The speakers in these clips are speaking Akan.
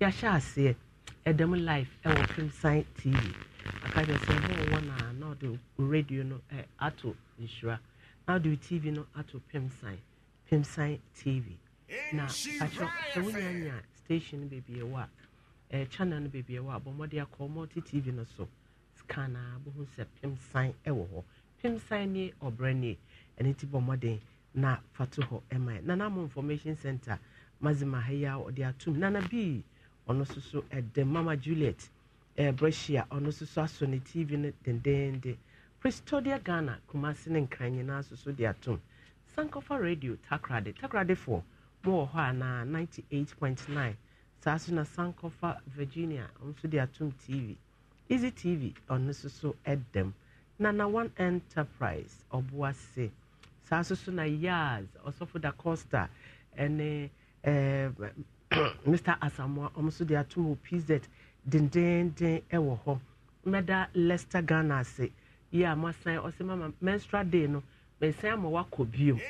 yɛahyɛ aseɛ ɛdɛm live ɛwɔ crimson tv aka kyerɛ sɛ ɛbɔ wɔ na na ɔde radio no ato nhyira na ɔde tv no ato crimson crimson tv na akyerɛ ɛwo nyanya station beebi ɛwɔ a channel no beebi ɛwɔ a bɔ mmɔde akɔ ɔmɔte tv no so scan a bɔhu sɛ crimson ɛwɔ hɔ crimson ne ɔbrɛ ne ɛne ti bɔ na fato hɔ ɛma yɛ nana mo information center mazima ha yi a ɔde atum nana bii. ɔno nso so ɛdɛ mama juliet ɛbrɛhyia eh, ɔno nso so asɔ ne tv no dendeende pristodia ghana kumase ne nkran nyinaa nso so de atom sankofa radio takrade takradefoɔ mo wɔ hɔ anaa 98.9 saa so na sankofa virginia nso de atom tv easy tv ɔno nso so eh, ɛdɛm nana one enterprise ɔboase saa so so na yaz ɔsɔfo da costa ɛne ɛɛ. Eh, mr asamoa ɔmo nso de ato ding ding, dendenden wɔ hɔ mmɛda lester ghana ase yi a masan say, mama menstrual day no am a walk of nti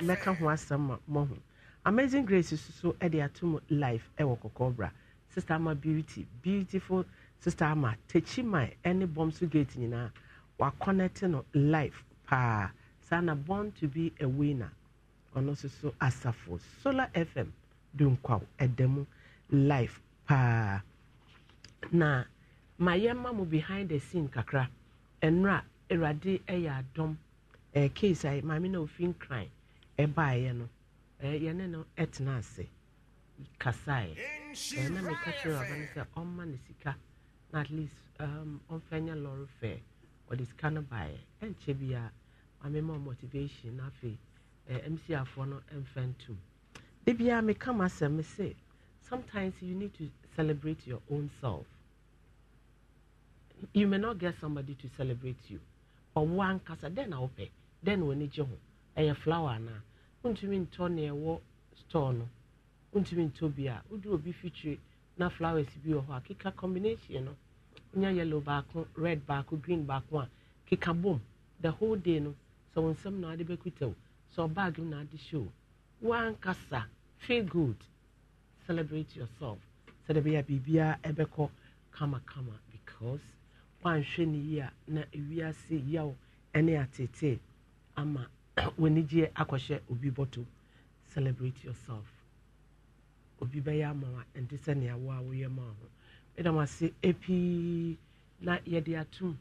mɛka ho asɛm ma mɔho amazing grace soso de ato mu live wɔ cobra. sister ama beauty beautiful sister ama tekyi man ne bɔmso gate nyinaa in no live paa saa na born to be a winner ɔno nso so asafo solar fm dunkwaw ɛda mu live paa na ma yɛma mo behind the scene kakra ɛnora awurade ɛyɛ adɔm ɛɛ case a maame na ofi nkran ɛbaeɛ no ɛɛ yɛne no ɛtena ase kasaeɛ ɛɛ na meka kyerɛ waba no sɛ ɔmma ne sika na at least um, ɔmfa nyɛ lɔre fɛ ɔde sika no baeɛ ɛnkyɛ biara maame ma motivation na afei ɛɛ mc afoɔ no ɛmfa ntum Baby, I may come as a say. Sometimes you need to celebrate your own self. You may not get somebody to celebrate you. But one casa, then I'll pay. Then eh, we need you. A flower now. Untumi ntɔ nea stone, store no. Untumi ntɔ bi a wodi obi fitiri na flowers bi wɔ hɔ a keka combination no. Nya yellow back, red back, baako, green baako a keka The whole day no. So when some na ade be o. So bag na ade show. wankasa feel good celebrate yourself sɛde bɛyɛ a biribiara ɛbɛkɔ kamakama because wanhwɛ ne yie a na ewiase yaw ɛne atete ama w'anigyeɛ akɔhyɛ obi bɔtɔ celebrate yourself obi bɛyɛ ama wa nti sɛ nea wo a woyɛ ma ho ɛdam ase epii na yɛde atum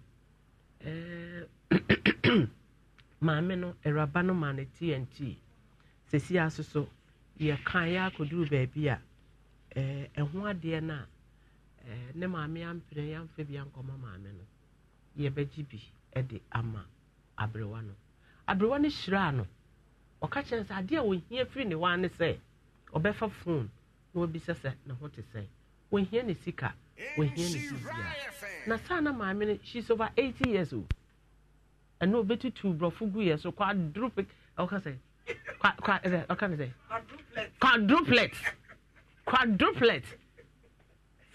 ɛɛ maame no awuraba no maa ne tnt. sɛsi aso yɛ yɛka yɛ akɔduru baabi a ɛho adeɛ no a ne maame ampere yɛamfa bi ankɔma maame no yɛ bɛgye bi ɛde ama abrewa no abrewa no hyiraa no ɔka kyerɛ sɛ adeɛ a wɔhia firi ne waa ne sɛ ɔbɛfa fon na wabisa sɛ ne ho te sɛ wɔhia ne sika wɔhia ne sibia na saa na maame no shes over 80 years old ɛna ɔbɛtutu borɔfo guyɛ so kɔ aduru ɔka sɛ Qua, qua, is it? Quadruplet. Quadruplet.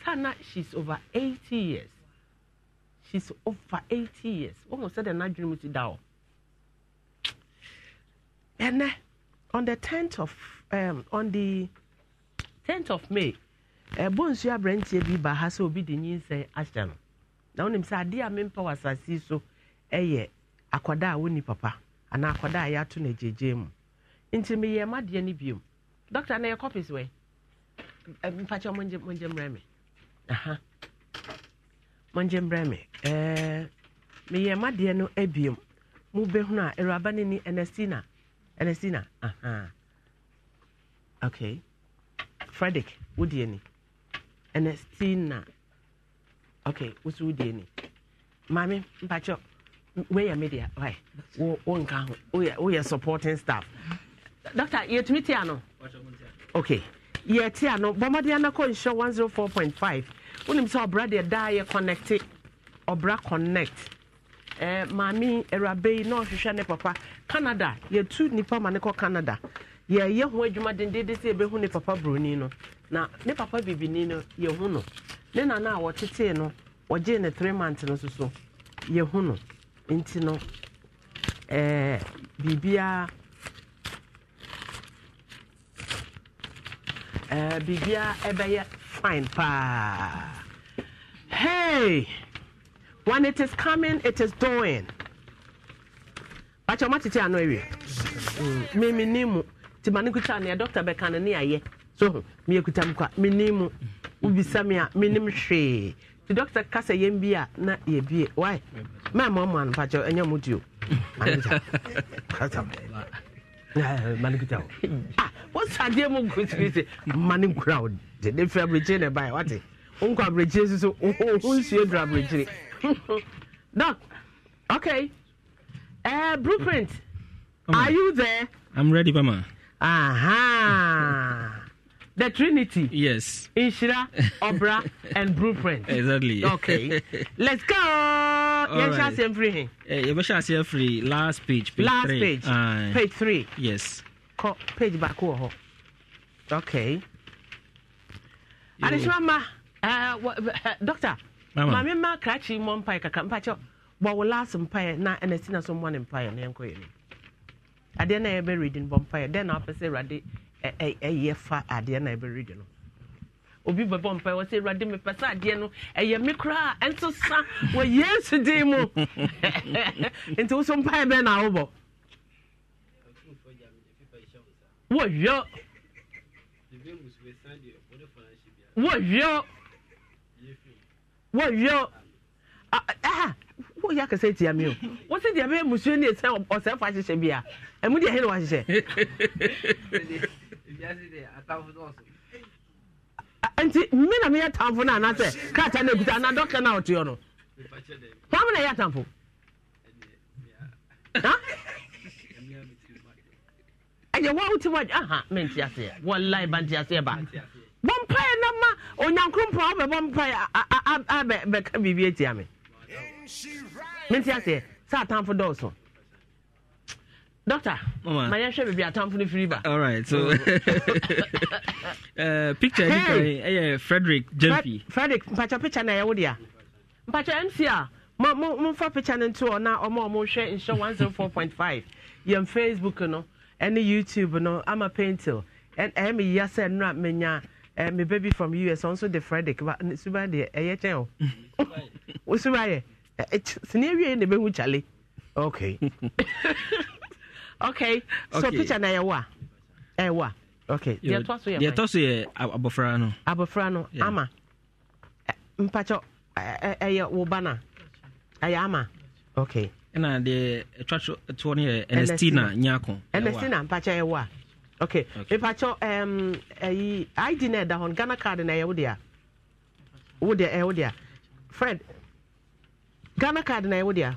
Sana, she's over 80 years. She's over 80 years. Almost said an dream with down. And uh, on the tenth of, um, on the tenth of May, ɛbɔ nsu aberanteɛ bi ba ha sɛ obi de nyinsɛn ahyɛ no na wonim sɛ adeɛ a mempa wɔ asase so ɛyɛ akɔda a wonni papa anaa akɔda a yɛato no agyeegyee mu nti meyɛ ma deɛ no biom dɔctor na yɛ copies wɛ eh, mpakyɛ mongye mmerɛ me aha mongye mmerɛ me eh, meyɛ ma deɛ no abiom mobɛhunu a awuraba no ni ɛnɛsina ɛnɛsina aha okay fredic wodeɛ ni ɛnɛsina okay woso wodeɛ ni maame mpakyɛ weyɛ me deɛ wɔ nka ho woyɛ supporting staff Doctor, yɛtumi te ano ok yɛte ano bɔmmɔden ana kɔ nhyɛ 104.5 wonim sɛ ɔbra deɛ daa yɛ connecte ɔbra connect eh, maame awuraba yi na ɔhwehwɛ ne papa canada yɛtu nnipa ma ne kɔ canada yɛyɛ ho adwuma dendenden sɛ yɛbɛhu ne papa buroni no na ne papa bibini no yɛhu no ne nana a wɔtetee no wɔgyee ne three month no so so yɛhu no nti no eh, biribiara uh, eh, biribia ɛbɛyɛ eh, fine paa hey when it is coming it is doing bakyɛ ɔmatete ano awie memenni mu nti ma ne kuta neɛ dɔkta bɛka no ne ayɛ so meyɛ kuta m kwa menni mu wobisa me a mennim hwee nti dɔkta kasa yɛm bi a na yɛbie wae mɛmɔmoa no pakyɛ ɛnyɛ mo duo malikuta o ah wọ́n sadeɛ mu nkun siri sɛ mma ne nkura o de ne fɛ abirikyiri na okay uh, blueprint are you there. i'm ready mama. aha the trinity. yes. inshira obra and blueprint. exactly. okay let's go yɛnhyɛ aseɛ mfiri he eh, yɛbɛhyɛ aseɛ afiri last page page last three. page Aye. page three yes kɔ page baako wɔ hɔ okay adesoma ma eh, eh, doctor Mama. maame ma krakye mmɔ mpae kakra mpakyɛ bɔwo last mpae na ɛna si na so mmɔ ne mpae na yɛnkɔyɛ no adeɛ na yɛbɛ redi no bɔ mpae dɛn na wopɛ sɛ awurade ɛyɛ fa adeɛ na yɛbɛ redi no obi bɛbɔ mpa wɔ sɛ awurade mepɛ sɛ adeɛ no ɛyɛ me koraa ɛnso sa wɔ yesu din mu nti woso mpaeɛ bɛn na wobɔ wɔwɔ wɔwɔ wɔwɔ woyɛ akasa tia me o wosi deɛ bɛyɛ musuo ne ɛsɛ ɔsɛfo ahyehyɛ bi a ɛmu deɛ he ne wahyehyɛ nti mme na meyɛ tamfo no anasɛ krataa no akuta ana no a no na ɛyɛ ɛyɛ wa wote wa aha aseɛ ba aseɛ ba bɔmpaeɛ na ma onyankoropɔn biribi atia me aseɛ sɛ atamfo dɔɔso doctor my yɛn hwɛ be atamfo no firi ba. all right so uh, picture yi kan ɛyɛ frederick jempi. frederick mpatsɔ picture na ɛyɛ dia. deɛ mpatsɔ mc a mo mo mo fa picture no nto ɔna omo a ɔmo hwɛ nhyɛ one zero oh four point five yɛn facebook no any youtube no ama paintil ɛyɛ mi yia sɛ nnura menya ɛɛ mi baby from us Also the frederick But suba de. ɛyɛ eh, kyɛn o o suba yɛ ɛ ɛ sini ewie okay. okay so picture na ɛwɔ a ɛwɔ a okay deɛ ɛtɔ so yɛ deɛ ɛtɔ so yɛ abɔfra no abɔfra no ama mpakyɛ ɛyɛ wo ba na ɛyɛ ama okay ɛna deɛ ɛtwa toɔ no yɛ ɛnestina nyako ɛnestina mpakyɛ ɛwɔ okay ghana card na ɛyɛ wo dia wo dia wo fred ghana card na ɛwo dea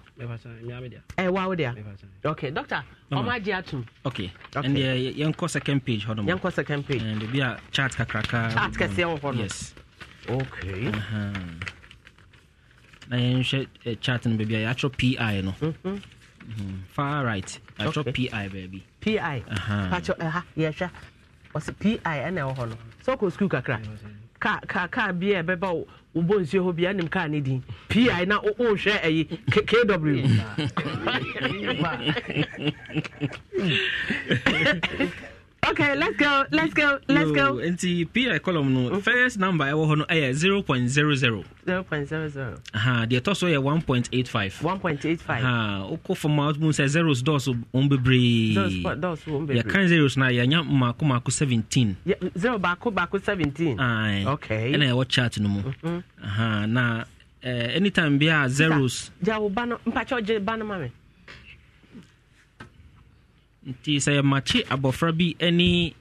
ɛwa wo dea ok doctor ɔmo agye atom ok ɛndeɛ yɛnkɔ second page hɔ nom yɛnkɔ second page ɛnde bi a chart kakraka chart kɛseɛ wɔ hɔ no yes ok uh-huh. na yɛnhwɛ eh, chart no baabi a yɛatwerɛ pi no mhm. mm-hmm. far right yɛatwerɛ pi baabi pi uh-huh. yɛhwɛ ɔsɛ pi ɛna ɛwɔ hɔ no sɛ wokɔ skul kakra kaa kaa kaa bi a ɛbɛba wo wobɔ nsuo hɔ bia nim kaa ne din pi na wohwɛ ɛyi kw okay let's go let's go let's go nti pi column no first number ɛwɔ eh, hɔ no ɛyɛ 0.00 0.00 aha deɛ ɛtɔ so yɛ 1.85 1.85 aha wokɔ fam a womu sɛ zeros dɔs wɔn bebree yɛkan zeros no a yɛanya mmaako mmaako seventeen. zero baako baako seventeen. ae okay ɛna ɛwɔ chart no mu aha na eh, anytime bia zeros gya wo ba no mpakyɛ ɔgye ba no ma me nti sɛ yɛmakye abɔfra bi ne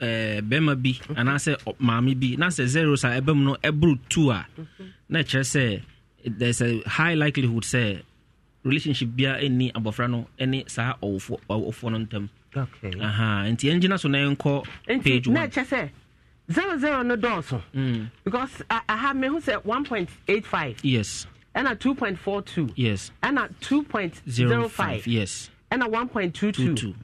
eh, bɛrima bi mhm. anaasɛ maame bi na sɛ zeros a ɛbɛ mu no ɛboro two mhm. na ɛkyerɛ sɛ there's a high likelihood sɛ relationship biara ɛnni abɔfra no ne saa ɔwofoɔ no ntam nti ɛngyina so na ɛnkɔ page one kyɛ sɛ zero zero no dɔɔso mm. because aha me ho sɛ one point eight five yes ɛna two point four two yes ɛna two point zero five yes ɛna 1.22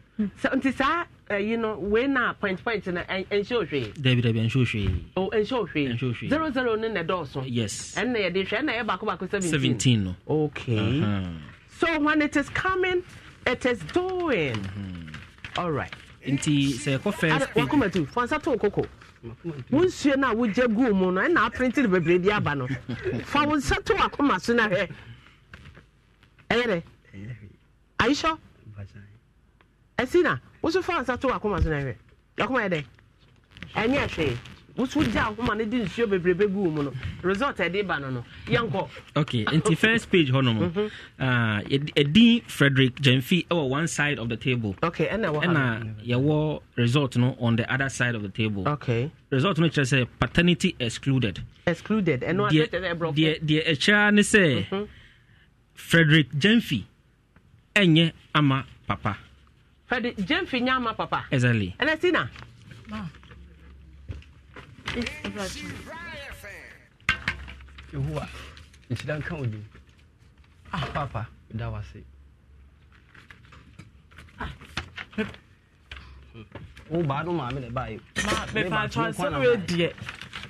nti saa ɛyi eh, no wei na point point na ɛnhyɛ ohwee. dabi dabi ɛnhyɛ ohwee. o ɛnhyɛ ohwee. ɛnhyɛ ohwee. zero zero ne na ɛdɔɔso. yes ɛnna yɛde hwɛ ɛnna yɛ baako baako seventeen. seventeen no. okay uh-huh. so when it is coming it is doing. Uh-huh. all right. nti sɛ ɛkɔ first page. wakoma tu fansa to koko. wo nsuo no a wogya guu mu no ɛna aprente no bebree bi aba no fa wo nsa to wakoma so na hwɛ ɛyɛ dɛ are you sure ɛsi na wosu fa nsa to wakoma so na ɛhwɛ yakoma yɛ dɛ ɛnyɛ hwee wosu gya akoma no de nsuo bebrebe gu mu no result ɛde ba no no yɛnkɔ okay nti first page hɔ nom ɛdin frederick jamfi ɛwɔ one side of the table okay ɛna ɛwɔ ɛna yɛwɔ result no on the other side of the table okay result no kyerɛ sɛ paternity excluded excluded ɛno deɛ deɛ deɛ ɛkyerɛ ne sɛ frederick Jenfi, ɛnyɛ ama papa fɛde jɛn fi nya ma papa. exactly. ɛnɛ si na. yehowa nhyira nka wo dim ah. ah papa da wase ah. wo baa no maame na ɛbaayɛ asɛm wɔ deɛ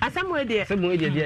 asɛm wɔ deɛ asɛm wɔ deɛ deɛ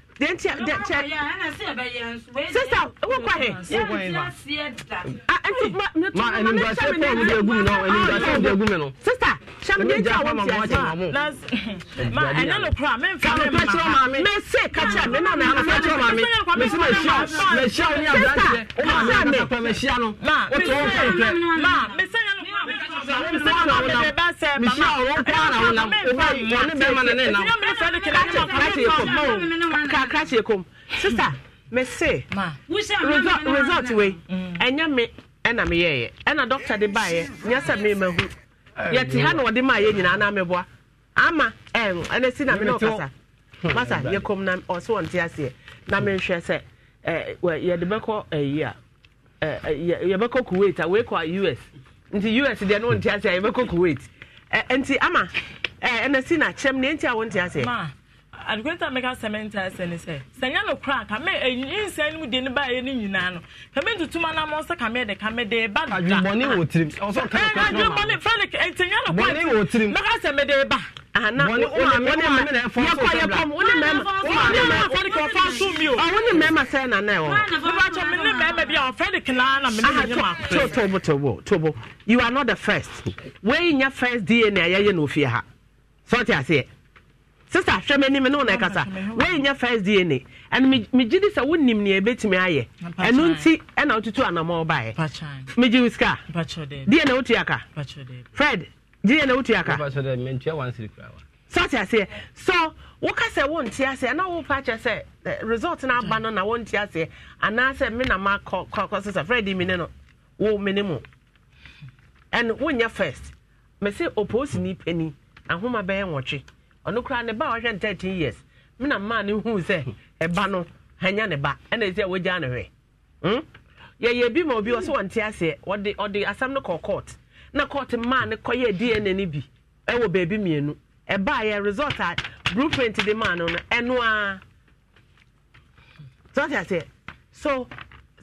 deɛ nti deɛ kyɛ sista wokɔ he sista hyɛmedeɛ nti a wontiasemese ka kyerɛ me na meahyia wo ne abrantɛ woma me mehyia no wotɔ wo kɛkɛ sisa mese ɛna meyɛeɛ ɛna dɔctor de baeɛ nyɛ sɛ memahu yɛte ha na wɔde maa nyinaa na meboa ama ɛne na mene ɔkasa masa yɛkɔm na ɔse wɔnte aseɛ na menhwɛ sɛ yɛde bɛkɔ ayi a yɛbɛkɔ kuwait a weikɔ us nti us deɛ no wonte aseɛ yɛbɛkɔ kuwait nti ama ɛna si na kyɛm ne nti a wonte aseɛ adekunta meka sɛmɛnta ɛsɛ ne sɛ sɛ nyɛ no kora kame ɛyi nsɛn mu deɛ ne ba yɛ ne nyinaa no kame tutuma na mɔ sɛ kame de kame de ba da adwibɔne wɔ tirim ɛɛ adwibɔne fɛn ne ɛnti nyɛ no kora meka sɛ me de ba ana wọn ni wọn ni mẹma wọn ni mẹma fẹni kò fa so mi o. wọn ni mẹma sẹ na nẹ wọ. nígbà mi ni mẹma bi a fẹni kìlá na mi ni mi ni ma. tó tó bó tó you are not the first wẹ́yì nyẹ first dna yẹ yẹ n'ofi ha sọ́ọ̀tì àṣeyẹ sista ahwẹmẹ ni mi ni wọn na ẹkasa wẹ́yì nyẹ first dna ẹni mi jí di sẹ wọn nim ni ebi tìmí ayẹ ẹnu ntí ẹna otutu anamọ ọba yẹ mi jí wíṣíkà dna otu yà fred gyeɛ na wotu aka sate aseɛ so woka sɛ wonte aseɛ na wopa kyɛ sɛ eh, result no aba no na wonte aseɛ anaasɛ me na makɔ sesa frɛde mene no wo mene mu ɛn wonyɛ first mese oposini pani ahoma bɛyɛ nwɔtwe ɔno koraa ne ba a ɔhwɛ no 13 years me na maa no huu sɛ ɛba no hanya ne ba ɛna ɛsi a wogyaa ne hwɛ hmm? yɛyɛ bi ma obi ɔ sɛ wɔnte aseɛ ɔde asɛm no kɔ court na court maa ne kɔyɛ dna no bi ɛwɔ baabi mmienu ɛbaa yɛ result a blueprint de maa no no ɛnoa sɔte aseɛ so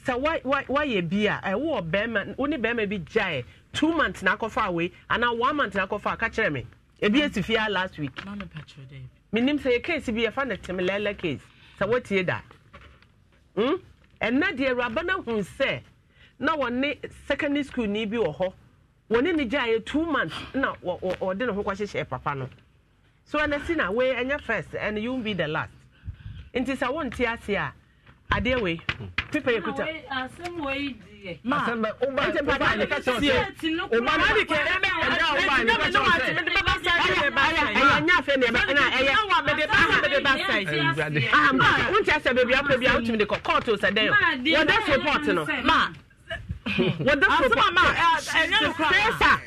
sɛ wayɛ bi a ɛwɔ bɛrima wo ne bɛrima bi gyae two months na akɔfa awei anaa one month na akɔfa a kyerɛ me ebi esi fie a last week menim sɛ yɛ case bi yɛfa no temelɛlɛ case sɛ wotie da hmm? ɛnna deɛ awuraba no ahu sɛ na wɔne secondary school ni bi wɔ hɔ wɔne ni gya yɛ two months na ɔde ne ho kɔhyehyɛ papa no so ɛna si na wei ɛnyɛ first and you be the last nti sɛ wonte ase a adeɛ wei pepa yɛ kuta asɛm wei deɛ ma asɛm bɛ ɔba nti papa ne ka kyerɛ sɛ ɔba ne de kɛ ɛbɛ ɛda ɔba ne ka kyerɛ sɛ ɛyɛ ɛyɛ ɛnyɛ afɛ ne ɛbɛ ɛna ɛyɛ bɛde ba ha bɛde ba sa yi ahampa wonte asɛ beebi apɛ bi a wotumi de kɔ kɔɔto sɛ dɛn yɛ wɔde report no ma. asɛm ama ɛnyɛ sɛsa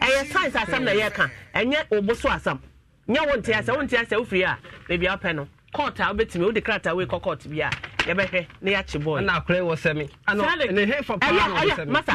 ɛyɛ science asɛm na yɛka ɛnyɛ obo so asɛm nyɛ wo nte asɛ wo nte asɛ wofiri a baabi a wopɛ no a wobɛtumi wode krataa wei kɔ court bi a yɛbɛhwɛ na yɛakye bɔɔ na akora wɔ sɛme ɛyɛ masa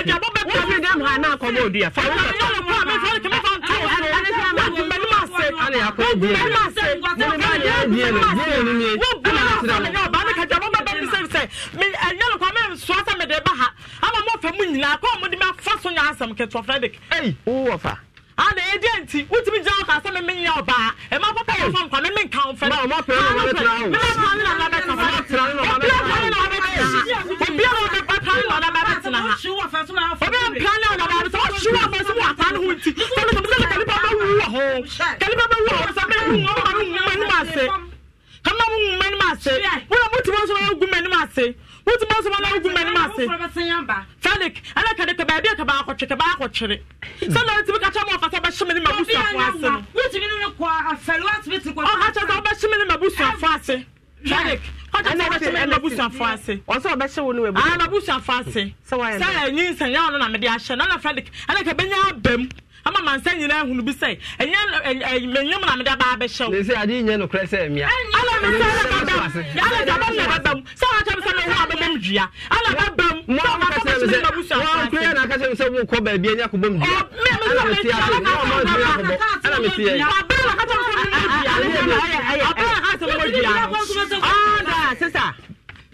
agya bɔ bɛ kura mi gam ha naa kɔmɔ odi afa wo bɛ yɔrɔ kura mi fɔli kɛmɛ fɔ ntɔ wɔsi wo gbɛ numu ase wo gbɛ numu ase wo gbɛ numu ase wo gbɛ numu ase yɔ ba ne kagya bɔ bɛ bɛ mi sɛ sɛ mi ɛnyɛlɛ kɔ mɛ nsu asa mɛ de ba ha ama mo fɛ mu nyinaa kɔ mo de mi afa so nya asɛm kɛtɔ frederick. ɛyi wo wɔ fa ana edi nti wotumi gyina hɔ kasa mi mi nyɛ ɔbaa ɛma papa yɛ fam kwan mi mi nka nfɛ. maa ɔmɔ pɛrɛn na ɔmɔ tẹ̀ra o. mi ma pɛrɛn na ɔmɔ bɛ kasa. obiara na ɔmɔ bɛ kasa. obiara na ɔmɔ bɛ kasa ɔbɛmpia ne ɔnadaade sɛ ɔhyew ama sɛ wɔata ne ho nti sɛne sɛ mesɛ kanipa bɛwu wɔ ho kanipa bɛwu wɔ ho sɛ mɛwuma no nwuma no m ase kama mo nwuma no m ase wona motumi so gu m'anim ase wotumi so na wogu m'anim ase felix ɛna kade ka baabi aka baakɔtwe ka baakɔtwere sɛna wotumi ka kyɛ ma ɔfa sɛ bɛhye me ne ma busuafoɔ ase no ɔka kyɛ sɛ sadik kọjá sọ bẹsẹ mi n'abusuafo ase. ọsọ ọbẹsẹ wo ni wẹbu. aa n'abusuafo ase. sẹ wa yẹn dẹ. sẹ ẹyin nsẹnyẹ ọ̀nà na mi de ahyẹ nana fẹdik ẹnna kẹbẹ nyẹ abẹm ama mansa nyinaa ehunu bi sɛ ɛnyɛ ɛɛ menyom na meda baa bɛhyɛ wo. nse adi nyɛ nukurɛ sɛ mia. ala mi sɛ ala bɛ bɛm ala jaba mi na bɛ bɛm sɛ wa kyɛn sɛ mi hu a bɛ bɛm dua ala bɛ bɛm sɛ wa bɛ bɛm sɛ ma busa. wɔn kura yɛn na akasɛ mi sɛ mo kɔ baabi ɛnyɛ ko bɛm dua. ala mi sɛ ala ka sɛ mi dua ala mi sɛ yɛ. ɔbɛn na kasɛ mi sɛ mi dua ɔbɛn na kasɛ mi dua. ɔbɛn na kasɛ mi dua.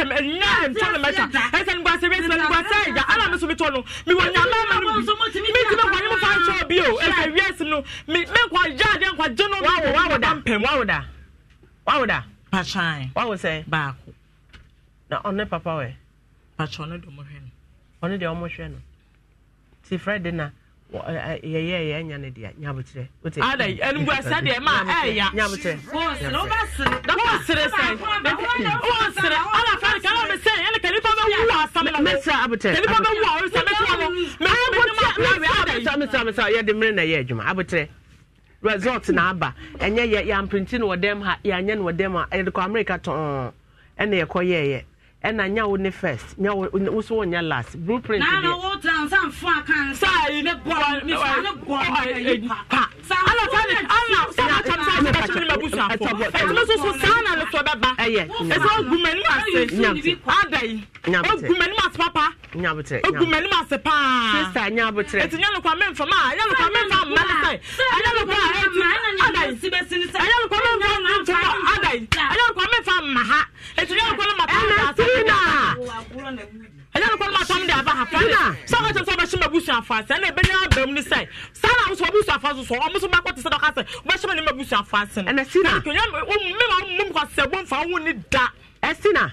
sɛ ɛnyɛ ɛnfa ne mɛka ɛsɛ ne guasa wiase ne guasa ɛga mi so mi tɔ no mi wɔ nyama ama no mi ti mi kɔ ne mo fa nkyɛn bi o ɛsɛ no mi mi nkɔ gya adeɛ nkɔ gye no bi wɔ wawo da mpɛm wawo da wawo da. patran wawo sɛ. baako. na ɔne papa wɛ. patran ne deɛ ɔmo hwɛ no. ɔne deɛ ɔmo hwɛ no ti friday na yɛyɛ yɛ nya ne deɛ nyabokyerɛ ada ɛnugu ɛsɛ deɛ ma ɛya nyabokyerɛ wosere sɛn wosere ala fari yɛde mmiri na yɛ adwuma abotire result na aba ɛnyɛ yɛ yɛn pirinti wɔ dɛm ha yɛn anya wɔ dɛm ha yɛde kɔ america tɔn ɛna yɛ yɛɛyɛ ɛna nya wo ne first nya wo wo so wɔnyɛ last blueprint deɛ. nana wo transan fún akan sa yi ne bɔ ne fa ne bɔ ne yi pa. ala ta ni ala ta ni ta ni sa ni ka tɛmɛ bu sa fɔ ɛtumi soso san na le sɔ bɛ ba. ɛyɛ ɛsɛ o gumɛ ni ma se nyabute ada yi o gumɛ ni ma se papa nyabute o gumɛ ni ma se paa sista nyabute eti nyalukwa mi nfa ma nyalukwa mi nfa ma ne sɛ ɛyalukwa ɛti ada yi ɛyalukwa mi nfa ma ada yi ma ha etu yɛ nkɔlɔ ma tɔn de asa ɛna ɛyɛ nkɔlɔ ma tɔn de aba ha fani sɛ ɔkɔ kyerɛ sɛ ɔbɛhyɛ ma busu afa sɛ ɛna ebe nyɛ abɛm ni sɛ saa na ɔmuso ɔbusu afa so so ɔmuso ma kɔ te sɛ dɔka sɛ ɔbɛhyɛ ma ne ma busu afa sɛ ɛna sina ɛna nkɔlɔ mi ma ɔmu mu kɔ sɛ ɛbɔ nfa ɔmu ni da ɛsina.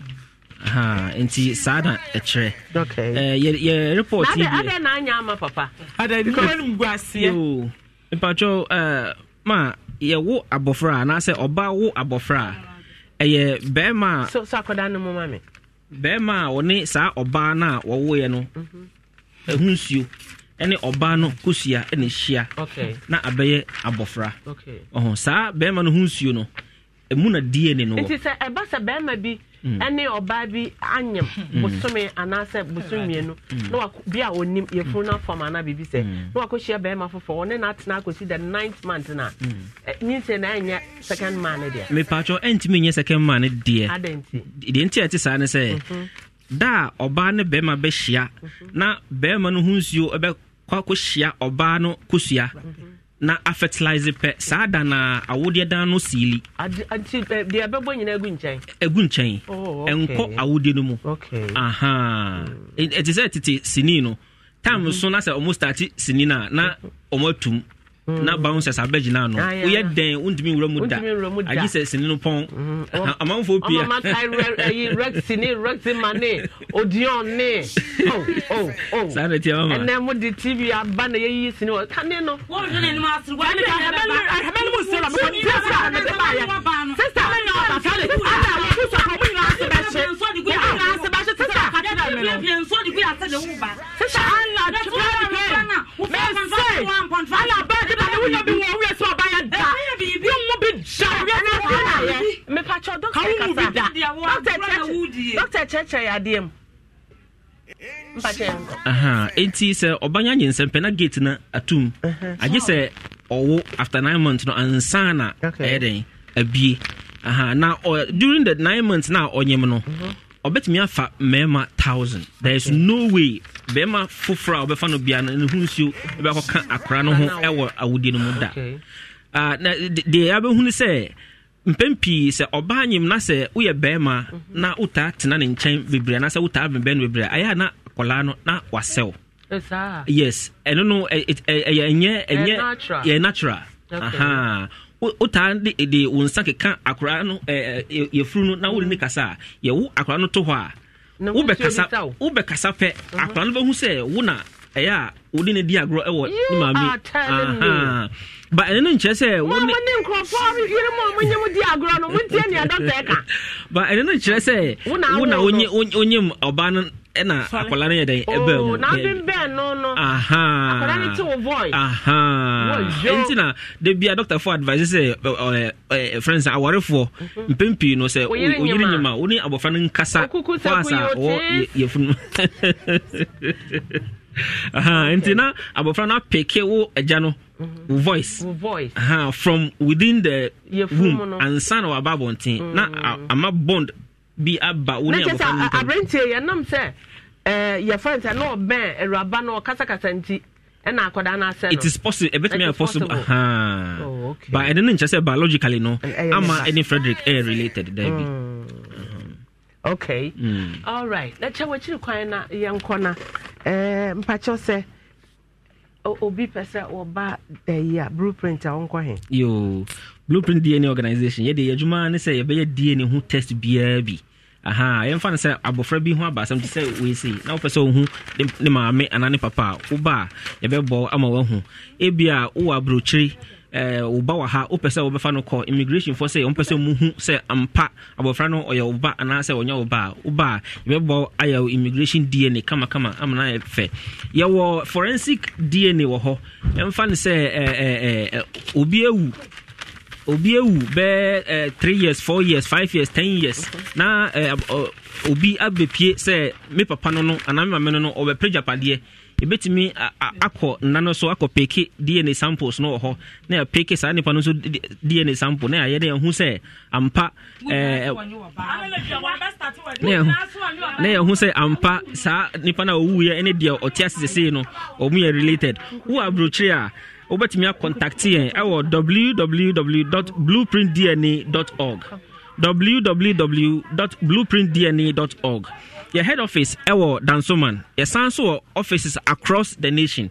nti saa na ɛkyerɛ yɛ report ma yɛwo abɔfra anaasɛ ɔba wo abɔfra a ɛyɛ bɛrima bɛrima a ɔne saa ɔbaa no a wɔwoeɛ no mhm. ɛho nsuo ɛne ɔbaa no kosua ɛna ɛhyia na abɛyɛ abɔfra saa bɛrima no ho nsuo no ɛmu na no wɔ ɛne mm. ɔbaa bi anyam mm. bosome anaasɛ bosom mmienu na bi a ɔnim yɛfunu no afam anaa biribi sɛ na wakɔhyia bɛrima foforɔ ɔne no atena akɔsi the ninth month no a nyinsɛ na ɛnyɛ mm. eh, second man no deɛ mepatwɔ ɛntumi nyɛ second man mhm. mhm. no deɛ deɛ nti a ɛte saa ne sɛ da a ɔbaa ne bɛrima bɛhyia na bɛrima no ho nsuo ɛbɛkɔ akɔhyia ɔbaa no kɔsua na afertilize pɛ saa da na awodeɛ dan no siili. adi adi deɛ bɛbɔ nyinaa egu nkyɛn. egu nkyɛn oh, nkɔ awodeɛ no mu ɛti sɛ tete sini no time mhm. so na sɛ ɔmo start sini na na ɔmo atum. Okay na bouncers abɛgyina ano woyɛ dɛn wontumi wura mu da agye sɛ sene no pɔn amanfoɔ piasaa na tia mamaɛnɛ mode tv aba na yɛyi sene kane no Sister, I'm not a nti sɛ ɔbanya nyɛ nsɛm pɛ na gate no atom agye sɛ ɔwo after nine months no ansa na ɛyɛ dɛn abie na during the nine months na ɔnyem no ɔbɛtumi afa mmarima thousand there is no way bɛrima foforɔ a ɔbɛfa no bia no ne ho nsuo ɛbɛkɔka akora no ho ɛwɔ awodie no mu da ah, na deɛ yɛabɛhunu sɛ mpɛn pii sɛ ɔbaa nyim na sɛ woyɛ bɛrima mhm. na wotaa tena ne nkyɛn bebree anaasɛ wotaa bɛbɛn no bebree ayɛ a na akɔlaa no na wasɛw yes ɛno no ɛyɛ ɛnyɛ ɛyɛ natural aha wotaa de de wo nsa keka akwaraa no yɛfuru no na wode ne kasa a yɛwo akwaraa no to hɔ a wobɛkasa pɛ mhm. akwaraa no bɛhu sɛ wo ɛyɛ a wode ne di agorɔ ɛwɔ ne maame ba ɛno no nkyerɛ sɛ ba ɛno no nkyerɛ sɛ wona wonyem ɔba no ɛna akwadaa no yɛ dɛ ɛbɛn oh, mu n'afin bɛn no no akwadaa no ti wo voice nti na de bia doctor fo advice sɛ ɛ ɛ friends awarefoɔ mhm. mpɛn pii no sɛ oyiri nyima o ni abɔfra no nkasa fo asa wɔ yɛ funu nti na abɔfra no apeke wo agya no mhm. wo voice, voice. from within the womb ansa na waba abɔnten na mm. ama bond bi aba wo ne abɔfra no ntam aberanteɛ yɛnam sɛ eh, yɛfa nsa na ɔbɛn awuraba na ɔkasakasa nti ɛna akwadaa no asɛ no it is possible ɛbɛtumi ayɛ possible but oh, okay. but ɛno no sɛ biologically no eh, eh, ama ɛne frederick ɛyɛ related daa bi hmm. okay mm. all right na kyɛ wɔakyiri kwan na yɛnkɔ na mpakyɛw sɛ obi pɛ sɛ wɔba ɛyi a blueprint a wɔnkɔ he yo blueprint dna organization yɛde yɛ adwuma ne sɛ yɛbɛyɛ dna ho test biara bi aha yɛmfa no sɛ abɔfra bi ho aba asɛm te sɛ na wopɛ sɛ wohu ne maame anaa ne papa a woba a yɛbɛbɔ ama woahu ebia wowɔ aburokyiri eh, woba wɔ ha wopɛ sɛ wobɛfa no kɔ immigration foɔ sɛ wɔmpɛ sɛ muhu sɛ ampa abɔfra no ɔyɛ wo anaasɛ ɔnyɛ wo a woba a yɛbɛbɔ ayɛ immigration dna kamakama amana yɛ fɛ yɛwɔ forensic dna wɔ hɔ ɛmfa no sɛ eh, eh, obi awu obi ewu bɛɛ ɛɛ eh, three years four years five years ten years na ɛɛ eh, obi abepie sɛ me papa no no anaa me maame no no ɔbɛ pere japadeɛ ebetumi akɔ nna no so akɔ peke dna samples no wɔ hɔ na yɛ peke saa nipa no nso dna sample na yɛ de yɛn ho sɛ ampa ɛɛ eh, na yɛn ho sɛ ampa saa nipa na owu yɛ ɛne deɛ ɔte ase no ɔmo yɛ related wo aburokyire a wobɛtumi akɔntakte yɛn ɛwɔ www blueprint dna org www blueprint dna org yɛ head office ɛwɔ dansoman yɛsan nso wɔ offices across the nation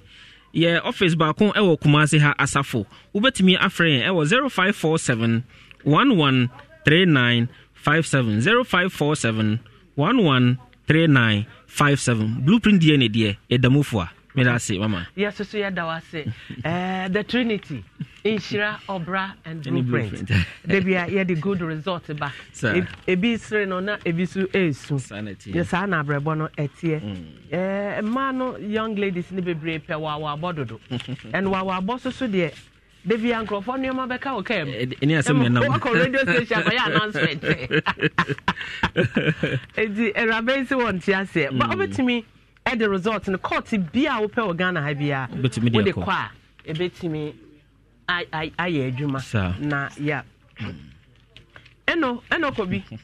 yɛ office baako ɛwɔ kumase ha asafo wobɛtumi afrɛ yɛn ɛwɔ 0547 1139 57 0547 1139 57 blueprint dna deɛ yɛda mu foa Mirasi, mama. Yes, so yeah, that was it. the Trinity, Inshira, Obra, and Blueprint. They be here the good result ba. E, ebi sre no na ebi su esu. Yes, ana abrebo no etie. Eh, ma no young ladies ni bebre pe wa wa bododo. And wa wa boso so de devi ankurɔfoɔ ka bɛka wo kam ɛne asɛm yɛnam wakɔ radio station akɔyɛ announcement E di ɛnti awuraba yi sɛ wɔ nte aseɛ ba wobɛtumi the result no court bi a wopɛ wɔ ghana ha bia wode kɔ a ɛbɛtumi ayɛ adwuma na ya ɛno ɛno kɔ bi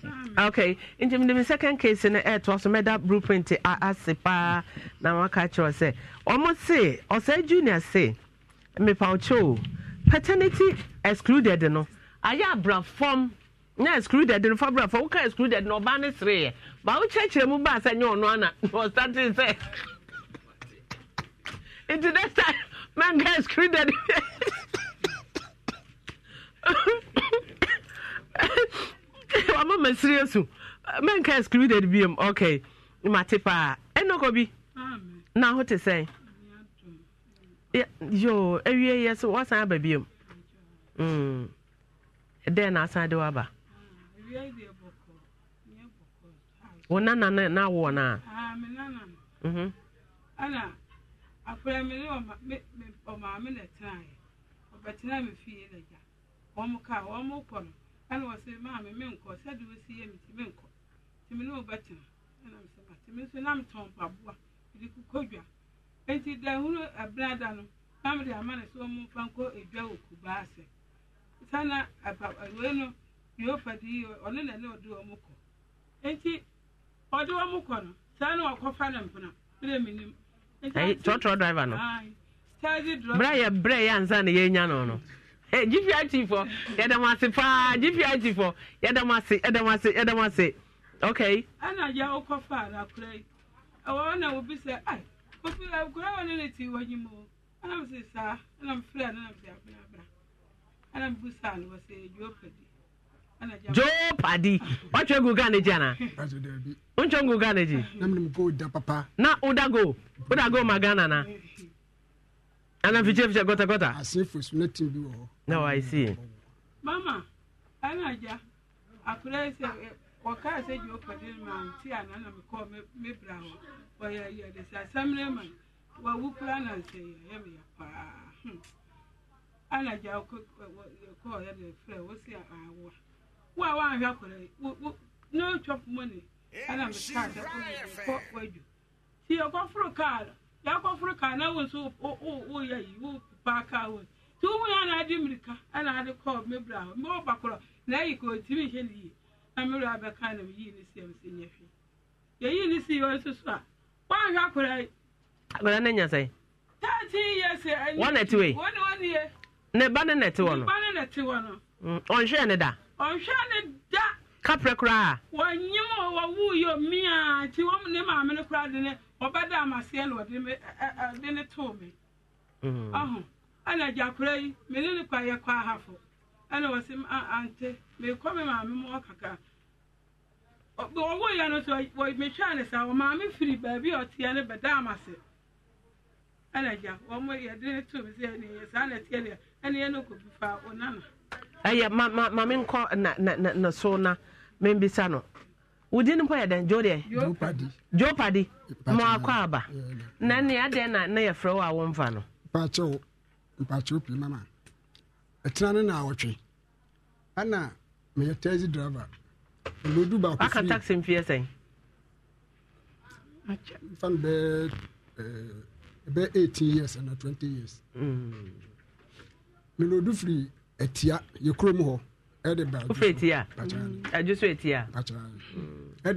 okay nti mede me second case no ɛɛtoa so mɛda blueprint uh, ase paa na waka kyerɛ sɛ ɔmo se ɔsɛe junior se mepawkyɛ o paternity excluded no ayɛ abrafɔm na excluded no for brafo woka excluded na ɔbaa ne sereɛ ma wokyerɛkyerɛ mu baa sɛ nyɛ ɔno ana na ɔstate sɛ nti next time manka excluded wama ma sereɛ so manka excluded biom okay mate paa ɛnɔkɔ e bi na ho te sɛn yo awie e yɛ so woasan mm. e aba biom dɛn na asan de woaba wo nana na na awo na. Ah, me nana no. ɛna afei me ne ɔmaame na tenaeɛ ɔbɛtena me fie na gya wɔn kaa wɔn kɔ no ɛna wɔsɛ maame me nkɔ sɛde wosi yɛ me ti me nkɔ nti me ne ɔbɛtena ɛna me sɛ mate me nso nam tɔn mpaboa mede kokɔ dwa nti da huru abena da no na mede ama ne sɛ wɔn mfa nkɔ edwa wɔ kubaa sɛ sanna apa wei no. yóò pẹ̀lú ọ̀lẹ́lẹ̀ lé ọdún ọmọ kọ etí ọdún ọmọ kọ no sáà ni ọkọ fana mpona bílẹ̀ mi ni nọ. bẹ́ẹ̀ yẹ bẹ́ẹ̀ yẹ ansa ni nọ nọ. gpit fọ yẹda mu ase paa gpit fọ yẹda mu ase yẹda mu ok. fa àràkùrẹ yìí ọwọ obi mi sẹ sáà ẹna joe padi watwe go ghana ji ana ntwe go ghana ji na uda go uda go ma ghana na ana mfiche mfiche gota gota na wa isi mama ana ja akure se waka se ji o padi ma ti ana na me kọọ mebiri bra ọ ya ya de sa samre man wa wukura na se ya me ya paa, ana ja ko ko ya de fre ọ si awa wa wa ahwɛ akɔla yi wo wo no chop money ɛna mi kaa da ko yi kɔ wadu ti ɔkɔ foro kaa la yakɔ foro kaa na wo nso o o o yɛ yi wo paa kaa wo ti wo yɛ ana adi mirika ɛna adi kɔɔ mebira hɔ mbɛ ɔba kɔrɔ na ayi ko timi hyɛ ne yie na mebira abɛka na mi yi ne si ɛmi si nyɛ hwɛ yɛyi ne si yɛ nso so a wa ahwɛ akɔla yi. akɔla ne nya sɛ. thirteen years ɛni wɔn na ti wei wɔn na wɔn ni yɛ. ne ba ne na ti wɔ no. ne ba ne na ti wɔ no. ɔnhwɛ ne da ɔhwɛ da kaprɛ koraa wɔnyim a wɔwu yɛ mia nti wɔn ne maame no koraa de ne ɔbɛda amaseɛ na ɔde me ɛɛ ne too me mm. ɔho ɛna gyakora yi me ne ne kwa yɛ kɔ ahafo ɛna wɔsi ante mekɔ me maame mu ɔkaka ɔwu no so wɔ ne sa ɔmaame firi baabi a ɔteɛ no bɛda amase ɛna gya wɔn yɛde ne too me sɛ ɛna saa na ɛteɛ deɛ ɛna yɛ no kɔ fifa ɔnana ɛyɛ ma ma ma mi nkɔ na na na na so na mi n bisa no wudi ni yɛ dɛ jo deɛ jo padi mo akɔ aba na ne adeɛ na ne yɛ frɛ wo a wɔn fa no. mpakyɛw mpakyɛw pii mama ɛtena ne na awɔtwe ɛna meyɛ taxi driver lodu baako firi. aka taxi mfi ɛsɛn. fan bɛɛ ɛɛ eh, bɛɛ eighteen years ɛna twenty years. Mm. melodu firi. ɛtia yɛ kurom hɔ ɛde baadwoɛde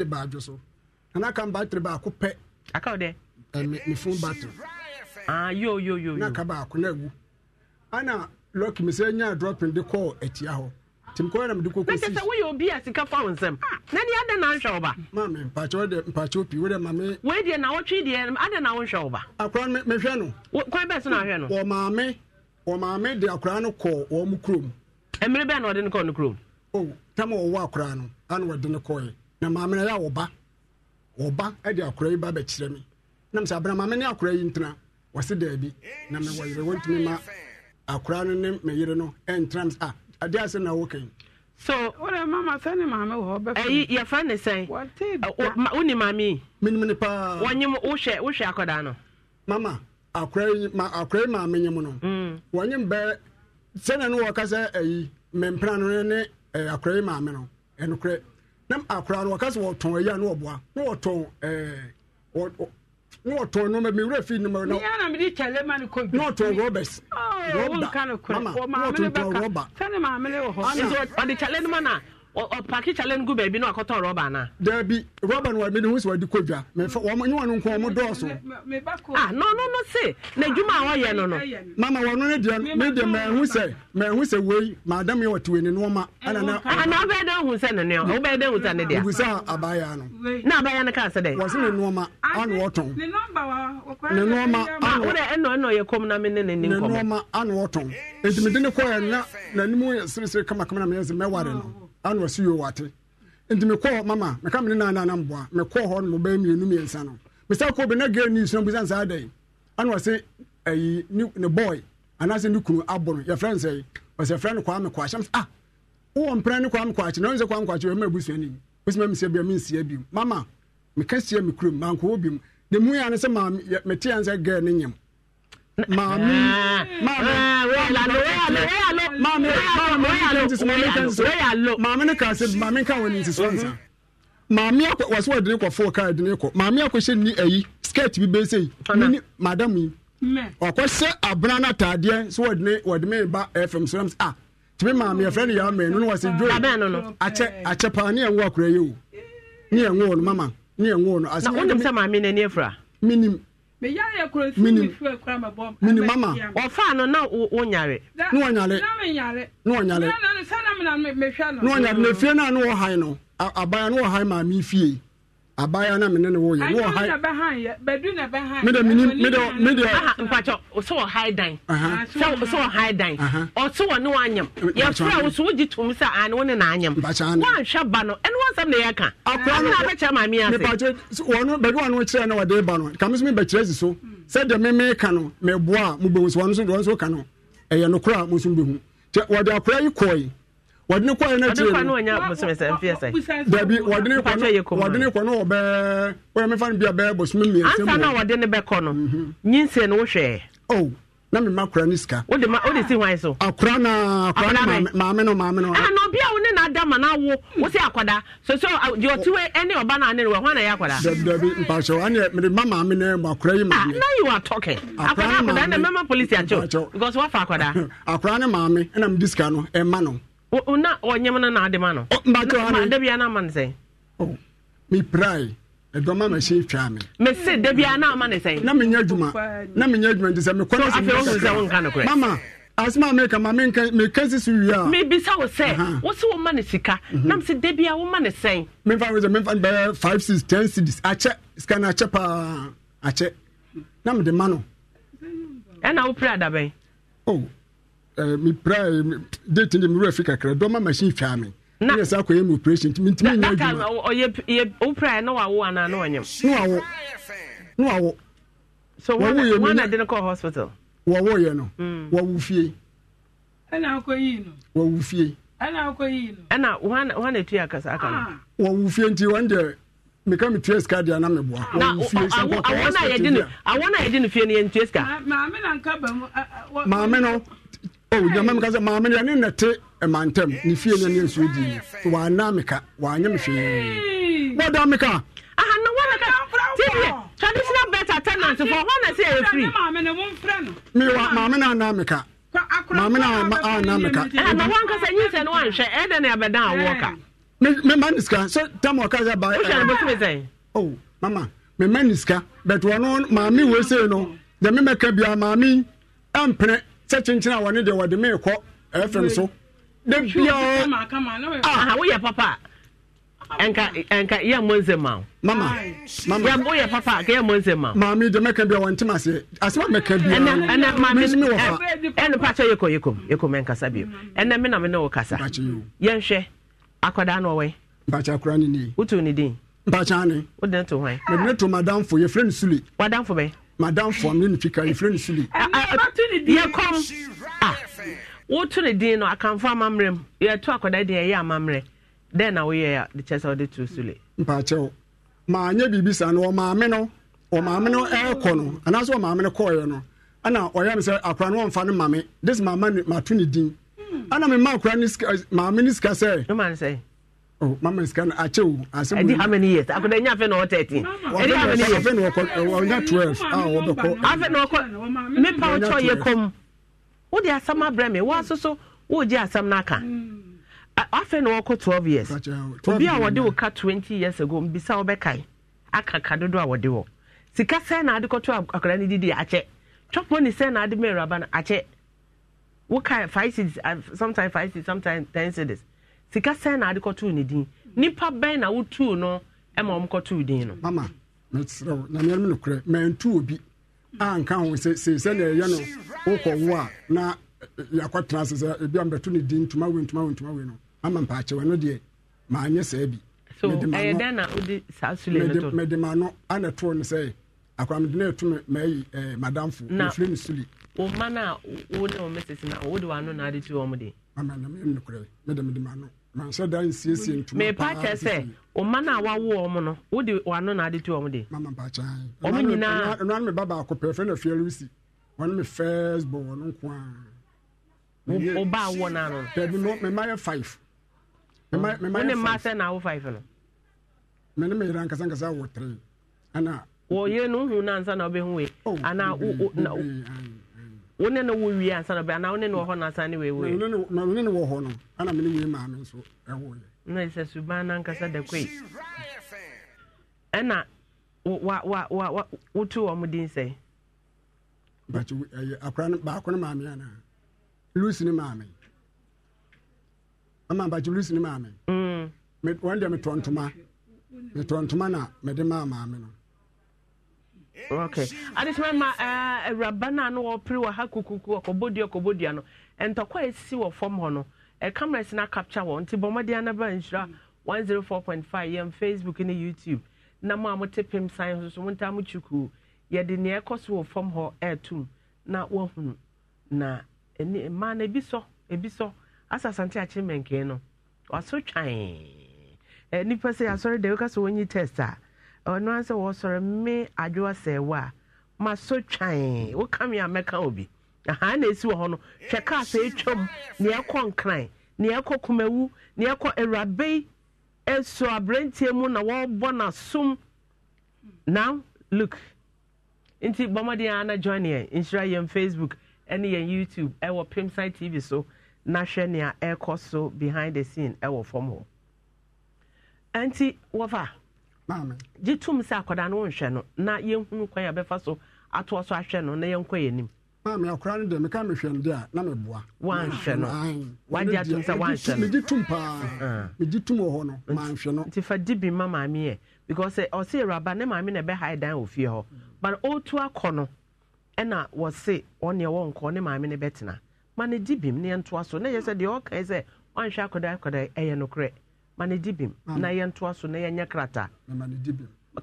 baadwo so mm, mm. ana ka battery baako pɛ me phone ah, na baako na awu ana lock me sɛ nya de kɔɔ atia hɔ na ah. na na na na mehwɛ no na maame maame de akwaraa no kɔ wɔn mu kurom. mmerɛ bɛn na ɔde no kɔ ne kurom. o oh, tam no ɔde na maame no yɛ ɔba ɔba de akwaraa yi ba mi abena maame ne yi ntena wɔsi na mɛ wɔyere wɔntumi ma akwaraa no ne mɛ yere a na ɔwɔ kɛn. so mama sani maame ọbẹ ni maame wɔnye mbɛ sɛnɛ no wɔka ɛyi mɛmpena no ne akora yi maame no ɛnokorɛ na akora no wɔka wɔtɔn ayi a na wɔboa na wɔtɔn ɛɛ ne wɔtɔn nɔɔma mi wura fi nɔɔma na. yàrá mi di kyale ma ni ko bi. n'otɔ rɔbɛs. rɔba mama n'otɔ rɔba. fɛn ni maame le wɔ hɔ. ɔdi kyale ni ma na ɔpaki challenge gu baabi na ɔkɔtɔ rɔba na. dabi rɔba wa mi ni wusu wadi ko dwa mɛ fɔ wɔn nyɛ wɔn nkɔn ah no no no se na adwuma a ɔyɛ no mama wɔn ne deɛ ne deɛ mɛ ehu sɛ mɛ ehu sɛ wei maa dam yɛ wɔ tiwɛ ni nneɛma. ana na ɔbɛn dɛ ehu sɛ ne nea ɔbɛn dɛ ehu sɛ ne deɛ. abaya no. na abaya no kaa sɛ dɛ. wɔsi ne nneɛma ana wɔtɔn. ne nneɛma ana wɔtɔn. ɛnna ɛnna ɔyɛ kɔm na mi ne ne ni nkɔmɔ. ne nneɛma ana wɔtɔn. etimidi ne kɔɛ na n'anim yɛ sirisiri kamakama na mɛ yɛ sɛ mɛ no ana ɔsi yɛ owate nti mekɔɔ mama meka mene nana na mboa mekɔɔ hɔ no mobɛɛ mmienu mmiɛnsa no mesa kɔ bi na gɛ ne sua busa nsaa dɛn ana ɔse ayi ne boy anaasɛ ne kunu abɔ no yɛfrɛ no sɛe ɔsɛ frɛ no kwaa me kwakye ah wowɔ mpra ne kwaa me kwakye na ɔnsɛ kwaa me kwakye ɔma abusuani wosima mesia bia mensia biom mama meka sia me kurom mankɔwɔ biom na mu yɛ ane sɛ ma meteɛ ansɛ gɛ ne nyam maami maami maami maami maami ne kaa sɛ maami nka wɔ ne nti so nsa maami akɔ wɔsɛ wɔde ne kɔ fo kaa de ne kɔ maami akɔ hyɛ ni eh, ayi skirt bi bɛ se yi ni madam yi ɔkɔ hyɛ abena n'ataadeɛ nso wɔde ne wɔde ne ba ɛfɛm so ɛm ah tìmí maami ɛfɛ ne yaa mɛnu ne wɔsɛ duro akyɛ akyɛ paa ne yɛn wɔ akora yɛ o ne yɛn wɔ no mama eh, ne yɛn wɔ no. na o nim sɛ maami n'ani efura. Eh, minim mini mama ɔfa no na nyare. ne wanyare ne wanyare ne wanyare na fie no a ne wɔhae no abaya ne wɔhae maame fie abaayewa na mene ne woyɛ ne ɔhae dan ɔte wɔ ne woanyam yɛfrɛ wo so wogye tom sɛ ah, ane wo ne naanyam woanhwɛ ba no ɛne wasɛm ne yɛka abɛkyerɛ mamease baabi wa no kyerɛ na wɔde ba no kame so mebɛkyerɛ si so sɛdeɛ memeka no meboa a mobɛhu so wɔno so deɛ ɔno so ka no ɛyɛ nokorɔ a mo so mbɛhu nti wɔde akora yi kɔe wɔde ne kwan no akyire dabi wɔde ne kwan no wɔbɛɛ wɔyɛ mefa no bia bɛɛ bosome mmiɛnsa na wɔde ne bɛkɔ no nyinsie no wohwɛ o na mema kora ne sika wode akora na no maame no maame no ana ah, obi a wo ne naada ma no awo wo sɛ akɔda so ane no wɔhɔ na yɛ akɔda dabi mpakyɛ ane mede ma maame no mu akora yi maame ah, you are talking akɔda akɔda na polisi akyɛw because wɔfa akɔda akora ne maame ɛna mede sika no ɛma e no na ɔnyam no na ade ma no da bia no ama no sɛ meprae ɛdɔma mahyɛ twaa me mese da bia no ama no sɛ na menya adwuma na menya adwuma nti sɛ mekɔmama asɛm a meka ma meka si so wie a mebisa wo sɛ wo mhm. sɛ woma no sika nam sɛ da bia woma no sɛn memfa sɛ memfa no bɛyɛ 5 6 10 cities akyɛ sika no akyɛ paa akyɛ na mede ma no ɛna wopirɛ adabɛn oh mepra date de mewura fi kakra dɔma machine twaa me ɛyɛ sɛ akɔyɛ mu operation nti mentumi nya adwuma wopraɛ na wawo anaa na ɔnyam na wawo na wawo so wɔna de no kɔ hospital wɔwoyɛ no wɔwo fie ɛna akɔyii no wɔwo fie ɛna akɔyii no ɛna hwana tu akasa aka no wɔwo fie nti wɔn deɛ meka metua sika deɛ na meboa awɔ na yɛde no fie no yɛntua sika maame no onyama meka sɛ maame nea ne nɛte mantam ne fie no ne nsuo di waana meka waanyɛ me hwee wɔda meka traditional bet attendant for one na say e free. wa maame na ana meka maame na ana meka. ɛna wɔn kasa nyi sɛ no wɔn hwɛ ɛna ne abɛdan awɔ ka. me ma ne sika sɛ tam wɔ kasa ba. o sɛ ne eh. bɛ tumi o oh, mama me ma ne sika bɛtɛ wɔn maame wo se no dɛmɛ mɛka bia maame ɛmpene sɛ kyenkyene a wɔne deɛ wɔde meekɔ ɛfem so da biaa ah, papa ɛnka ɛnka yɛ mo mama mama yɛ mo yɛ papa kɛ de mɛka bi a wɔn ntoma se asema mɛka bi a ɛnna ɛnna maami ɛ ɛnna mi na mi na o kasa yɛn hwɛ akwadaa na ɔwɛ. mpatsɛ akora ni ni. wotu ni din. mpatsɛ ani. o den to hɔn. mɛ ne to madamfo yɛ kɔm a ah. wotu ne din no akamfo amammerɛ mu yɛto akwadaa deɛ ɛyɛ amammerɛ dɛn na woyɛ a de kyɛ sɛ wode turu sule mpaakyɛw maanyɛ biribi saa no ɔmaame no ɔmaame no ɛrekɔ no anaasɛ ɔmaame no kɔɔeɛ no ɛna ɔyɛ me sɛ akora no ɔmfa no mame des mama mato ne din ana hmm. mema akora no maame no sika sɛ Oh, mama is kind of achew. Edi how many years? Akoda nya afe na o 13. Edi how many years? Eh, afe na o ko nya 12. Ah, wo be ko. Afe na o ko me pa o cho ye kom. Wo de asam abrɛ me. Wo asoso wo je asam na aka. Hmm. na o ko 12 years. Obi a wo de wo ka 20 years ago mbisa wo be kai. Aka ka dodo a wo de wo. Sika sɛ na ade kɔto akoda ne didi akyɛ. Chop money sɛ na ade me raba na akyɛ. Wo ka 5 cities uh, sometimes 5 cities sometimes ten cities sika sɛn na ade kɔtoo ne din nipa bɛn na wotuo no ma wɔn kɔtoo din no. mama mesrɛ wo na nneɛma nokorɛ mantu obi a nka ho sɛ sɛ sɛnea ɛyɛ no wokɔ wo a na e, e, yɛakɔtena ase sɛ ebi a mbɛto ne din ntoma wei ntoma wei ntoma wei no ama mpaakyɛ wɔ no deɛ maanyɛ saa bi so ɛyɛ dɛn na wode saa sule no to mede ma no ana too no sɛ akwaramde na ɛto me mayi eh, madamfo mefiri ne suli wo ma no wo ne wo mesese no wode wano na ade tu wɔ m de mama na memnokorɛ mede mede ma no mansa da nsiesie ntoma mepa kyɛ sɛ ɔma no a wawo ɔm no wode wano na ade tu ɔm de mama mpakya ɔm nyinaa ɛno ano me ba baako pɛ na first born ɔno nko a ɔba no yɛ na awo five no mene me yera nkasa nkasa na wone no wɔ wie ansa no na anaa wone no wɔ hɔ no ansa ne wewene ne wɔ hɔ no ana mene wei maa me nso ɛwoyɛ na sɛ suban no ankasa da kɔi ɛna woto wɔ mo din sɛ baako no maame anaa lucy ne maame ama bakye lucy ne maame wɔn deɛ metɔ ntoma metɔ ntoma na mede maa maame no okay adesima ma awuraba no a na wɔpere wɔ ha kukuku ɔkɔbɔdua ɔkɔbɔdua no ntɔkwa a ɛsisi wɔ fam hɔ no uh, si na capture wɔ nti bɔmmɔden anaba nhyira 104.5 yɛn facebook ne youtube na mo a mote pem san so so montaa mo kyukuu yɛde nea ɛkɔ so wɔ fam hɔ ɛɛtum na wɔahunu na ɛni mmaa na ebi sɔ ebi sɔ asasante akyere mmɛnkee no wasɔ twan nipa sɛ asɔre deɛ wɔka so wɔnyi test a ɔno asɛ wɔsɔre me adwowa sɛ wo a maso twan woka me a mɛka obi ahaa na ɛsi wɔ hɔ no hwɛ kaa sɛ ɛtwam ne ɛkɔ nkran ne ɛkɔ kumawu ne ɛkɔ awurabei ɛso aberanteɛ mu na wɔrebɔ n'asom now look nti bɔmmɔden ara ana join yɛn nhyira yɛn facebook ɛne yɛn youtube ɛwɔ pimside tv so na hwɛ nea ɛrekɔ so behind the scene ɛwɔ fam hɔ nti wɔfa gye tum sɛ akwadaa no wonhwɛ no na yɛhunu kwan a bɛfa so atoɔ so ahwɛ no na yɛnkɔ yɛ maame akora no deɛ meka mehwɛ no deɛ a na meboa wanhwɛ no no megye tum paa ah. megye tum wɔ hɔ no manhwɛ no nti fa di bi ma maameɛ because eh, ɔse awuraba ne maame na ɛbɛhae dan wɔ fie hɔ but ɔtu akɔ no ɛna wɔse ɔneɛ wɔnkɔ ne maame no bɛtena ma di bim ne na yɛ sɛ deɛ ɔkae sɛ wanhwɛ akɔda akɔda ma ne di bim na yɛn to so na yɛn nyɛ krataa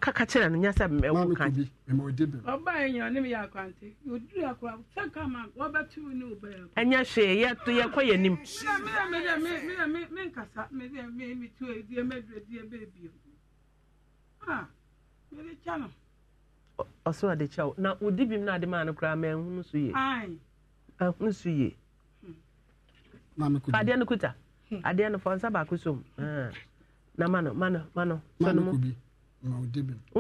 kaka kyerɛ no nyɛ sɛ ɛwo kan ɔbaa nyina ne meyɛ akwante ɔduru akora sɛka ma wɔbɛto ne wobɛɛ ɛnyɛ hwee yɛto yɛkɔ yɛ nim menkasa metuadie maduadie bɛbio mede kya no ɔsoro ade kyɛw na odi bim no ade maa no koraa ma ɛhunu so yie ɛhunu so yie hmm. adeɛ no kuta Hmm. adeɛ no fɔ nsa baako som hmm. eh. na ma no ma no ma no sɛ no mu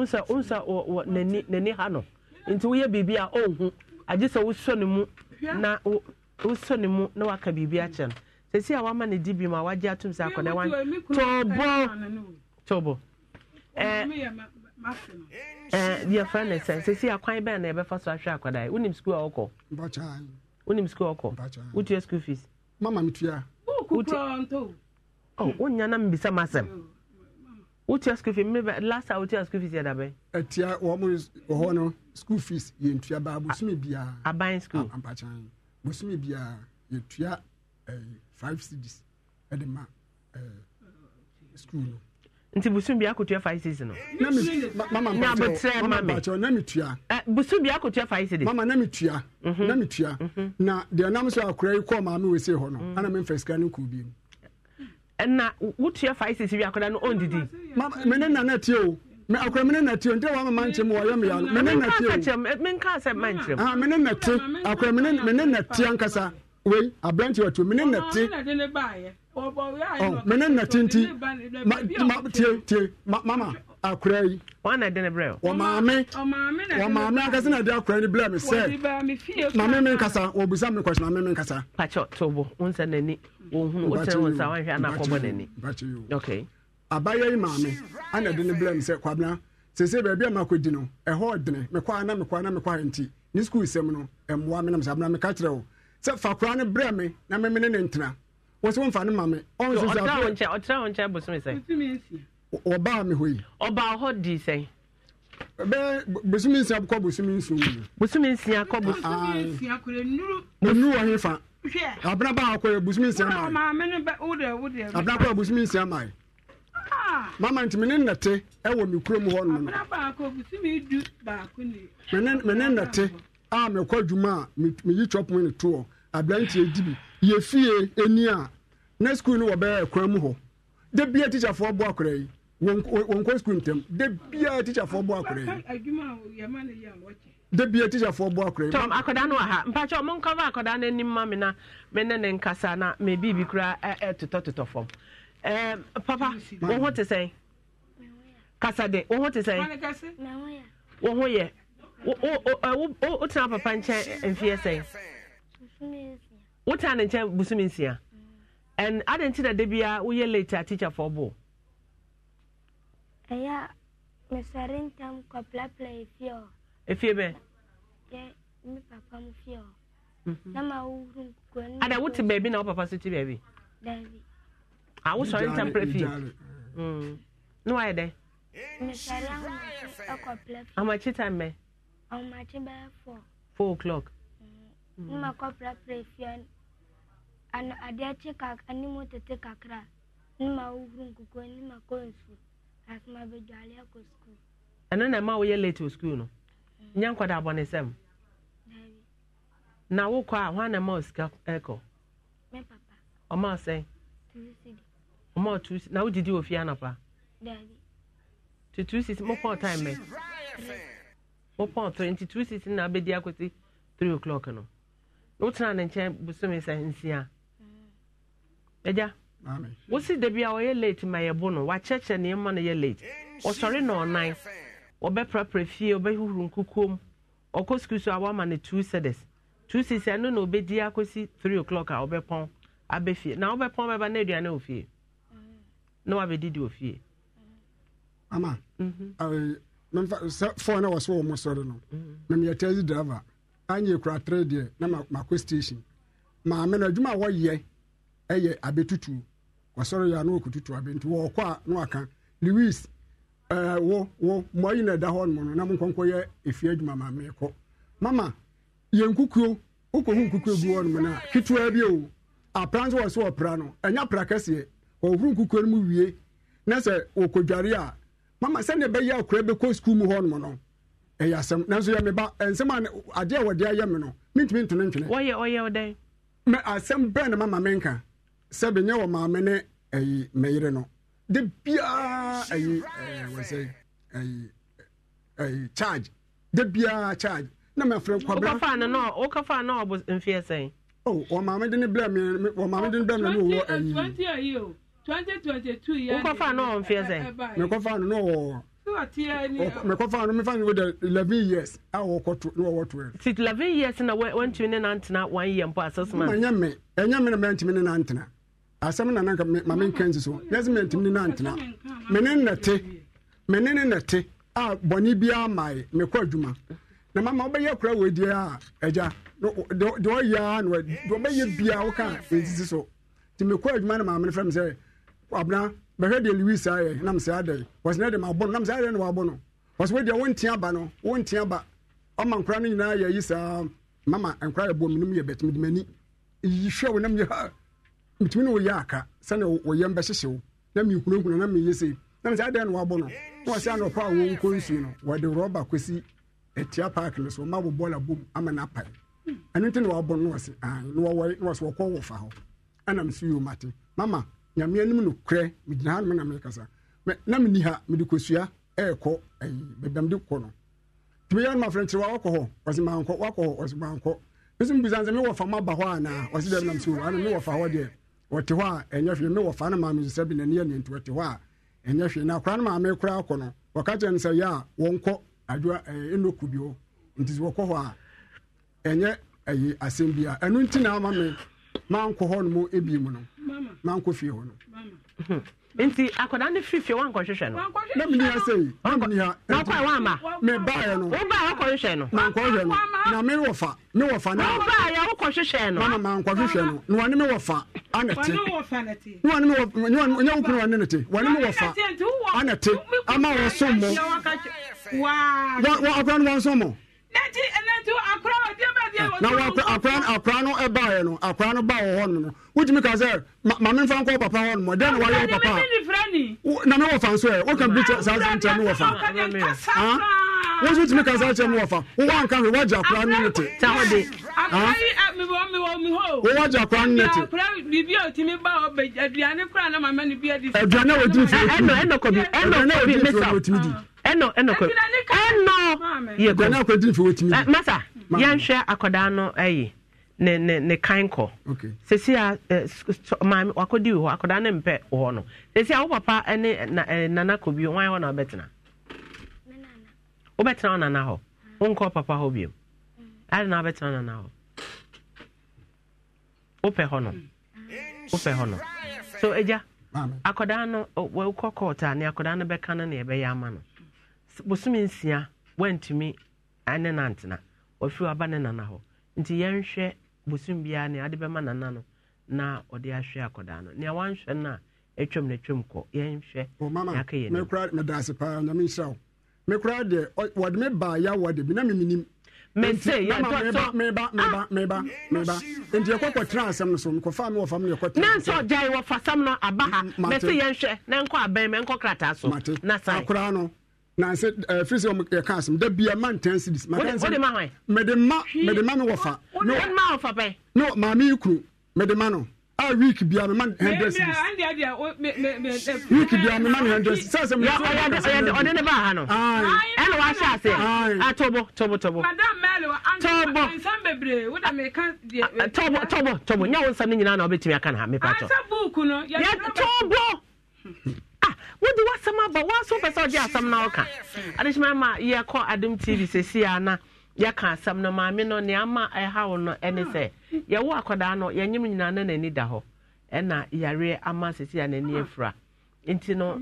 nsa nsa wɔ wɔ n'ani n'ani ha no nti woyɛ biribi a ɔnhu agye sɛ wosɔ mu na wosɔ ne mu na waka biribi akyɛ no sɛsi a wama ne di bi mu a wagye atum sɛ akɔda wan tɔbɔ tɔbɔ ɛɛ yɛfrɛ ne sɛ sɛsi akwan bɛn na yɛbɛfa so ahwɛ akɔda yi wonim sukuu a ɔkɔ wonim sukuu a ɔkɔ wotua school fees mama metua wonya oh, hmm. na mbisa m asɛm wotua school fees mmebe last time wotua school fees yɛ dabɛ. ɛtia hɔ no school fees yɛ ntua baa bosomi ah, biara. aban school ah, ampakyan bosomi biara yɛ eh, five cities. ɛde eh, ma eh, school no nti busum bi akotua five cities no. na mi mama mpatsɛ na abotire ma mi na mi tua. bi akotua five cities. mama na mi tua na na deɛ nam so akora yi kɔɔ maame wɔ se hɔ no ana mi nfa sika ne nkuu bi mu. ɛna wotua five cities bi akora no ɔndidi. mama mi ne nana tie o mɛ akora mi na tie o n tɛ wa mama nkyɛn mu wɔyɛ mi yalo mi ne na tie o. mi nka asɛ ma nkyɛn mu. mi ne na tie akora mi ne na tie ankasa wei abirante wato mene nate mene nate nti tie tie mama akora yi ɔmaame ɔmaame akasa na de akora ni bila mi sɛ maame mi nkasa ɔbusa mi kɔsi maame mi nkasa. pàṣẹ tóbó n sẹ nani ohun o tẹ wọn sa wọn hwẹ anakọbọ nani. abayɛ yi maame ana de ne bila mi sɛ kwabena sese beebi a mako di no ɛhɔ ɔdini mekɔ ana mekɔ ana mekɔ ahanti ne sukuu sɛm no ɛmoa mi nam sɛ abena meka kyerɛ o. sɛ fa koraa no brɛ me na meme ne ne ntena wo sɛ womfa no ma me ɔbaa me hɔ yi ɔbaa hɔ dii sɛn bɛɛ bosome nsia kɔ bosome nsia mu bosome nsia kɔ bosome wɔ he fa abena baa kɔ yɛ bosome nsia ma abena kɔ yɛ bosome nsia ma ah. mama ntumi ne nnɛte ɛwɔ me kurom hɔ nom no mene nnɛte a mekɔ adwuma a meyi twɔpon ne toɔ aberanteɛ di bi yɛfie ani a na skul no wɔbɛyɛ kwan mu hɔ da bia tikyafoɔ bɔ akora yi wɔnkɔ skul ntam de bia tikyafoɔ bɔ akora yi da bia tikyafoɔ bɔ akora yi. tɔm no wɔ ha mpakyɛ ɔmo nkɔba akwadaa no anim na mi ne ne nkasa na mi bi bi kura ɛɛtotɔtotɔ fam ɛɛ papa wɔn ho te sɛn kasa de wɔn ho te sɛn wɔn ho yɛ wo wo wo wo tena papa nkyɛn mfie sɛn. wotaa ne nkyɛn busumi nsia ɛn adan ti na de bia woyɛ late a teacher fo bo. ɛyà mesare ntam kɔ pilapila efie hɔ. efie bɛ. yɛ mi papa mu fie hɔ. Mhm. na ma wuru nkukura ada wote baabi na wo papa so te baabi. baabi. a ah, wosɔre ntam pere fie. ne mm. wayɛ dɛ. mesare amakye ɛkɔ pilapila. amakye time bɛ. amakye bɛ four. four o'clock. Mm. nima kɔpra prɛfian ana adeɛ kye kak anim tete kakra nima wohuru nkukuo nima kɔ nsu asoma bedwale akɔ sukuu ɛno na ɛma woyɛ late wɔ sukuu no mm. nyɛ nkɔda abɔnesɛm na wokɔ a hwan na ɛma wo sika ɛkɔ ɔma wo sɛn ɔma wo tuusi na wodidi wɔ fie anapa nti tuusi mopɔn time bɛ mopɔn three nti tuusi na abɛdi akɔsi three o'clock no wotena ne nkyɛn bosome sɛ nsia mm. agya wosi da bi a ɔyɛ late ma yɛbo no wakyerɛkyerɛ nneɛma no yɛ late ɔsɔre na ɔnan ɔbɛprapra fie ɔbɛhuhuru nkukuom ɔkɔ sukuu so a wama no two sedes two six ɛno na ɔbɛdi akɔsi three o'clock a ɔbɛpɔn abɛfie na ɔbɛpɔn bɛba na aduane wɔ fie mm. na wabɛdidi wɔ fie mm. ama mhm. sɛ fɔɔ na wɔ so wɔ mo sɔre no na meyɛtɛ yi anyɛ kuratere deɛ na makɔ station maame no adwuma a wɔyɛ ɛyɛ abetutu wɔsɔre yɛ a na wɔkɔtutu abɛ nti wɔɔkɔ a na waka lewis ɛɛ eh, wo wo mɔyi na ɛda hɔ nom no na mo nkɔnkɔ yɛ efie adwuma maame kɔ mama yɛn kukuo wokɔhu nkukuo bi hɔ nom na ketewa bi o apranso wɔ so ɔpra no ɛnya pra kɛseɛ ɔhuru nkukuo no mu wie na sɛ wɔkɔdware a mama sɛdeɛ bɛyɛ akora bɛkɔ sukuu mu hɔ nom no ɛyɛ asɛm nanso yɛ meba nsɛm a adeɛ a wɔde ayɛ me no mentumi nto no ntwene wɔyɛ ɔyɛ dɛn me asɛm bɛɛ na mama menka sɛ benyɛ wɔ maame ne ayi meyere no de biaa ayi eh, wɔsɛ ayi ayi charge de biaa charge na mɛfrɛ kwabra wokɔfaa no na wokɔfaa na ɔbo mfeɛ sɛn oh wɔ maame de ne blɛ me wɔ maame de ne blɛ me na ɔwɔ ayi wokɔfaa na ɔmfeɛ sɛn mekɔfaa no na ɔwɔ E oh, mekɔfa no mefa no wode 11 years a wɔkɔto na wɔwɔ to nti 11 years na wantumi one year mpo assessment ɛnyɛ me ɛnyɛ me na mantumi ne nantena asɛm na nanka ma menka nsi so nyɛ sɛ mantumi ne nantena mene ne nnɛte mene ne nnɛte a bɔne biara mae mekɔ adwuma na mama wobɛyɛ kora wɔ die a agya deɛ ɔyɛa na deɛ ɔbɛyɛ biara woka ɛnsisi so nti mekɔ adwuma na maame no frɛ me sɛ abena bɛhwɛ deɛ lewis ayɛ nam sɛ adɛn wɔsɛ ne de ma abɔ nam sɛ adɛn na wabɔ no wɔsɛ wo deɛ wonte aba no wonte aba ɔma nkora no nyinaa yɛ yi saa mama nkora yɛ bɔ menom yɛ bɛtumi de m'ani yihwɛ wo nam yɛ ha ntumi ne woyɛ aka sɛne woyɛ mbɛhyehye wo na mehunahuna na meyɛ sei nam sɛ adɛn na wabɔ no na wɔsɛ ana ɔkɔ a wɔnkɔ nsuo no wɔde rɔba kɔsi atia park no so ma wo bɔɔla bom ama no apae ɛno nti na wabɔ no na wɔse na wɔwɔre na wɔsɛ wɔkɔ wɔ fa hɔ ɛnam so yɛ mama nyame anim no nokorɛ megyina ha no nomana mekasa na meni ha mede kɔsua ɛɛkɔ bɛbamde kɔ no nti meyɛ no mafrɛ nkyerɛ wa wakɔ hɔ ɔse mankɔ wakɔ hɔ ɔse mankɔ meso mbisa sɛ mewɔ fa ma ba hɔ anaa ɔse dɛ nam sɛ ana mewɔ fa hɔ deɛ ɔte hɔ a ɛnyɛ hwee mewɔ fa no maame so sɛ bi nani ɛne nti ɔte hɔ a ɛnyɛ hwee na akora no maame kora akɔ no wɔka kyerɛ no sɛ yɛ a wɔnkɔ adwa ɛnoku bi hɔ nti sɛ wɔkɔ hɔ a ɛnyɛ ɛyi asɛm bi a ɛno nti na ama me mankɔ hɔ no mu ebi mu no mankɔ fie hɔ no nti akwadaa ne firi fie wankɔhwehwɛ no na meni asɛ namenia nakɔɛ wama mebaeɛ no wobaɛ wokɔhwehwɛ no mankɔhwɛ no na mewɔ fa mewɔ fa wobaeɛ wokɔhwehwɛ no mama mankɔhwehwɛ no na wɔne mewɔ fa anɛte nyɛ wo kunu wane ne te wɔne mewɔ fa anɛte ama wɔ so mmɔ akora no wɔnso mmɔ Eh, na wakɔ akora akora no ɛbaeɛ no akora no baa wɔ hɔnom no wotumi ka sɛ maame nfa nkɔ papa hɔnom ɛdɛn na wayɛ wo papa na me wɔfa nso ɛ woka bi saa sɛ nkyɛ me wɔfa wo nso wotumi ka saa kyɛ me wɔfa wowɔ nka hwɛ woagye akora no no te wowagye akora no no te aduane a wɔtumi fi ɛnɔ ɛnɔ kɔbi ɛnɔ kɔbi mesa ɛnɔ ɛnɔ kɔ ɛnɔ yɛ kɔ masa yɛnhwɛ akɔdaa no ɛyi ne ne ne kan kɔ sisi a eh, maame wakɔdi wɔ akɔdaa ne mpɛ wɔ no sisi a wo papa ɛne eh, eh, na ɛɛ nana kɔ bi wɔn ayɛ na ɔbɛtena nana hɔ mm. papa hɔ mm. na nana hɔ wopɛ hɔ no mm. wopɛ hɔ no so akɔdaa no wɔkɔ ne akɔdaa no bɛka no ama no bosome nsia wantumi ne nantena wafiri aba ne nana hɔ nti yɛnhwɛ bosom biara nea ade bɛma nana no na ɔde ahwɛ akɔdaa no nea wanhwɛ no a atwam no atwam kɔ yɛnhwɛ yɛaka paa nyame nhyira wo mekora deɛ wɔde me baa ya awɔde bi na memenim nti ah! yɛkɔkɔtena asɛm no so mekɔfa me wɔfam no yɛkɔtnansɛ ɔgyae wɔfasɛm no aba ha mɛsɛ yɛnhwɛ na nkɔ abɛn ma krataa so na sakoraa nansɛ ɛfiri eh, sɛ yɛka asɛm da bia man ntɛn cities mede ma mede ma me wɔfa maame yi kuro mede ma no a week bia me ma hundred cities week bia me ma no hundred cities sɛ sɛ ɔde ne baa ha no ɛna wahyɛ aseɛ atɔbɔ ah, tɔbɔ tɔbɔ ah, ah, tɔbɔ tɔbɔ tɔbɔ nyɛ wo nsɛm no nyinaa na wobɛtumi aka no ha mepa tɔ tɔbɔ wode w'asɛm aba woaso pɛ sɛ ɔgye asɛm na woka adehyema ma yɛkɔ adom tv sɛsi a na yɛka asɛm no maame no nea ama ɛha wo no ɛne sɛ yɛwo akɔdaa no yɛnyem nyinaa na n'ani da hɔ ɛna yareɛ ama sɛsi a n'ani afura nti no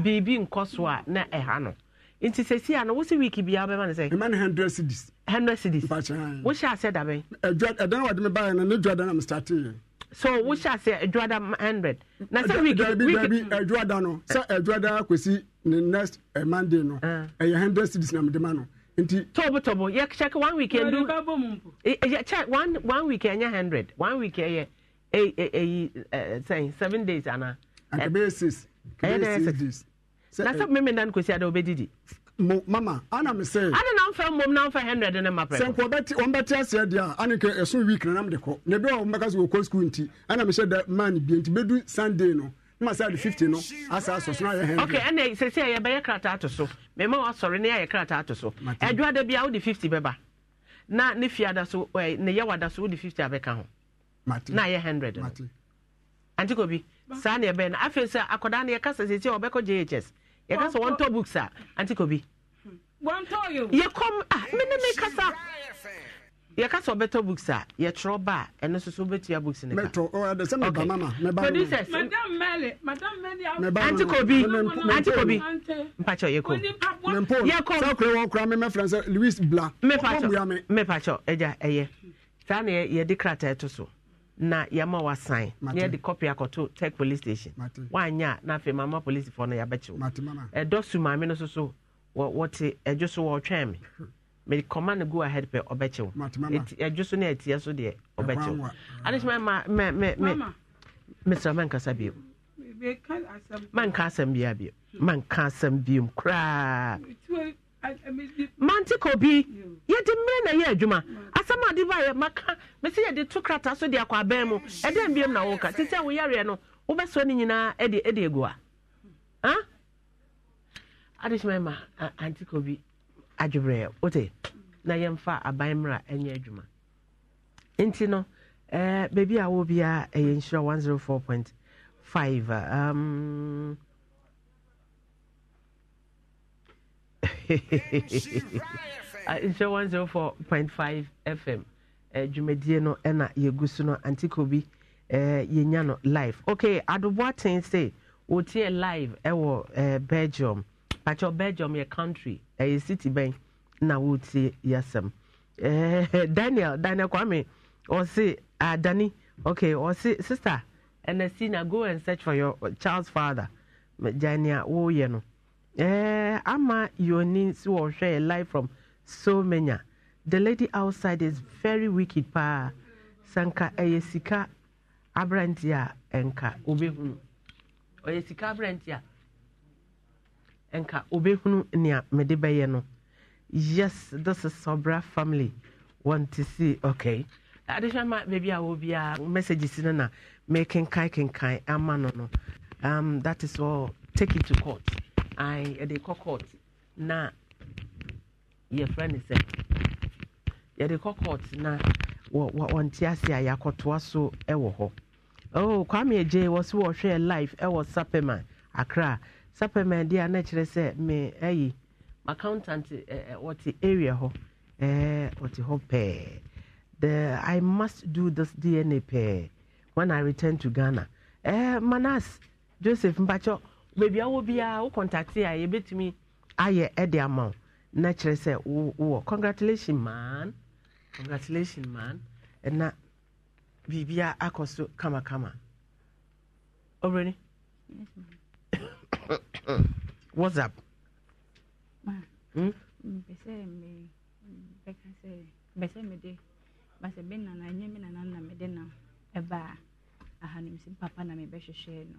biribi nkɔ so a na ɛha no nti sɛsi a no wosɛ wiki biara bɛma no sɛ ɛma no hundred cities hundred cities wohyɛ asɛ dabɛn ɛdan a wɔde me baeɛ no ne dwa dan a mestarteeɛ so wohyɛ mm. sɛ adwada hundred na sɛ adwada no sɛ adwada akɔsi ne next eh, monday no ɛyɛ ah. eh, hundred cities na mede ma no nti tɔbotɔbo yɛkyɛk one week ɛdu eh, one one week ɛnyɛ hundred one week ɛyɛ ɛyi sɛn seven days anaa ɛbɛyɛ six ɛyɛ six days na sɛ memenda no kɔsi ada wobɛdidi mo mama ana me sɛ ana na mfa mmom na mfa 100 ne ma prɛ sɛ nko bɛti on bɛti aseɛ deɛ a ana ke ɛso week na nam de kɔ ne bi a wɔn bɛka so wɔkɔ school nti ana me hyɛ da man bi nti bɛdu sunday no ma sɛ de 50 no asa asɔ so na ayɛ 100 okay ɛna sɛsɛ yɛ bɛyɛ krataa to so me wa wasɔre ne yɛ krataa to so ɛdwa da bia wode 50 bɛba na ne fiada so ne yɛwada so wode 50 abɛka ho na ayɛ 100 no anti kobi saa ne ɛbɛyɛ no afei sɛ jhs yɛka sɛ wɔntɔ books a anti kobi hmm. yɛkɔm a ah, mene mekasa yɛka sɛ ɔbɛtɔ books a yɛtwerɛ ba a ɛno nso so wobɛtua books no kaanti kobi anti kobi mpakyɛ yɛkɔmmepatwɔ agya ɛyɛ saa na yɛde krataa ɛto so na yɛma wasan na yɛde kɔpi akɔto tech police station wanyɛ na afei mama polisifoɔ no yɛabɛkyew ɛdɔ su maame no so so wɔte ɛdwo so wɔɔtwɛn me mede kɔma no go ahead pɛ ɔbɛkyew ɛdwo so ne ɛtiɛ so deɛ ɔbɛkyew adehyɛ mesrɛ mankasa bio manka asɛm bia bio manka asɛm biom koraa mantiko bi yɛde mmerɛ na ɛyɛ adwuma asɛm ade ba yɛ maka mese yɛde to krataa so de akɔ abɛn mu ɛdɛn biam na woka te sɛ woyɛreɛ no wobɛsɔ no nyinaa ɛde ɛde agu a adehyema ma antiko bi adweberɛɛ wote na yɛmfa aban mmra ɛnyɛ adwuma nti no eh, baabi a wɔ biara ɛyɛ eh, nhyira 104.5 um, Ah, nhyɛ 104.5 fm eh, dwumadie no ɛna eh, yɛgu so no antiko eh, yɛnya no live okay adoboaten sɛ wɔtie live ɛwɔ belgium pakyɛ belgium yɛ country ɛyɛ city bɛn na wɔtie yɛsɛm daniel daniel kwame ɔse ah, Danny, okay ɔse sister ɛna si go and search for your child's father gyanea woyɛ no Eh, ama Yonin a live from so many. The lady outside is very wicked pa. Sanka Eyesika eh, abrandia Enka Ubehunu. Oyesika oh, abrandia Enka Ubehunu Nia Medebayeno. Yes, this is Sobra family. Want to see, okay. Addition, maybe I will be a uh, message in uh, making kai no no. Um, that is all. Take it to court. I eh, yɛde kɔ court na yɛfrɛ no sɛ yɛde kɔ court na wɔnte ase a yɛakɔtoa so eh, wɔ hɔ oh kwame agye wɔ so wɔhwɛɛ live eh, wɔ sapema akra sapema deɛ a na kyerɛ sɛ me ayi accountant wɔte area hɔ wɔte hɔ pɛɛ the i must do this dna pɛɛ when i return to ghana eh, manas joseph mpachɔ baabi a wɔ biara wo kɔntakte a yɛbɛtumi ayɛ de ama wo na kyerɛ sɛ wowɔ congratulation man congratulation man ɛna biribia akɔ so kamakama ɔbrɛni what's up hmm? bɛsɛ mede basɛ me nana mm, ɛnyɛ me nana na mede nam ɛbaa ahanomsim papa na mebɛhwehwɛ no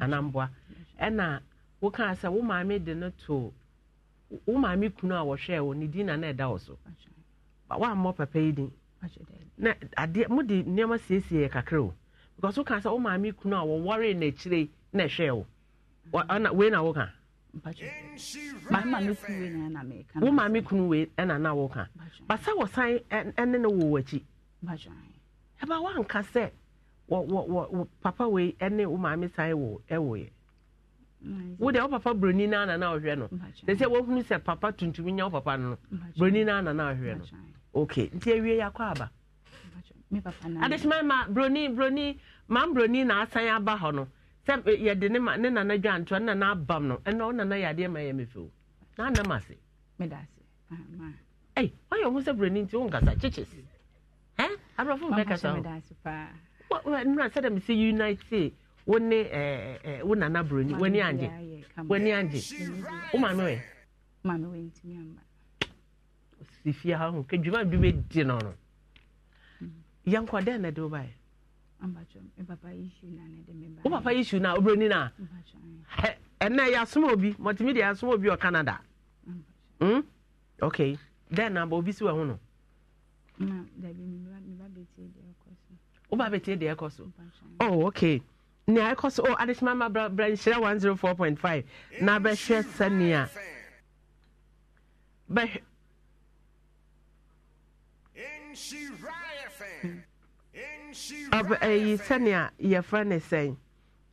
Anambua. ɛna wokaa sɛ wo maame de no to wo maame kunu a wɔhwɛɛ wo ne din na na ɛda wo so woammɔ papa yi din na adeɛ mode nneɛma siesie yɛ kakra o because woka sɛ wo maame kunu a wɔwɔre n'akyire na ɛhwɛɛ wo wei na woka wo maame kunu wei ɛna na woka basa wɔsan ɛne no wɔ w'akyi ɛba woanka sɛ papa wei ne wo maame sae wo ɛwoyɛ mm. wo deɛ wo papa buroni no ana na ɔhwɛ no sɛ sɛ woahunu sɛ papa tuntumi nya wo papa no no buroni no ana na ɔhwɛ no Ok nti awie yɛakɔ aba adehyema ma buroni buroni ma buroni na asan aba hɔ no sɛ e, yɛde ne ma ne nana dwantoa ne nana abam no ɛnna wo nana yɛ adeɛ ma yɛ mefew na anam ase ɛy ah, woayɛ wo ho sɛ buroni nti wo nkasa kyekye aborɔfo mbɛkasa ho mmerɛ sɛdɛ si unite wone ne wo nana broni wone agye wone agye wo maame wɛ si fie ha ho kadwuma bi bɛdi no no yɛnkɔ dɛn na de wobaɛ wo papa yi su no na wobrɛni no a ɛnɛ obi mɔtumi deɛ yɛasoma obi wɔ canada ok dɛn na ba obi si wa ho no woba bɛtie deɛ ɛkɔ so oh okay nea ɛkɔ so oh adesima ma bra nhyira one zero four point five na bɛhwɛ sɛnea bɛhwɛ. ɔbɛ ɛyi sɛnea yɛfrɛ ne sɛn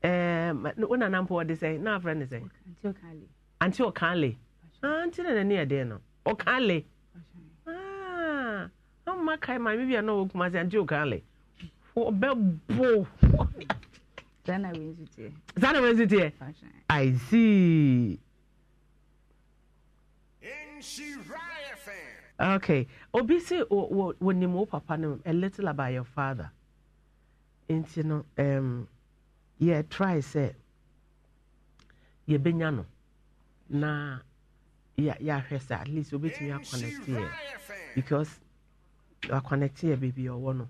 ɛɛ wo nana mpo ɔde sɛn na afrɛ ne sɛn anti ɔkanle anti na n'ani yɛ den no ɔkanle ɔmma kae maame bi a na ɔwɔ kumase anti ɔkanle ɔbɛbo saa na here. teɛ i see okay obi sɛ wɔnim wo papa no a little about your father You know, um, yeah, try say. You yɛbɛnya no na yɛahwɛ sɛ at least connect here because a connect akɔnɛteɛ baabi ɔwɔ no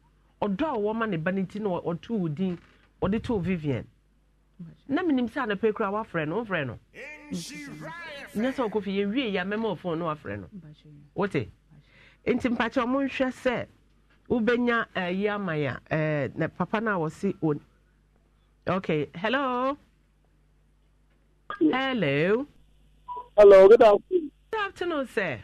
ɔdɔ a wɔma ne ba no nti na ɔto wo ɔde too vivian na menim sɛ anɔpɛ kura wafrɛ no wofrɛ no nyɛ sɛ ɔkɔfi yɛwie yɛ mɛma ɔfon no wafrɛ no wote nti mpakyɛ ɔmo nhwɛ sɛ wobɛnya eh, yi ama yɛ eh, na papa no a wɔse on okay hello hello hello good afternoon good afternoon sir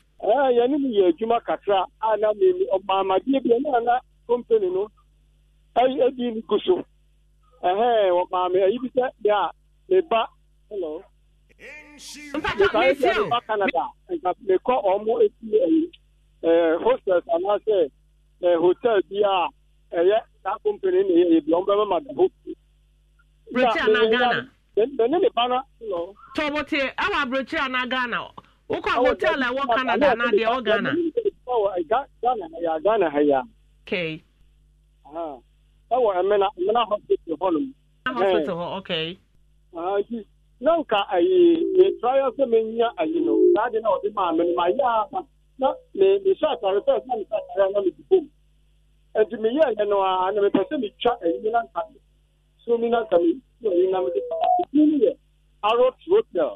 Ah, yɛne mu yɛ adwuma kakra a na eme ɔmaamadeɛ oh, bi ɛna na kompani no adi ne gu so ɛhɛn ya ayi bi sɛ deɛ a ne ba hello mesae sɛ ne ba canada nka mekɔ ɔmo ɛsi e, e, e, hostels anaasɛ hotel bi a ɛyɛ saa kompani ne da wokɔ hotel a ɛwɔ canada na deɛ ɛwɔ ghana ghana ha a okay ɛwɔ ɛmena ɛmena hospital hɔ nom hospital hɔ okay nti na nka ayi metra yɛ sɛ menya ayi no saa de na ɔde maa me no mayɛ a na mehyɛ atare sɛ na mehyɛ atare na mede bom nti meyɛ ɛyɛ no a na mepɛ sɛ ayi na nka so mi na nka ayi na pa yɛ hotel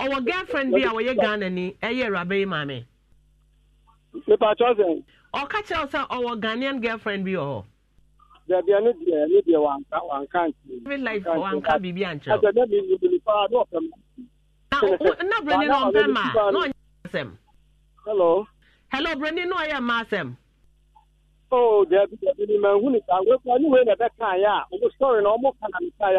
Ọwọ girlfriend bi a ghana ni ɛyɛ awuraba yi maame. nipa atwɔsɛn. ɔka kyerɛw sɛ ɔwɔ ghanaian girlfriend bi wɔ hɔ. dabi ɛni deɛ ɛni deɛ wanka wanka nkyɛn. private life wanka biribi ankyɛw. ɛsɛ ne mi yi mi nipa ne mu. na na broni ma hello. na oh, hu na na na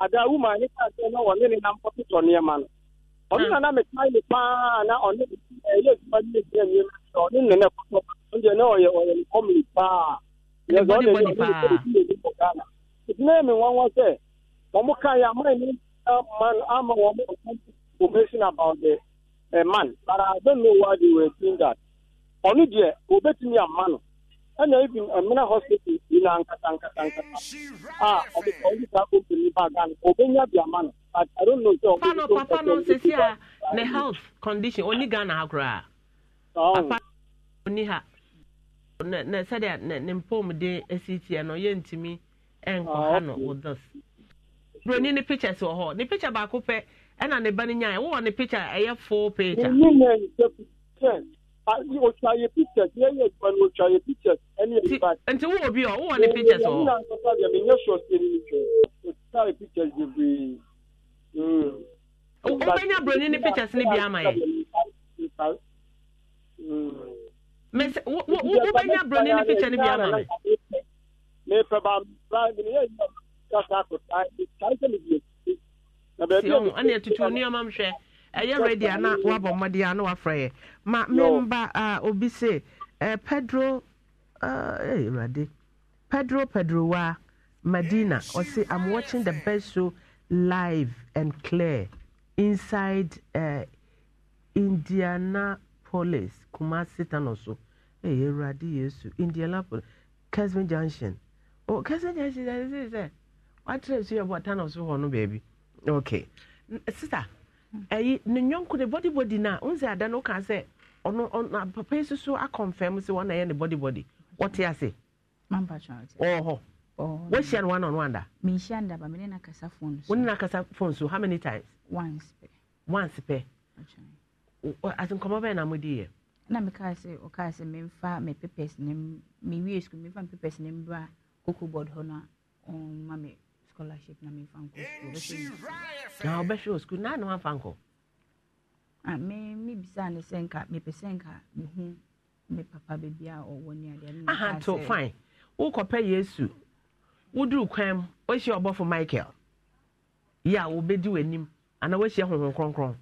ada wuma ne ka sɛ na ɔne ne nam kɔtotɔ nneɛma no ɔno ah. na na metae na ɔne ɛyɛ adwuma ne ɛkyerɛ nneɛma sɛ ne ne na ɔyɛ ɔyɛ ne kɔmene paa yɛsɛ ɔne yɛ ɔne ne kɔtɔ ghana ɛtina me nwanwa ama man information about the eh, man but I don't know why they were doing that ɛna ebi Amina hospital bi na nkata nkata nkata a ọ bụ ka ɔbi ka obi ni ba gan obenya bi ama no but i don't know sɛ ɔbi so ɔbi so papa no sisi a ne health condition oni ghana akora papa oni ha na na a na na ne mpɔmuden esi tie na ọ ntumi ɛnkɔ ha nọ with this broni ne pictures wɔ hɔ ne picture baako pɛ ɛna ne ba ne nyaa wɔwɔ ne picture ɛyɛ full picture. otwaye pictures yẹn yẹ ẹdùn ẹni otwaye pictures ẹni ẹni bag. nti wo obi ọ wọ ni pictures ọ. ẹni náà sọ sábẹ mi yẹ sọ sí ẹni mi twẹ otwaye pictures bebree. o bẹ ní aburoni ni pictures ni bi ama yẹ. mẹsẹ wo wo bẹ ní aburoni ni picture ni bi ama mi. mi fẹ ba ba mi yẹ ẹni náà kasa akọta ẹ ṣáà ṣe mi bi ẹ. ti ọhún ẹni ẹtutu ní ọmọ mi hwẹ. ɛyɛ ready a na wabɔ mmɔden a na wafrɛ yɛ ma memba a obi se pedro awurade pedro pedro wa madina ɔse i'm watching the best show live and clear inside uh, indianapolis kumasi tano so ɛyɛ awurade yesu indianapolis kesman junction oh kesman junction ɛsɛ sɛ watrɛ so yɛ bɔ tano so hɔ no baabi okay sister ɛyi ne nyɔnko ne body body na n sɛ ada no ka sɛ ɔno ɔna papa yi soso akɔnfɛm sɛ wɔn na yɛ ne body body wɔte ase. mamba kyerɛ ɔte. ɔwɔ hɔ. ɔwɔ no one on one da. mi nhyia ndaba mi ne na kasa phone so. wɔn ne na kasa phone so how many times. once pɛ. once pɛ. ati nkɔmɔ bɛyɛ na mo di yɛ. na mi kaa sɛ ɔkaa sɛ mi nfa mi papers ne mi wie school mi nfa mi papers ne mbra koko board hɔ na ɔn ma mi scholarship na mi fan kɔ na ɔbɛhwɛ wɔ sukuu naa na wa fan kɔ. a ah, mi mi bisa ne sɛ nka mi pɛ sɛ nka mi hu mi papa beebi a ɔwɔ ni adeɛ. aha to fine wokɔpɛ yesu woduru kwan mu woahyia ɔbɔfo michael yi a wobɛdi w'anim anaa woahyia honhom kronkron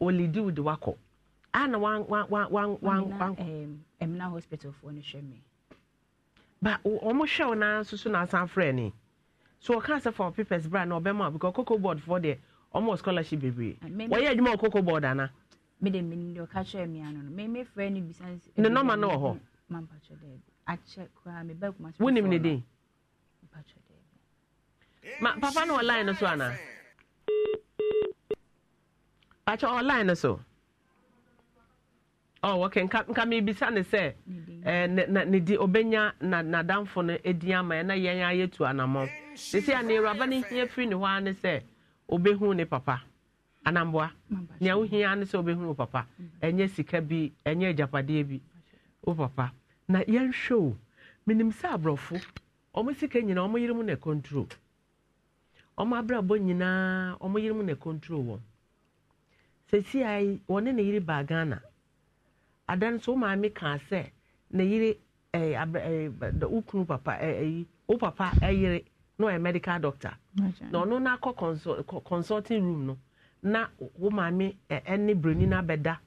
olidi wo de wakɔ ana wankɔ. ɛmina hospital foɔ no hwɛ mi. ba wɔn hwɛ wo naa nso na asan frɛ ni so ɔka sɛ for papers bra na ɔbɛma because cocoa board for deɛ ɔmo scholarship bebree wɔyɛ adwuma wɔ cocoa board ana. mede mene deɛ ɔka kyerɛ me ano no meme frɛ no bisa ne nɔma no wɔ hɔ mampatwɛ daabi akyɛ koraa meba kuma wonim ne den mpatwɛ daabi ma papa no ɔline no so anaa pakyɛ ɔline no so Oh, nka mebisa no sɛ eh, ne de ɔbɛnya nadamfo no di ama ɛna yɛn ayɛtu anammɔn te sɛ ane awuraba no hia firi ne hɔ ara ne sɛ ɔbɛhu ne papa anamboa nea wohia ne sɛ ɔbɛhu wo papa mhm. ɛnyɛ sika bi ɛnyɛ agyapadeɛ bi wo papa na yɛnhwɛ o menim sɛ aborɔfo ɔmo sika nyinaa ɔmo yiri mu na control ɔmo abrabɔ nyinaa ɔmo yiri mu na control wɔn sɛ si a wɔne ne yere baa ghana ada no nso wo maame kaa sɛ ne yere eh, eh, wo kunu papa ɛyi eh, wo papa ɛyere na ɔyɛ medical doctor na ɔno na consulting room no na wo maame ɛne broni no abɛda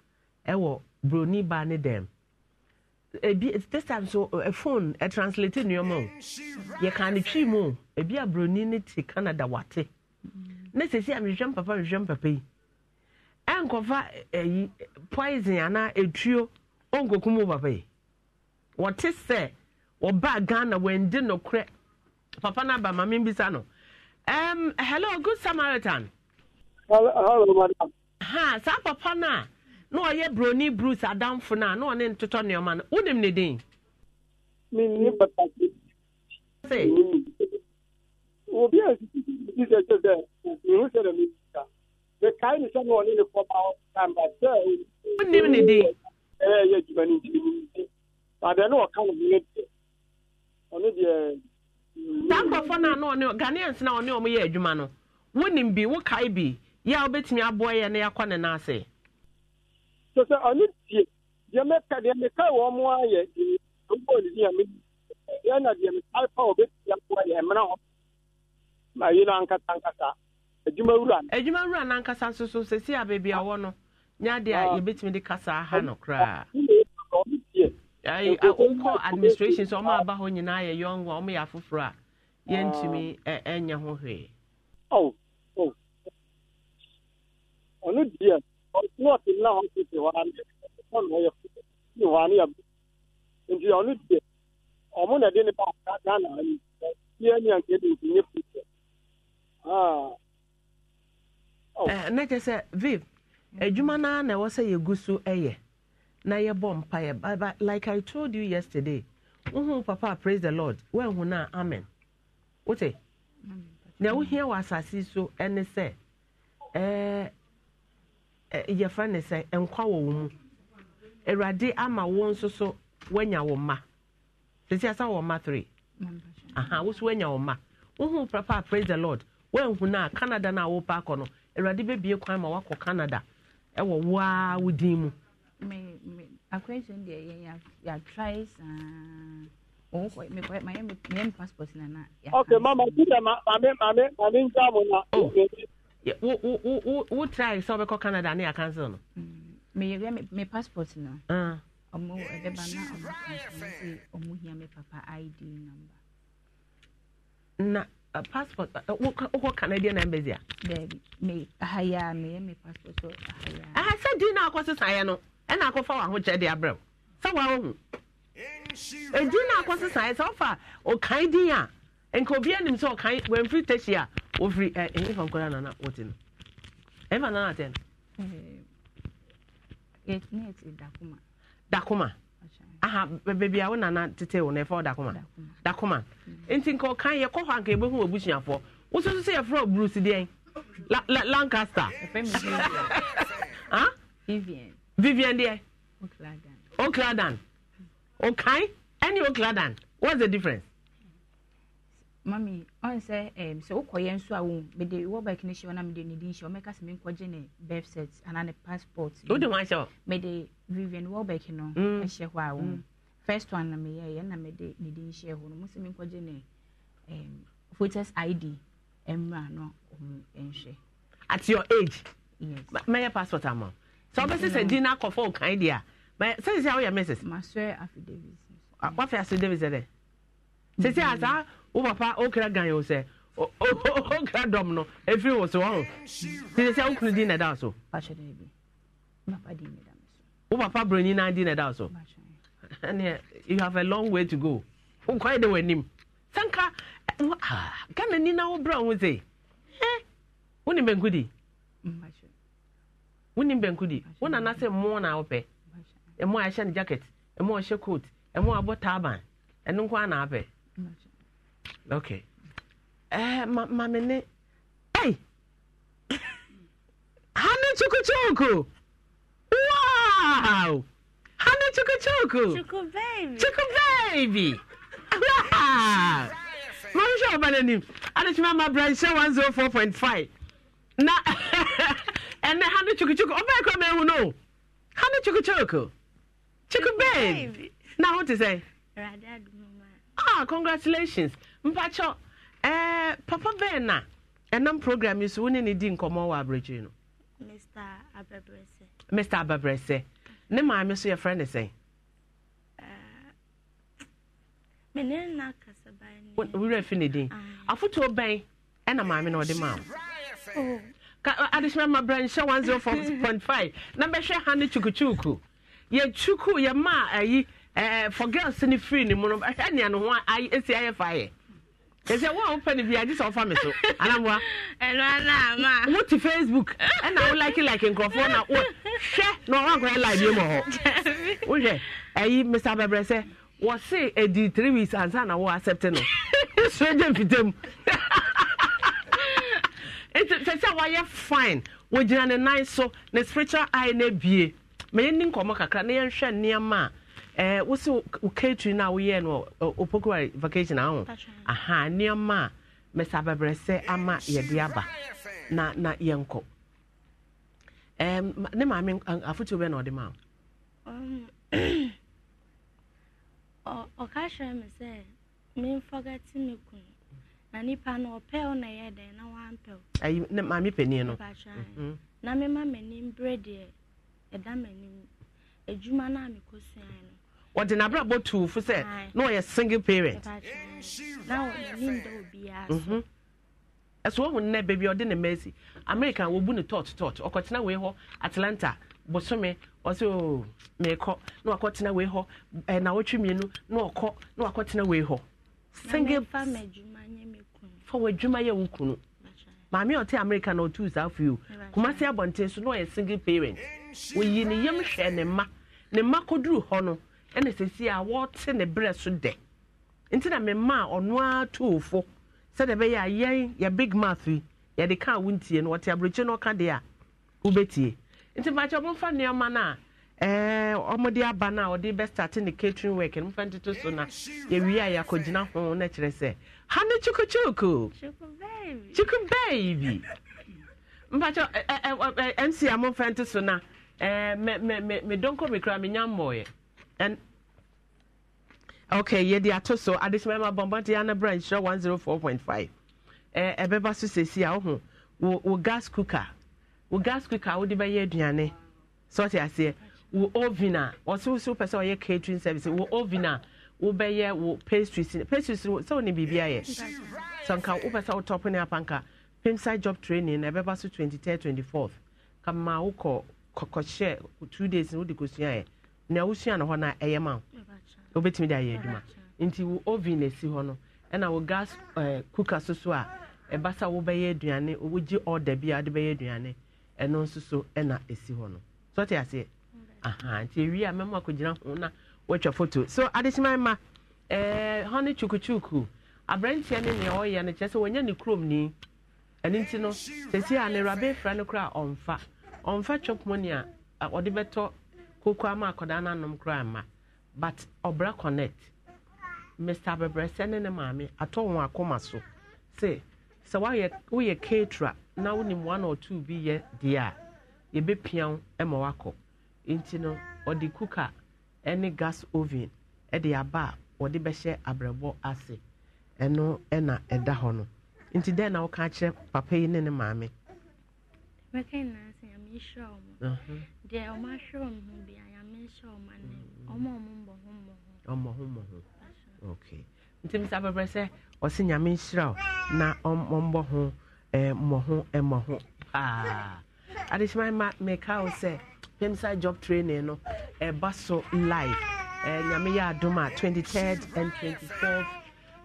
ɛwɔ broni baa ne dɛm ebi this time so uh, phone uh, translate nneɛma o yɛka ne twi mu o ebi a broni ne te canada wate mm. ne sisi a mehwehwɛ mpapa mehwehwɛ mpapa yi ɛnkɔfa ɛyi poison anaa etuo ɔnkokum mu papa yi wɔte sɛ wɔba ghana wɔndi nokorɛ papa na ba maame mbisa no um, hello good samaritan hello, madam ha saa papa no na ɔyɛ broni bruce adamfo no a na ɔne ntotɔ nneɔma no wonim ne din menni papa sɛ obi a sisi sɛ kyɛ sɛ mehu sɛ dɛ mekae ne sɛ ne ɔne ne kɔba ɔkamba sɛ wonim ne de ɛyɛ adwuma no nti menim nti adeɛ ne ɔka wo a na ɔne ghaneans no a bi wokae bi yɛ ya wobɛtumi aboa ya na ne Sọ tie a na ɛna a adwumawura nankasa nso so a baabi a no nyɛ adeɛ a ah. yɛbɛtumi de kasa aha no koraa wokɔ ah, administration sɛ ɔma ah. aba hɔ nyinaa yɛ yɔngo a ɔmo yɛ afoforɔ a yɛntumi ɛnyɛ ho hwee oh, oh. ɔno deɛ hɔ hɔ ɔyɛ ne hɔ nti ɔno deɛ ɔmo na de ne ba ɔka ghana ani yɛ ne anka de nkunye fi Oh. na sɛ viv adwuma no na ɛwɔ sɛ yɛgu so yɛ na yɛbɔ mpaeɛ like i told you yesterday wohu papa praise the lord woahu no a amen wote na wohia wɔ asase so ne sɛ yɛfrɛ ne sɛ nkwa wɔ wo mu awurade ama wo nso so woanya wo mma sɛsi asa wɔ mma three aha wo so woanya wo mma wohu papa praise the lord woahu no a canada no a wopɛ akɔ no awurade bɛbie kwan ma wakɔ canada ɛwɔ woaa wo din mu saa passport nana na wo try sɛ wobɛkɔ canada ne yɛacancel no na papa id number na Uh, passport uh, uh, wokɔ canadian embassy a. baabi me ahaya meyɛ me passport so ahaya. aha sɛ dii na akɔ sisan yɛ no ɛna akɔfa wɔn ahokyɛ de abrɛ wo sɛ wɔn ahu edin eh, na akɔ sisan yɛ sɛ ɔfa ɔkan din a nka obi anim sɛ ɔkan wɛnfiri tɛsi a ofiri ɛ ɛ nfa nkɔla nana wɔte no ɛnfa nana atɛ no. yɛ ti ne yɛ ti dakuma. dakuma aha beebi a wo nana tete wo na ɛfɛ dakoma dakoma nti nka ɔkan yɛ kɔ hɔ anka ebehu wɔ busuafoɔ wosu nso sɛ yɛfrɛ bruce deɛn la la lancaster ah vivian vivian deɛ okladan okladan ɔkan ɛne okladan what's the difference mami ɔn sɛ ɛm sɛ wokɔyɛ nso a wɔn mede wɔ bike ne hyɛ wɔn na mede ne din hyɛ wɔn mɛka sɛ mi nkɔgye ne birth cert anaa ne passport. o de wɔn ahyɛ o. mede vivian wɔ bike no ɛhyɛ mm. hɔ a wɔn mm. first one na meyɛ yɛn na mede ne din hyɛ hɔ no mo sɛ mi nkɔgye ne ɛm voters id ɛmra no wɔn nhwɛ. at your age. yes mɛyɛ passport ama sɛ ɔbɛsi sɛ din akɔfo kan di a mɛ sɛsɛ awo yɛ mrs. ma sɛ affidavit. wafɛ affidavit dɛ mm. sɛsɛ asa wo papa wokra gan wo sɛ wokra dɔm no ɛfiri wo so ɔho sɛ sɛ wokunu din na ɛda so wo papa broni na din na ɛda so ɛneɛ you have a long way to go wokwae de nim. sanka ghana ni na wo brɛ wo sɛ wonim bɛnko di wonim mm, bɛnko di wo nana sɛ mo na E mo a ɛhyɛ jacket. E mo a ɛhyɛ coat E mo a abɔ taban E nko a na apɛ mm, okay eh ma ma me ne hey hane chuku chuku wow hane chuku chuku chuku baby chuku baby wow mami sọ ọba n'anim adetima ma branche one zero four point five na ɛnɛ hane chuku chuku ɔbɛ kɔ mɛ ehu no hane chuku chuku chuku baby na aho ti sɛ. ah congratulations. mpakyɛ ɛɛ eh, papa bena enam ɛnam program yi so wo ne di nkɔmɔ wɔ abirijiri no. mr ababrɛsɛ. mr ababrɛsɛ ne maame nso eh, yɛfrɛ ne sɛn. mene na kasaba ne. wura fi ne din ah. afotuo bɛn ɛna maame na ɔde maa wo. adesima ma branhyɛ one zero four point five na bɛhwɛ ha ne chukuchuku yɛ chuku yɛ maa ayi ɛɛ eh, for girls ni firi ne mu no ɛhɛ nea ne ho esi ayɛ fa ɛsɛ wo a wopɛ no bia gye sɛ wofa me so anaboa ɛno anaama wote facebook ɛna wo like like nkurɔfoɔ na wo hwɛ na ɔwa nkɔyɛ live bi mu hɔ wohwɛ ɛyi mr bɛbrɛ sɛ wɔse ɛdi e three weeks ansa na wo accept no wosrɛ gye mfitam nti sɛ sɛ woayɛ fine wɔgyina ne nan so ne spiritual eye no abie mɛyɛ ni nkɔmmɔ kakra na yɛnhwɛ nneɛma a Eh, wosɛ wo catering na a no opokuwa vacation aho aha nneɛma a mɛsɛ abɛbrɛsɛ ama yɛde aba na na yɛnkɔ ne maame afotuo bɛ na ɔde ma um, ɔka kyerɛ me sɛ me na nipa no ɔpɛ wo na ɛyɛ na no mhm. na mema m'anim berɛ deɛ ɛda m'anim adwuma no ɔde n'abrabɔ tuu fo sɛ na ɔyɛ single parent mhm. ɛso wɔhu nnɛ baabi a ɔde ne mma asi america wɔbu ne tɔt tɔt ɔkɔtena wei hɔ atlanta bosome ɔsɛ o oh, meekɔ na wakɔtena wei hɔ eh, na wɔtwe mmienu na ɔkɔ na wakɔtena wei hɔ single fa w'adwuma yɛ wo kunu maame a ɔte america na ɔtuu saa fi o kumase abɔnten so na ɔyɛ single parent oyi ne yam hwɛ ne mma ne mma kɔduru hɔ no ɛna sɛsi a wɔte ne berɛ so dɛ nti na mema a ɔno ara toofo sɛdeɛ ɛbɛyɛ a yɛn yɛ big mouth yi yɛde ka a wontie no wɔte aburokyi no ɔka deɛ a wobɛtie nti mpakyɛ ɔmomfa nneɛma no a ɔmode aba no a ɔde bɛstate ne catering work no mfa ntoto so na yɛwie a yɛakɔgyina ho na kyerɛ sɛ ha ne kyikokyoko kyiko baabi mpakyɛ mc a momfa nto so na medɔnkɔ me kora menya mmɔɔyɛ and okay yɛde ato so adesumayɛma bɔnbɔnte yɛ anabra nhyira one zero four point five ɛɛ e, ɛbɛba e, so sɛsi a ɔho wo wo gas cooker wo gas cooker a wode bɛyɛ aduane sɔɔte aseɛ wo oven a ɔso so person sɛ ɔyɛ catering service wo oven a wobɛyɛ wo pastries pastries sɛ wo ne biribi ayɛ sɛ nka wopɛ sɛ wotɔpo ne apanka pimside job training na ɛbɛba so 23 24 kama wokɔ kɔkɔhyɛ two days na wode kɔsuaeɛ nea wosua no hɔ no ɛyɛ ma wo wobɛtumi de ayɛ adwuma nti wo oven na ɛsi hɔ no ɛna wo gas cooker so so a ɛba sa wobɛyɛ aduane wogye order bi a wode bɛyɛ aduane ɛno nso so ɛna ɛsi hɔ no so aseɛ aha nti ewie a mɛmo akɔgyina ho na wɔatwa photo so adesima ma ɛɛ hɔ ne chukuchuku aberanteɛ ne nea ɔyɛ no kyerɛ sɛ wɔnyɛ ne kurom ni ɛno nti no sɛsi a ne rabe fira no kora ɔmfa ɔmfa twɛpɔn ni a ɔde bɛtɔ kokoa ma akwadaa n'anom koraa ma but ɔbra connect mr abɛbrɛsɛ ne ne maame atɔ wɔn akoma so sɛ sɛ wayɛ woyɛ keetura na wonim one or two bi yɛ deɛ a yɛbɛpia wo ma wakɔ nti no ɔde kuka ne gas oven de aba a wɔde bɛhyɛ abrɛbɔ ase ɛno na ɛda hɔ no nti dɛn na woka akyerɛ papa yi ne ne maame. nyame nhyira ɔmo deɛ ɔmo ahwere ɔmo ho bia nyame nhyira ɔmo anan ɔmo ɔmo mbɔ ho mbɔ ho ɔmo ho mbɔ ho okay nti misa bɛbrɛ sɛ ɔsi nyame nhyira o na ɔmbɔ ho ɛɛ e, mbɔ ho ɛmbɔ e, ho paa ah. adesima ma mɛka o sɛ pɛmsa job training no ɛba e, so live ɛɛ nyame yɛ adum a twenty third and twenty fourth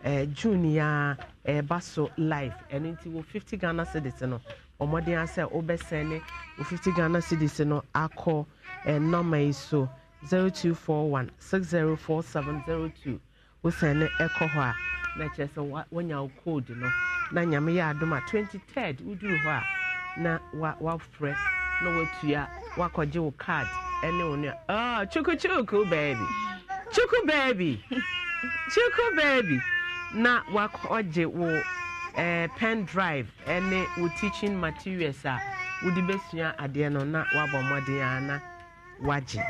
ɛɛ june ya ɛɛba so live ɛno nti wɔ fifty ghana cedis no ɔmmɔden asɛ wobɛsɛn ne wo 50 ghana cities no akɔ ɛnɔma eh, yi so 0241 604702 wosɛn ne ɛkɔ hɔ a na kyerɛ sɛ woanya wo code no na nyame yɛ adom a 23rd woduru hɔ a na wafrɛ na watua wakɔgye wo card ɛne wo nua oh, ah, chukuchuku baabi chuku baabi chuku baabi na wakɔgye wo eh, pen drive eh, ne wo teaching materials a wode bɛsua adeɛ no na wabɔ mmɔden a na wagye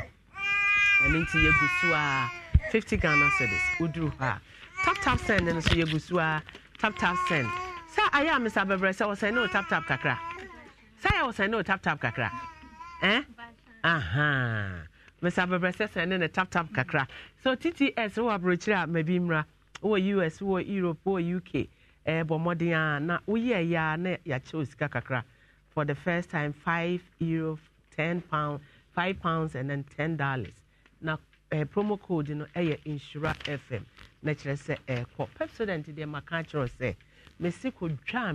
ɛno nti yɛgu so a 50 ghana cedis woduru hɔ a taptap send no nso yɛgu so a taptap send sɛ ayɛ a mesa bɛbrɛ sɛ wɔsɛn ne wo taptap kakra sɛ ayɛ wɔsɛn ne wo taptap kakra eh? aha mesa bɛbrɛ sɛ sɛn ne ne taptap kakra so tts wɔ aburokyire a mabi mmra wɔ us wɔ europe wɔ uk mmɔden a na woyɛ yɛ a na sika kakra for the first time five euro ten pound five pounds and then ten dollars na eh, promo code you no know, ɛyɛ eh, insura fm na kyerɛ sɛ ɛɛkɔ eh, pepsodent deɛ maka kyerɛ sɛ mesi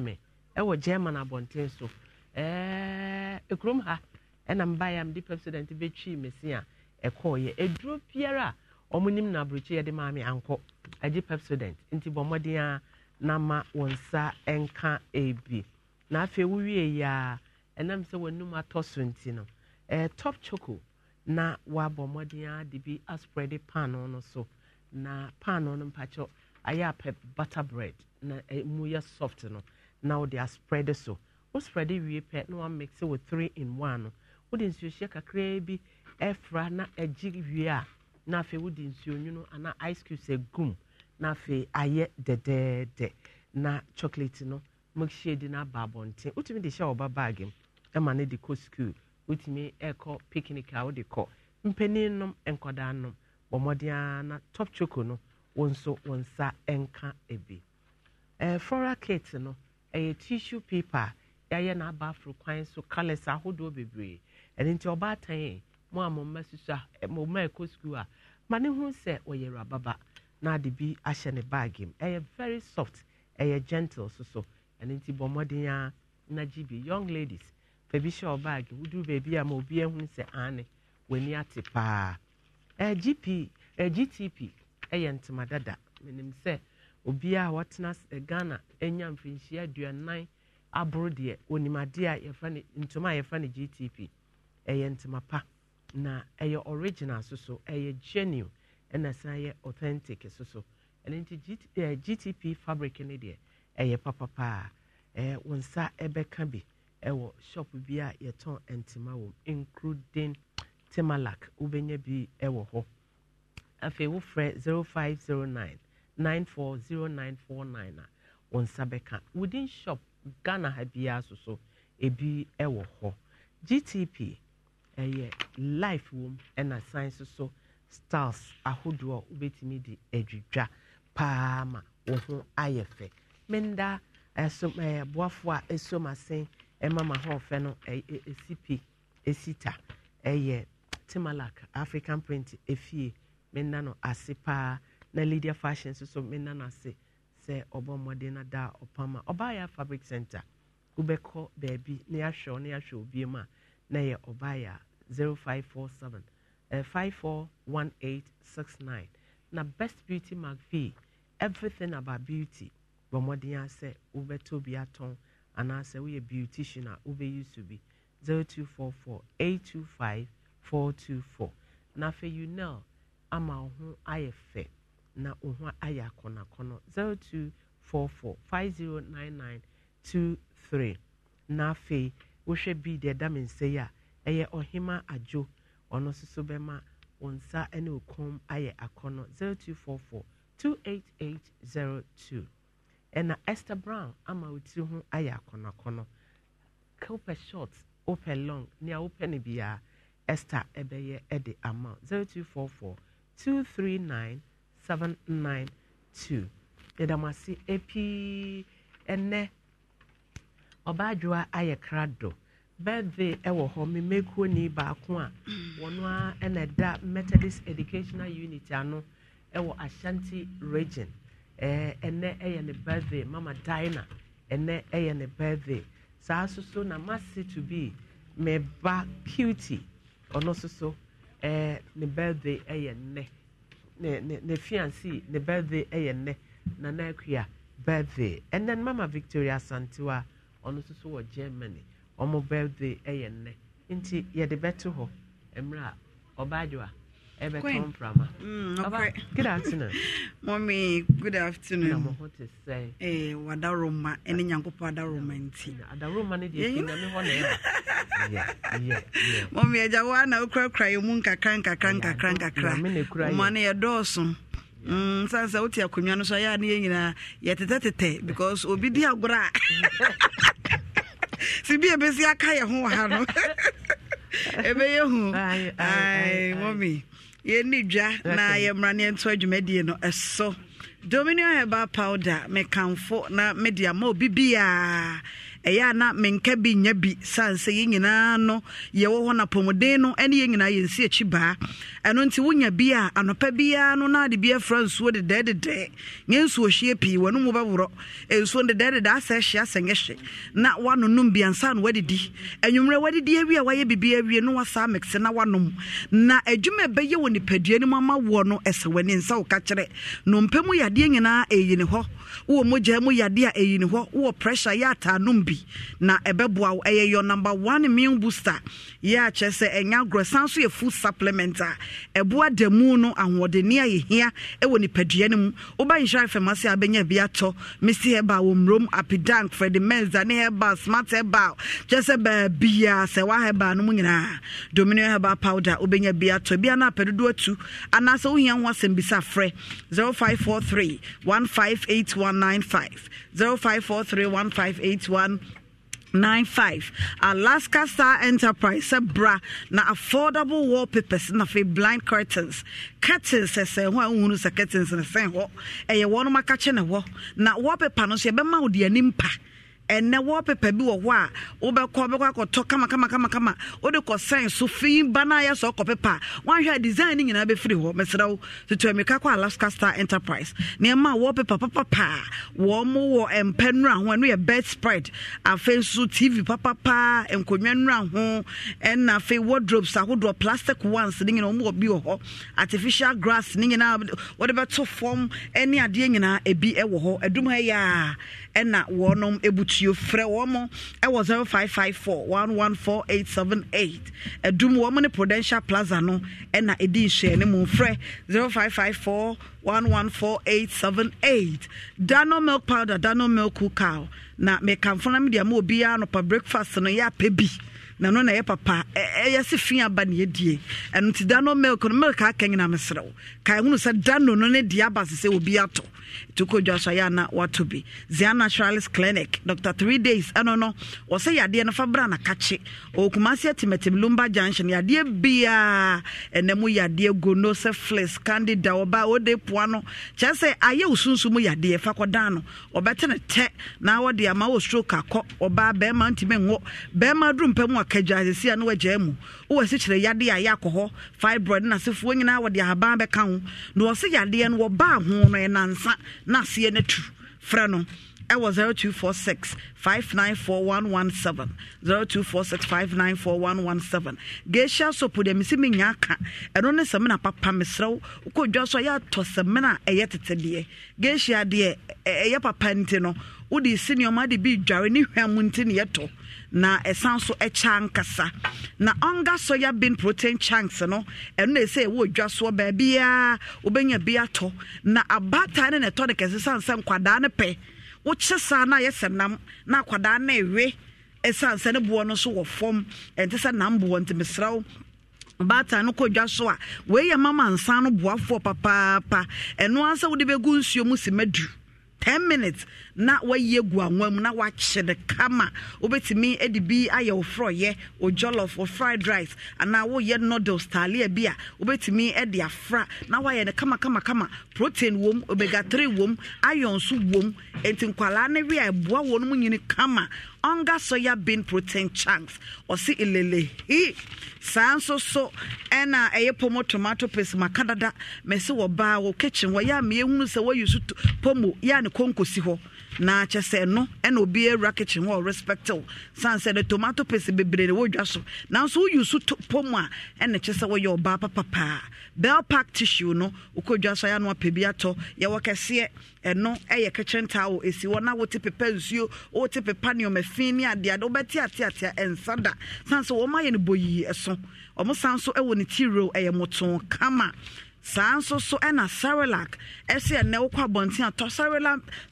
me ɛwɔ german abɔnten so ɛɛ eh, ekurom ha ɛna mbaeɛ a mede pepsodent bɛtwii mesi a ɛkɔɔyɛ eduro biara a wɔn nim na aburokyi yɛde maame ankɔ agye pepsodent nti bɔ mmɔden a. na ma wɔn nsa nka ebi na afei wowie yi a ɛnam sɛ wɔnum atɔ so nti no ɛɛ top choco na wabɔ mmɔden a de bi asprɛde paano no so na paano no mpakyɛw ayɛ apɛ butter bread na emu yɛ soft no na wɔde asprɛde so wɔsprɛde wie pɛ na wɔamix wɔ three in one no wɔde nsuo hyɛ kakraa bi ɛfra na ɛgye wie a na afei wɔde nsuo nwunu anaa ice cubes egum. na afei ayɛ dɛdɛɛdɛ na chocolate no milkshade no aba abɔnten wotumi de hyɛ wɔ ba baage mu ma no de kɔ school wotumi ɛkɔ picnic a wode kɔ mpanin nom nkɔdaa nom bɔ mmɔden na top choco no wɔn nso wɔn nsa nka ebi ɛɛ floral kit no ɛyɛ tissue paper a yɛayɛ n'aba afro kwan so colours ahodoɔ bebree ɛno nti ɔbaatan mo a mo mma susu a mo mma ɛkɔ school a ma ne ho sɛ ɔyɛ rababa. na ade bi ahyɛ ne baage mu ɛyɛ very soft ɛyɛ eh, gentle so so and it's bɔ mmɔden a na gye bi young ladies fa bi hyɛ ɔbaage woduru baabi a ma eh, eh, obi ahu sɛ ane w'ani ate paa ɛɛ gp ɛɛ gtp ɛyɛ ntoma dada menim sɛ obiara a wɔtena ghana anya mfinhyia aduanan aboro deɛ onimadeɛ a yɛfa ne ntoma a yɛfa ne gtp ɛyɛ ntoma pa na ɛyɛ original so so ɛyɛ genuine ɛna san yɛ authentic so so ɛno nti GT, uh, gtp fabric no deɛ ɛyɛ papapaa ɛɛ eh, wɔn nsa ɛbɛka bi ɛwɔ shop bi a yɛtɔn ntoma wɔ including timalak wobɛnya bi ɛwɔ hɔ afei wofrɛ 0509 940949 a wɔn nsa within shop ghana ha biara so so ebi ɛwɔ ho. gtp ɛyɛ life wɔm ɛna san so so. styles ahodoɔ a wobɛtumi de adwidwa paa ma wo ho ayɛ fɛ menda boafoɔ a ɛsom asen ɛma ma hɔɔfɛ no ɛsi pi ɛsi ta ɛyɛ timalak african print efie menda no ase paa na lydia fashion nso so menda no ase sɛ ɔbɔ mmɔden no da ɔpama ɔbaayɛ fabric center wobɛkɔ baabi na yɛahwɛ na yɛahwɛ obiem a na yɛ ɔbaayɛ a 0547 541869. Now, Best Beauty McVie, everything about beauty. But more than I said, Uber to be and I say, we a beautician, uh, Uber used to be 0244 825 424. Now, for you know, I'm a home IFA. Now, Kono 0244 509923. Now, Faye, we should be there, Damin Seya, a year or uh, ɔno nso so bɛma wo nsa ne wo kɔn ayɛ akɔnɔ 0244 28802 ɛna esther brown ama wo tiri ho ayɛ akɔnɔakɔnɔ wopɛ short wopɛ long nea wopɛ no biara esther ɛbɛyɛ ɛde ama 0244 239 792 yɛda mo ase ɛpii ɛnɛ ɔbaadwoa ayɛ krado birthday ɛwɔ hɔ mmemekunni baako a wɔn a ɛna ɛda methodist educational unit ano ɛwɔ eh, ashanti region ɛɛ ɛnɛ ɛyɛ ne birthday mama diana ɛnɛ ɛyɛ ne birthday saa ah, soso so na masi to be me ba cutie ɔno soso ɛɛ ne birthday ɛyɛ nnɛ ne ne ne fiancé eh, ne birthday ɛyɛ nnɛ nana akua birthday ɛnɛ mama victoria santiwa ɔno soso so wɔ germany. wɔn birthday ɛyɛ nnɛ nti yɛde bɛto hɔ mmerɛ a ɔbaadwa ɛbɛtɔ mprama ɔba mm, good afternoon mommy good afternoon na mo ho te sɛ eh wadaroma ɛne nyankopɔ adaroma nti adaroma ne deɛ ɛna eh? me hɔ na ɛba mommy agya wo ana wokurakura yɛ mu nkakra nkakra nkakra nkakra ɔma no yɛdɔɔso mm, sane sɛ wote akonnwa no so ayɛ a ne yɛ nyinaa yɛtetetete because obi di agorɔ a si bi ebesi aka yɛ ho ha no ebɛyɛ hu ayi mɔmi yɛni dwa na yɛmra ne yɛnto adwumadie no ɛso dominion herbal powder mekamfo na media ma obi biara ɛyɛ a na menka bi nya bi sane sɛ nyinaa no yɛwɔ hɔ na no ne yɛn nyinaa yɛnsi akyi baa ɛno nti wonya bi a anɔpa biara no na ade bi afra nsuo dedɛɛdedɛɛ nyɛ nsuo hwie pii wɔno mu bɛworɔ nsuo dedɛɛdedɛ asɛ hye asɛ nyɛ hye na wanonom bi ansa na wadidi anwummerɛ wadidi awie a wayɛ biribi awie no wasaa mekse na wanom na adwuma ɛbɛyɛ wɔ nipadua no mu ama woɔ no ɛsɛ w'ani nsa wo ka kyerɛ no mu yɛadeɛ nyinaa ɛyi ne hɔ wowɔ mogya mu yadeɛ a ɛyi hɔ wowɔ pressure yɛ ataanom bi na ɛbɛboa wo ɛyɛ yɔ number one meal booster yɛ akyerɛ sɛ ɛnyɛ agorɔ san so yɛ food supplement a ɛboa da mu no ahoɔdene a yɛhia ɛwɔ nipadua no mu woba nhyira fm ase a bɛnya bi atɔ mesi hɛba wɔ mmurom apidank fredy menza ne hɛba smart hɛba kyerɛ sɛ baabia sɛ wahɛba no mu nyinaa dominion hɛba powder wobɛnya bi atɔ bia no apɛdodo atu anaasɛ wohia ho asɛm bisa frɛ 0543 1581 8158195. 0543158195. Alaska Star Enterprise sɛ bra na affordable wallpapers na afei blind curtains curtains eh, sɛ sɛ ho a wohunu sɛ curtains ne sɛn hɔ ɛyɛ wɔnom aka kye ne hɔ na wallpaper no so yɛbɛma wo de ɛnɛ wallpaper bi wɔ hɔ a wobɛkɔ wobɛkɔ akɔtɔ kamakamakamakama wode kɔsɛn so fii ba no ayɛ sɛ ɔkɔ pepa woahwɛ a design no nyinaa bɛfiri hɔ mesrɛ wo tutuamika kɔ alaska star enterprise nneɛma a wallpaper papa paa wɔ mo wɔ mpɛ nnura ho ɛno yɛ bed spread afei nso tv papa paa nkonnwa nnura ho ɛna afei wardrobes ahodoɔ plastic ones ne nyinaa ɔmo wɔ bi wɔ hɔ artificial grass ne nyinaa wɔde bɛto fam ɛne adeɛ nyinaa ebi ɛwɔ hɔ ɛdum ha yɛ a ɛna wɔnom ebutu nsuo frɛ wɔn ɛwɔ zero five five four one one four eight seven eight ɛdum wɔn ne prudential plaza no ɛna ɛdi nsuo ne mu frɛ zero five five four one one four eight seven eight dano milk powder dano milk cow na mɛkanfo na mi deɛ mo obiara anɔpa breakfast no yɛ apɛ bi na no na yɛ papa ɛyɛ se fi aba na die. ɛno ti dano milk no milk aka nyinaa mesrɛ wo kae hunu sɛ dano no ne deɛ aba sɛ sɛ obi atɔ tukodwa so yɛ na wato bi zia naturalist clinic dr three days ɛno no wɔsɛ yadeɛ no fa bra na kakye ɔkumase atimatim lumba junction yadeɛ biaa ɛnɛ mu yadeɛ gonose flis candida ɔba ode poa no kyerɛ sɛ ayɛ wo sunsum yadeɛ fa kɔda no ɔbɛte ne tɛ na wɔde ama wɔ stroke akɔ ɔbaa bɛrima ntumi nwɔ bɛrima duru mpɛ mu akadwa asesi a no wagyaa mu wowɔ asikyerɛ yadeɛ ayɛ akɔ hɔ fibroid no asefoɔ nyinaa wɔde ahaban bɛka ho na wɔsɛ yadeɛ no wɔbaa ho no ɛnansa na aseɛ no tu frɛ no ɛwɔ 0246 594117 0246 594117 gehyia sopo deɛ mesi menya aka ɛno ne sɛmina papa meserɛ wo wokɔdwa so a yɛatɔ sɛmina a ɛyɛ tetedeɛ gehyia deɛ ɛyɛ papa nti no wode si nneɔma de bi dware ne hwɛ mu nti ne yɛtɔ na ɛsan so ɛkyɛ ankasa na ɔnga soya bean protein chunks no ɛno na ɛsɛ ɛwɔ dwa soɔ baabiaa wobɛnya bi atɔ na abaatan ne na ɛtɔ no kɛse sane sɛ nkwadaa no pɛ wokye saa no ayɛ sɛm na akwadaa no ɛwe ɛsiane sɛ ne boɔ no so wɔ fam ɛnte sɛ nam boɔ nti mesrɛ wo baata no kɔdwa so a wei yɛ mama nsa no boafoɔ papaapa ɛno ansa wode bɛgu nsuo mu simadu 10 minutes na wayɛ gu anwa mu na wakye de kama wobɛtumi de bi ayɛ wo frɔyɛ wo jollof wo fried rice anaa woyɛ noodles talia bi a wobɛtumi de afra na wayɛ no kamakamakama protein wom omega 3 wom iron nso wom enti nkwalaa ne we a ɛboa wɔ no mu nyini kama ɔnga soya bean protein chunks ɔsi ilelehi saa nso so ɛna ɛyɛ pomo tomato paste maka dada mɛsi wɔ baa wɔ kitchen wɔ yɛ a meyɛhunu sɛ wɔyi so pomo yɛ a ne kɔnkɔsi hɔ na kyɛ sɛ no ɛna obi awura kitchen hɔ respect wo san sɛ ne tomato paste bebree na wɔdwa so nanso woyi so pom a ɛna kyɛ sɛ wɔyɛ ɔbaa papapaa bell pack tissue no wokɔdwa so ayɛ no apɛ bi atɔ yɛwɔ kɛseɛ ɛno ɛyɛ kitchen towel esi. hɔ na wote pepa nsuo wote pepa nneɛma fi ne adeade wobɛte ateatea ɛnsa da san sɛ wɔma yɛ no bɔ yii ɛso ɔmo san so ɛwɔ ne tea roll ɛyɛ motɔn kama saa nso so ɛna cerelac ɛsi ɛnɛ wokɔ abɔnten atɔ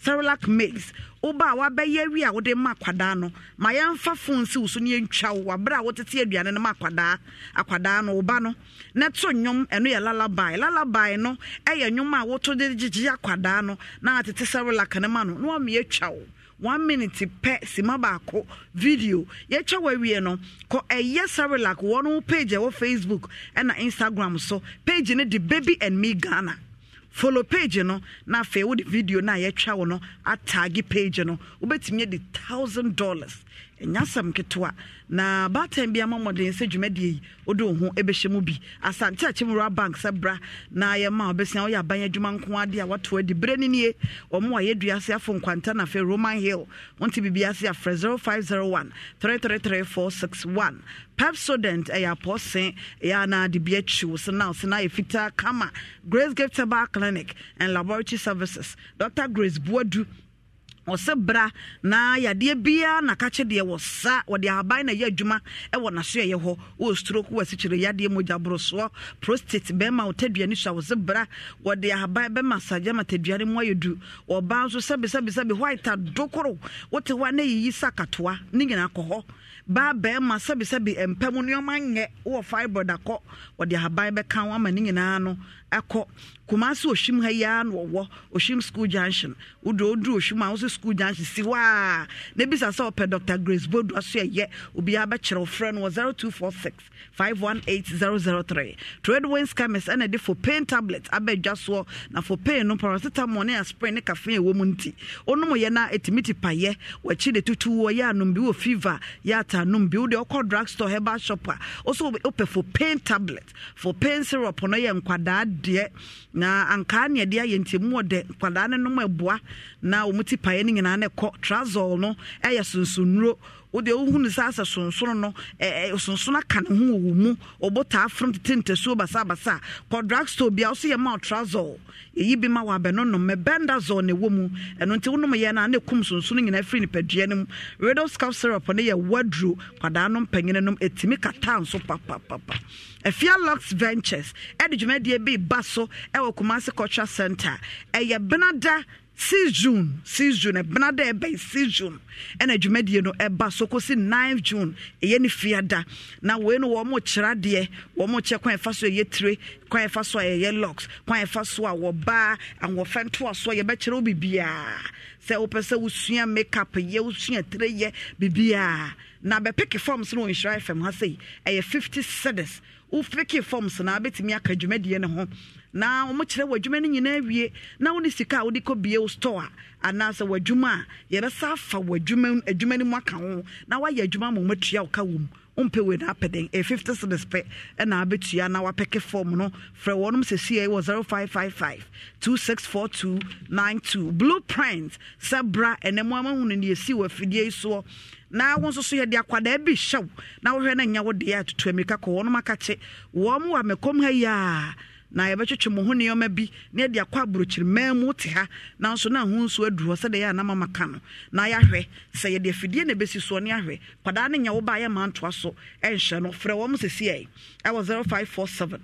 cerelac mix woba a wabɛyɛ wi a wode ma akwadaa no ma yɛmfa phone si wo so ne yɛntwa wo aberɛ a wotete aduane no ma akwadaa akwadaa no woba no na to nnwom ɛno yɛ lalabae lalabae no ɛyɛ nnwom a woto de gyegye akwadaa no na atete cerelac no ma no na wameyɛ twa wo one minute pɛ sima baako video yɛtwa wawie no kɔ ɛyɛ sarelac wɔn page ɛwɔ facebook ɛna instagram so page no de baby and me ghana follow page no na afei wode video na a yɛtwa wo no atagi page no wobɛtumi yɛ de thousand dollars ɛnyɛ asɛm ketewa na baatan bi ama mmɔden sɛ dwumadie yi wode wo ho mu bi asante akyem rural bank sɛ bra na yɛma wobɛsua woyɛ aban adwuma nko ade a watoa adi berɛ no nie ɔmo a yɛdua ase afo nkwanta na afei roman hill wonte biribia ase afrɛ 0501 333461 pepsodent ɛyɛ apɔse ɛyɛ anaa de bi akyi wo sena sena yɛ fitaa kama grace giftable clinic and laboratory services dr grace boadu ɔsɛ bra na yadeɛ biara nakakye deɛ wɔsa wɔde ahaban na yɛ adwuma ɛwɔ n'aso ɛyɛ hɔ wɔ stroke wɔ asikyire yadeɛ mogya borosoɔ prostate bɛrima ni so a wɔsɛ bra wɔde ahaban bɛma tadua taduane mu ayɛ du ɔbaa nso sɛbesɛbesɛbe white adokoro wote hɔ a na yiyi sa katoa ne nyinaa kɔ hɔ baa bɛrima sɛbisɛbi mpɛ mu nneɛma nyɛ wɔ fibroid akɔ wɔde ahaban bɛka wama ne nyinaa no ɛkɔ kumasi ohwim ha yia na ɔwɔ ohwim school junction woduro oduro ohwim a wosi school junction si waa na ebisa sɛ ɔpɛ dr grace bodu aso ɛyɛ obiara bɛkyerɛ ɔfrɛ no wɔ zero two four six five one eight zero zero three trade winds chemist ɛna ɛde for pain tablet abɛdwa soɔ na for pain no paracetamol ne aspirin ne caffeine ɛwɔ mu nti onom yɛ na etimi ti payɛ wɔakyi de tutu wɔ yɛ anum bi wɔ fever yɛ ata water nom bi wode ɔkɔ drug store herbal shop a ɔso wopɛ for pain tablet for pain syrup no yɛ nkwadaa deɛ na ankaa ne ɛde ayɛ ntiamu wɔ dɛ nkwadaa ne nom ɛboa na wɔn ti paeɛ no nyinaa No, kɔ trazol no ɛyɛ sunsonnuro wode wohunu sɛ asɛ sonsono no sonsono aka ne ho wɔ mu ɔbotaa from tete ntasuo basabasa kɔ drug store bia wo so yɛ ma ɔtrazol ɛyi bi ma wɔabɛno mebendazol ne ɛwɔ mu ɛno nti wonom yɛ no a ne kum sonsono nyinaa firi nipadua no mu radio scalp syrup no yɛ waduro kwadaa no mpanyini nom ɛtumi kataa nso papapapa afia lux ventures ɛde dwumadie bi ba so ɛwɔ kumase culture center ɛyɛ benada six june six june ɛbena dɛ ɛbɛn six june ɛna dwumadie no ɛba so Kosi, nine june ɛyɛ ne fiada na wei no wɔn kyerɛ adeɛ wɔn kyerɛ kwan ɛfa so ɛyɛ tire kwan ɛfa so a ɛyɛ locks kwan ɛfa so a wɔbaa ahoɔfɛ ntoa so a yɛbɛkyerɛ wo bibiaa sɛ wopɛ sɛ wosua makeup yɛ wosua tire yɛ bibiaa na bɛpeke forms no wɔ nhyira fm ha sɛ ɛyɛ fifty cedis wofeke forms na abɛtumi aka dwumadeɛ ne ho na wɔn kyerɛ wɔ no nyinaa wie na wɔn sika a wɔde kɔ bie wɔ store anaasɛ wɔ adwuma a yɛrɛ sa afa wɔ adwuma adwuma no mu aka ho na wayɛ adwuma ma wɔn atua ɔka wɔ mu wei na apɛ den fifty cedis pɛ ɛna abɛtua na wapɛke form no frɛ wɔnom sɛsie wɔ zero five five five two six four two nine two blueprint sɛ bra ɛnɛ mu ama hunu ne yɛsi wɔ afidie yi soɔ na wo nso so yɛde akwadaa bi hyɛw na wohwɛ no nyɛ wo deɛ atutu amirika kɔ wɔnom aka kye wɔm wɔ mɛkɔm ha yi a na yɛbɛtwetwe mo ho nneɔma bi na yɛde akɔ aburokyiri man mu te ha nanso na ho nso aduru hɔ sɛdeɛ yɛ anam maka no na yɛahwɛ sɛ yɛde afidie na ɛbɛsi soɔ ne ahwɛ kwadaa ne nyɛ wo baa yɛ ma ntoa so ɛnhyɛ no frɛ wɔm sɛsiɛ ɛwɔ 0547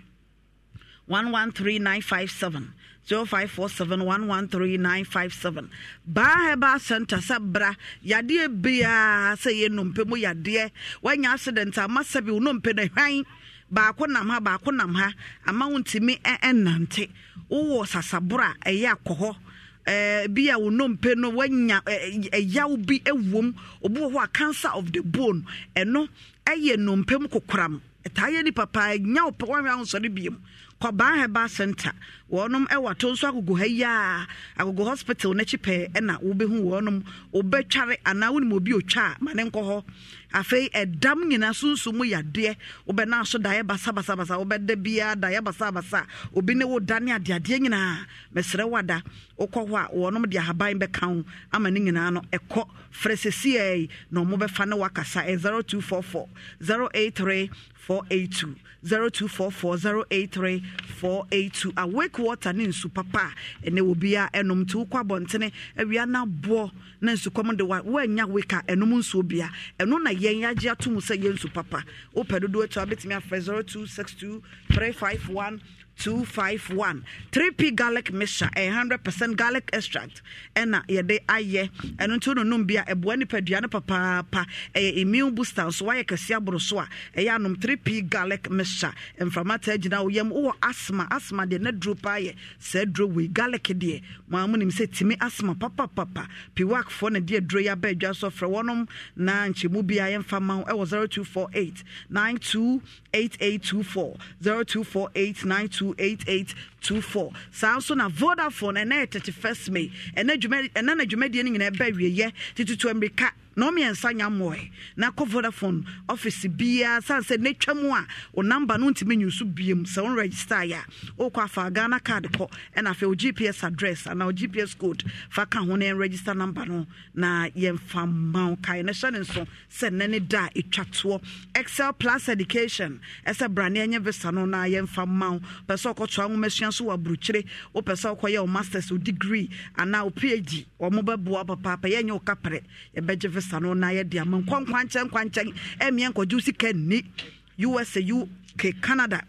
113957 0547113957 baa herbal center sɛ bra yadeɛ biaa sɛ yɛ nnompe mu yadeɛ woanya accident ama sɛ bi wo nnompe no hwan baako nam ha baako nam ha ama wo ntumi ɛnante wowɔ sasaboro a ɛyɛ akɔ hɔ bi no wanya ɛyaw uh, bi ɛwom obi cancer of the bone Eno ɛyɛ nnompe mu kokoram ɛtaa ni papa ɛnya wo pɛ wɔn ahosɔre biem kwabaa heba center wɔnom ɛwɔ eh, ato nso agogo ha yi a agogo hospital n'akyi pɛɛ ɛna eh, wobɛhu wɔnom wobɛtware anaa wonim obi otwa a ma ne nkɔ hɔ afei ɛdam nyinaa sunsun mu yadeɛ wobɛna so daeɛ basabasabasa wobɛda biara daeɛ basabasa obi ne wo da ne adeadeɛ nyinaa mɛsrɛ wada wokɔ hɔ a wɔnom de ahaban bɛka ho ama ne nyinaa no ɛkɔ frɛ sesiei na ɔmo bɛfa ne wakasa ɛ 0244 083 482 0244 083 482 awake water ne nsu papa a ɛnɛ obiara ɛnom nti wokɔ abɔntene awia no aboɔ na nsukɔm de woanya wake a ɛnom nsuo bia ɛno na yɛn agye ato mu sɛ yɛnsu papa wopɛ dodoɔ akyi a wobɛtumi afrɛ 0262 351 251 3p garlic mixture a 100% garlic extract ɛna yɛde ayɛ ɛno nti wononom bi a ɛboa nipadua no papaapa ɛyɛ immune booster so woayɛ kɛse aboro so a ɛyɛ anom 3p garlic mixture mframa taa gyina woyam wowɔ asma asma deɛ na duro paa yɛ saa duro wei garlic deɛ maa mu nim sɛ tumi asma papapapa piwakfoɔ ne deɛ duro yɛ aba adwa so frɛ wɔnom na nkyɛmu bi a yɛmfa ma wo ɛwɔ 0248 928824 0248 92 0288 24 saa nso na vodafone. ɛnɛ yɛ 31st may ɛnɛ na dwumadie no nyinaa ɛbɛ awieyɛ tetutu mmirika na ɔmiɛnsa nya mmoɛ na kɔ vodaphone office biara sane sɛ natwa mu a wo number no ntumi nyi so biam sɛ wo register yɛ a wokɔ afa ghana card kɔ ɛna afei wo gps address anaa wo gps code fa ka ho no register number no na yɛmfa ma wo kae no hyɛ ne nso sɛ nnɛ ne da a ɛtwa toɔ excel plus education ɛsɛ brane ɛnyɛ visa no na yɛmfa ma wo pɛ sɛ ɔkɔtoa nwoma sua nso wɔ aburukyire wopɛ sɛ wokɔyɛ wo masters wo degree anaa wo phd ɔmo bɛboa papaapa yɛnyɛ wo kaprɛ yɛbɛgye visa no na yɛde ama nkɔnkwankyɛn nkwankyɛn ɛmiɛ nkɔgye wo sika nni usa uk canada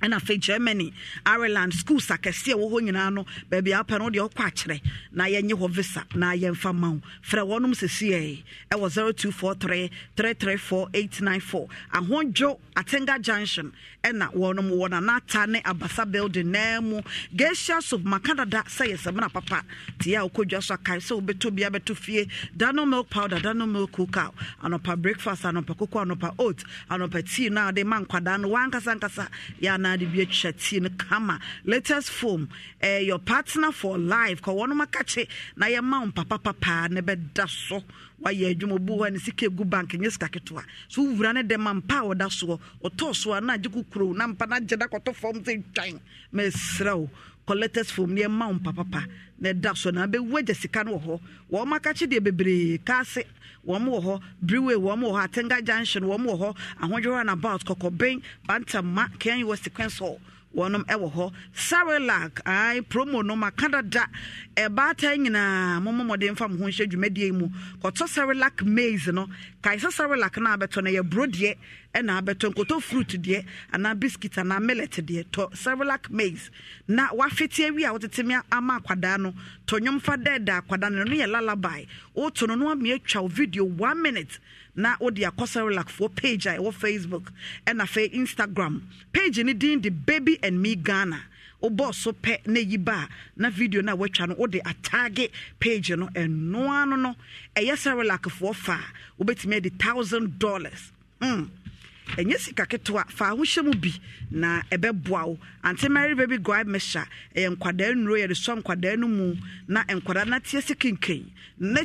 ɛna afei germany ireland schools akɛseɛ wɔ hɔ nyinaa no baabi apɛ no deɛ ɔkɔ akyerɛ na yɛnye hɔ visa na yɛmfa ma wo frɛ wɔnom sɛsiɛ ɛwɔ 0243 334894 ahondwo atenga junction ɛna wɔnom wɔ nanata ne abasa building naa mu gesia soap makadada sɛ yɛ papa tia a wokɔdwa so akae sɛ wobɛtɔ bia bɛtɔ fie dano milk powder dano milk cocow anɔpa breakfast anɔpa koko anɔpa oat anɔpa tea no a wɔde ma nkwadaa no wankasankasa yɛ anaa de bi atwa tea no kama latest foam eh, your partner for life kɔ wɔnom akakye na yɛma wo mpapapapaa ne bɛda so wayɛ adwuma obu hɔ ne sika gu bank nyɛ sika ketewa so wowura ne dɛm a mpa a ɔda soɔ ɔtɔɔ so na agye kokuro na mpa na agye da kɔtɔ fam sɛ twan mɛsrɛ wo collectors fom ne ɛma wo mpapapa na ɛda so na bɛwu agya sika no wɔ hɔ wɔn aka deɛ bebree kaase wɔn wɔ hɔ brewe wɔn wɔ hɔ atenga junction wɔn wɔ hɔ ahodwo runabout kɔkɔbɛn bantama kɛnyɛ wɔ sequence hall wɔnom ɛwɔ hɔ sarelac ai promo no maka dada ɛbaata nyinaa mommɔmɔden fa mo ho nhyɛ dwumadie mu kɔtɔ sarelac maize no kae sɛ sarelac no abɛtɔ no yɛ buro deɛ ɛna abɛtɔ nkoto fruit deɛ anaa biscuit anaa millet deɛ tɔ sarelac maize na wafete awi a wotete wotetemi ama akwadaa no tɔ nnwom fa dɛɛda akwadaa no no yɛ lalabae woto no no amea twa wo video one minute na wode akɔ serelacfoɔ page a ɛwɔ facebook ɛna fe instagram page no din de baby and me ghana obo so pɛ na yi ba na video no a woatwa no wode atage page no ɛnoa no no ɛyɛ serelacfoɔ fa a wobɛtumi ade thousand dollars mm. ɛnyɛ sika ketewa fa ahohyɛ mu bi na ɛbɛboa wo ante mary baby guai mesha ɛyɛ nkwadaa nnuro yɛde sɔ nkwadaa no mu na nkwadaa no ateɛ se kenken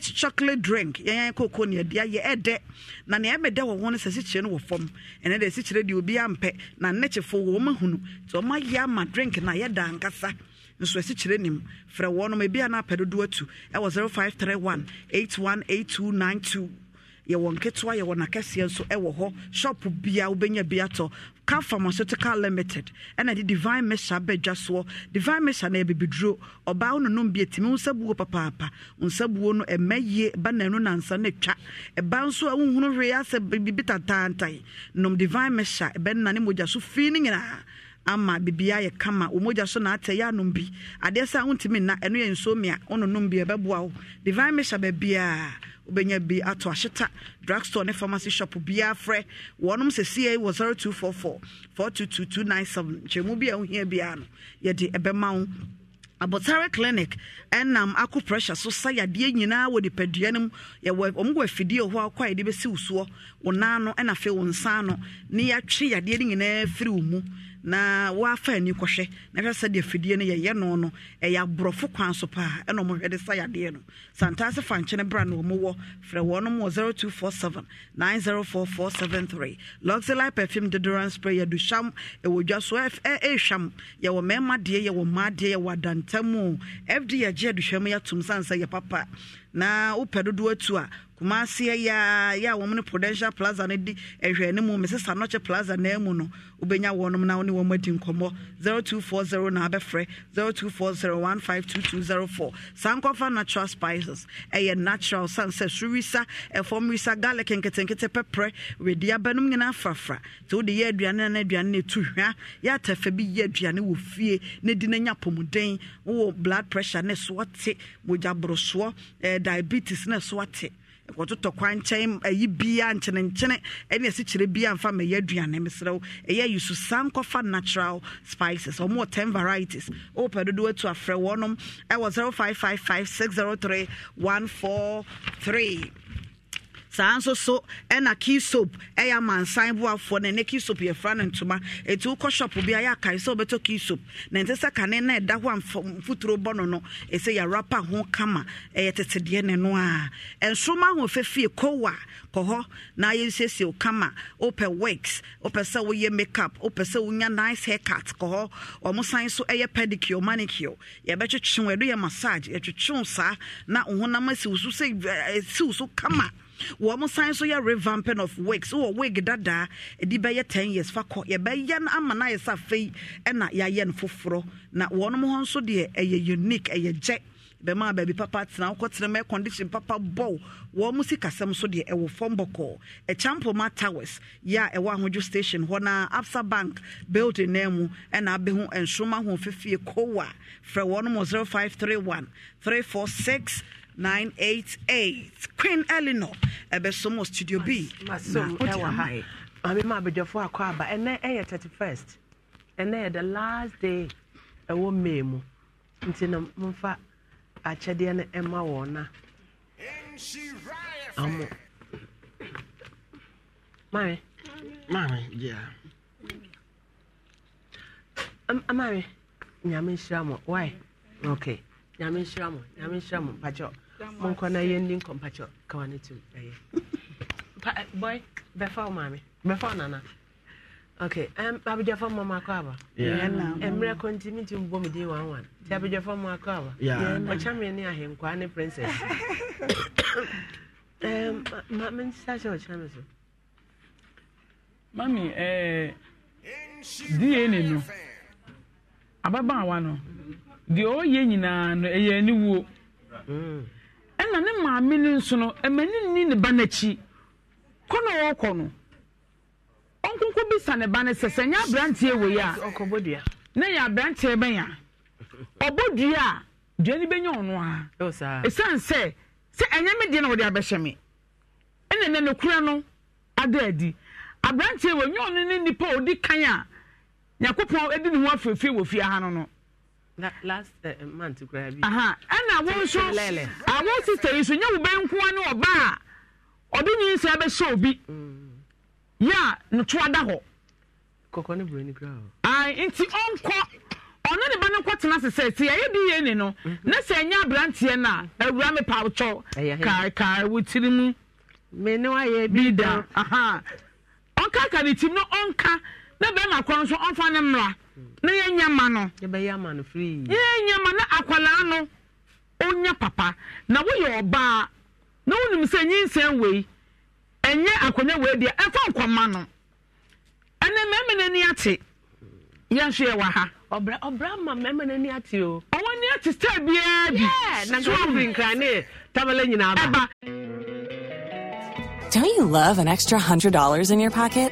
chocolate drink yɛn koko ne yɛde ayɛ ɛdɛ na nea ɛmɛdɛ wɔ ho sɛ sikyerɛ no wɔ fam ɛnɛ deɛ sikyerɛ deɛ obi ampɛ na nɛkyefo wɔ wɔn ahunu nti wɔn ayɛ ama drink na yɛda ankasa nso ɛsi nim frɛ wɔn no ebi a na apɛ ɛwɔ zero five three one eight one eight two nine two. yɛwɔ nketewa yɛwɔ nakɛseɛ nso ɛwɔ hɔ shop bia wobɛnya bi atɔ ka pharmaceutical limited ɛna de divine mesha bɛdwa soɔ divine mesha na ɛbibiduro ɔbaa wononom bi atumi wo nsabuo papaapa wo nsabuo no ɛma yie ba nanu nansa no atwa ɛba nso a wohunu hwee asɛ biribi tataantae nom divine mesha ɛbɛnna ne mogya so fii no nyinaa ama bibia yɛ kama wo mogya so naatɛ yɛ anom bi adeɛ sɛ wontumi nna ɛno yɛ nsuo mmea wononom bi ɛbɛboa wo divine mesha baabiaa wobɛnya bi ato ahyeta drugstore ne pharmacy shop biaa frɛ wɔnom sɛ ca wɔ 0244 422297 nkyɛmu bi a wohia biaa no yɛde ɛbɛma wo abotare clinic ɛnam akɔ pressure so sa yadeɛ nyinaa wɔ nipadua no mu yɛwɔ ɔmo wɔ afidie hɔ akɔ a yɛde bɛsi wo soɔ wo nan no ɛna afei wo nsa no ne yɛatwe yadeɛ no nyinaa firi wo mu na wɔafa ani kɔhwɛ na hwɛ sɛdeɛ fidie no yɛyɛ no no ɛyɛ aborɔfo kwan so paa ɛna ɔmo hwɛ de sa yadeɛ no santaase fa nkyɛn bra na ɔmo wɔ frɛ wɔn wɔ zero two four seven nine zero four four seven three luxury perfume deodorant spray yɛdu hyam ɛwɔ dwa so ɛf ɛ ɛɛhwam yɛwɔ mɛɛma deɛ yɛwɔ mmaa deɛ yɛwɔ adantam fd yɛgye aduhwam yɛatom sansa yɛ papa na wopɛ dodoɔ atu a kumase ya yɛ a wɔm no prudential plaza no di ɛhwɛ ne mu mesesa nɔkye plaza na mu no wobɛnya wɔnom na wo ne wɔm adi nkɔmmɔ 0240 na abɛfrɛ four saa nkɔfa natural spices ɛyɛ natural sane sɛ sorisa ɛfɔm risa garlic nketenkete pɛprɛ wedi abanom nyinaa frafra nti wode yɛ aduane na aduane no ɛtu hwa yɛatafa bi yɛ aduane wɔ fie na di no nya pɔmuden wowɔ blood pressure ne ɛsoɔ te mogyaborosoɔ diabetes na ɛsoɔ te wɔtotɔ kwa nkyɛn ayi bia nkyenenkyene ɛne asikyerɛ bia mfa mɛyɛ aduane meserɛ wo ɛyɛ yusu san kɔfa natural spices ɔmo wɔ 10 varieties wopɛ dodoɔ atu afrɛ wɔnom ɛwɔ I was 143 saa nso so ɛna key soap ɛyɛ amansan boafoɔ na ɛnɛ key soap yɛfra no ntoma etu wokɔ shop bi ayɛ akae sɛ wobɛtɔ key soap na ɛnte sɛ kane na ɛda hɔ a mfuturo bɔ no no ɛsɛ yɛarapa ho kama ɛyɛ tetedeɛ ne no a ɛnsoroma ho fɛfie kowa kɔ hɔ na yɛnsiesie wo kama wopɛ works wopɛ sɛ woyɛ makeup wopɛ sɛ wonya nice haircut kɔ hɔ ɔmo san so ɛyɛ pedicure manicure yɛbɛtwetwe wo ɛdo yɛ massage yɛtwetwe wo saa na wo honam asi sɛ eh, eh, si wo so kama wɔn san so yɛ revamping of wigs wɔ wig dadaa ɛde bɛyɛ ten years fa kɔ yɛbɛyɛ no ama no ayɛ sɛ afei ɛna yɛayɛ no foforɔ na wɔn ho nso deɛ ɛyɛ unique ɛyɛ gyɛ bɛma baabi papa tena wokɔtena ma condition papa bɔw wɔ mu sikasɛm so deɛ ɛwɔ fam bɔkɔɔ ɛkyampoma towers yɛ a ɛwɔ ahodwo station hɔ na absa bank building nan mu ɛna abɛhu nsoroma ho fefie kowa frɛ wɔ no mu 0531 346 988 queen eleanor ɛbɛsom studio b mabema abadwafoɔ akwa ba. Ene ɛyɛ 31st ɛnɛ yɛ the last day Ewo may mu nti no momfa akyɛdeɛ no ɛma wɔ na amo mame mame yeah. mame nyame nhyira mɔ why okay nyame nhyira mɔ nyame nhyira mɔ pakyɛ monkɔ na yɛ nkɔmpakyɛ kawa no ɛyɛ boy bɛfa wo maame bɛfa wo nana okay um, abegyafo mu ɔmo aba mmerɛ kɔ nti mi bɔ mi din wan wan ti abegyafo mu akɔ aba ɔkyɛmi ne ahenkwa ne princess so. mami eh, dna no ababaawa mm-hmm. no deɛ ɔyɛ nyinaa no ɛyɛ mm. ɛna ne maame no nso no ɛmɛni ni ne ba n'akyi kɔ na ɔrekɔ no ɔnkonko bi sa ne ba no sɛ sɛ nyɛ aberanteɛ wɔ yi a na yɛ aberanteɛ bɛn a ɔbɔ dua a dua no bɛnya ɔno a ɛsiane sɛ sɛ ɛnyɛ me deɛ na wɔde abɛhyɛ me ɛna ɛnɛ nokura no ada adi aberanteɛ wɔ nyɛ ɔno ne nipa a ɔdi kan a nyakopɔn adi ne ho afeefee wɔ fie ha no no last eh, month ɛna wo nso awo sista yi nso nye wo benkuwa ne ɔba ɔde nyi nsa mm. a ne to ada hɔ. nti ɔnkɔ ɔno ne ba nkɔ tena bi yɛ ne no ne mhm. sɛ ɛnyɛ aberanteɛ na ɛwura pa ɔtɔ kaa wo tiri mu. ɔnka ka ne tim no ɔnka na ne na yɛnyɛ ma no yɛnyɛ ma na akwalaa no onye papa na woyɛ ọba na wonim sɛ nyinsɛn wei ɛnyɛ akonnwa wei deɛ ɛfa nkɔma no ɛnɛ mmarima na ate yɛn ya yɛ wɔ ha. ɔbra mma ma na n'ani ate o. ɔwɔ ni ate star biara bi. na nke gafiri nkrane tamale nyinaa ba. aba. don't you love an extra hundred dollars in your pocket.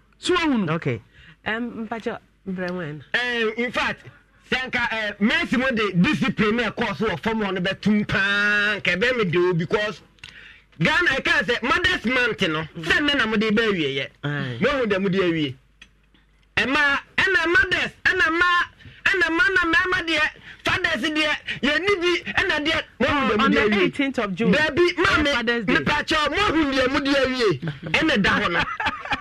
so wahu no okay um, mpakyɛ brɛwɛn uh, um, in fact sɛnka uh, mercy mo de discipline mu ɛkɔɔ so wɔ fam hɔ no bɛtum paa nka ɛbɛn mi de o because ghana ɛka mm. sɛ mothers month no sɛn na na mo de bɛ awie yɛ mehu dɛ mo de awie ɛma ɛna mothers ɛna ma ɛna ma na mɛma deɛ fathers deɛ yɛni bi ɛna deɛ mehu dɛ mo de awie on the eighteenth of june dabi maame mipakyɛw mehu deɛ mo de awie ɛna da hɔ no.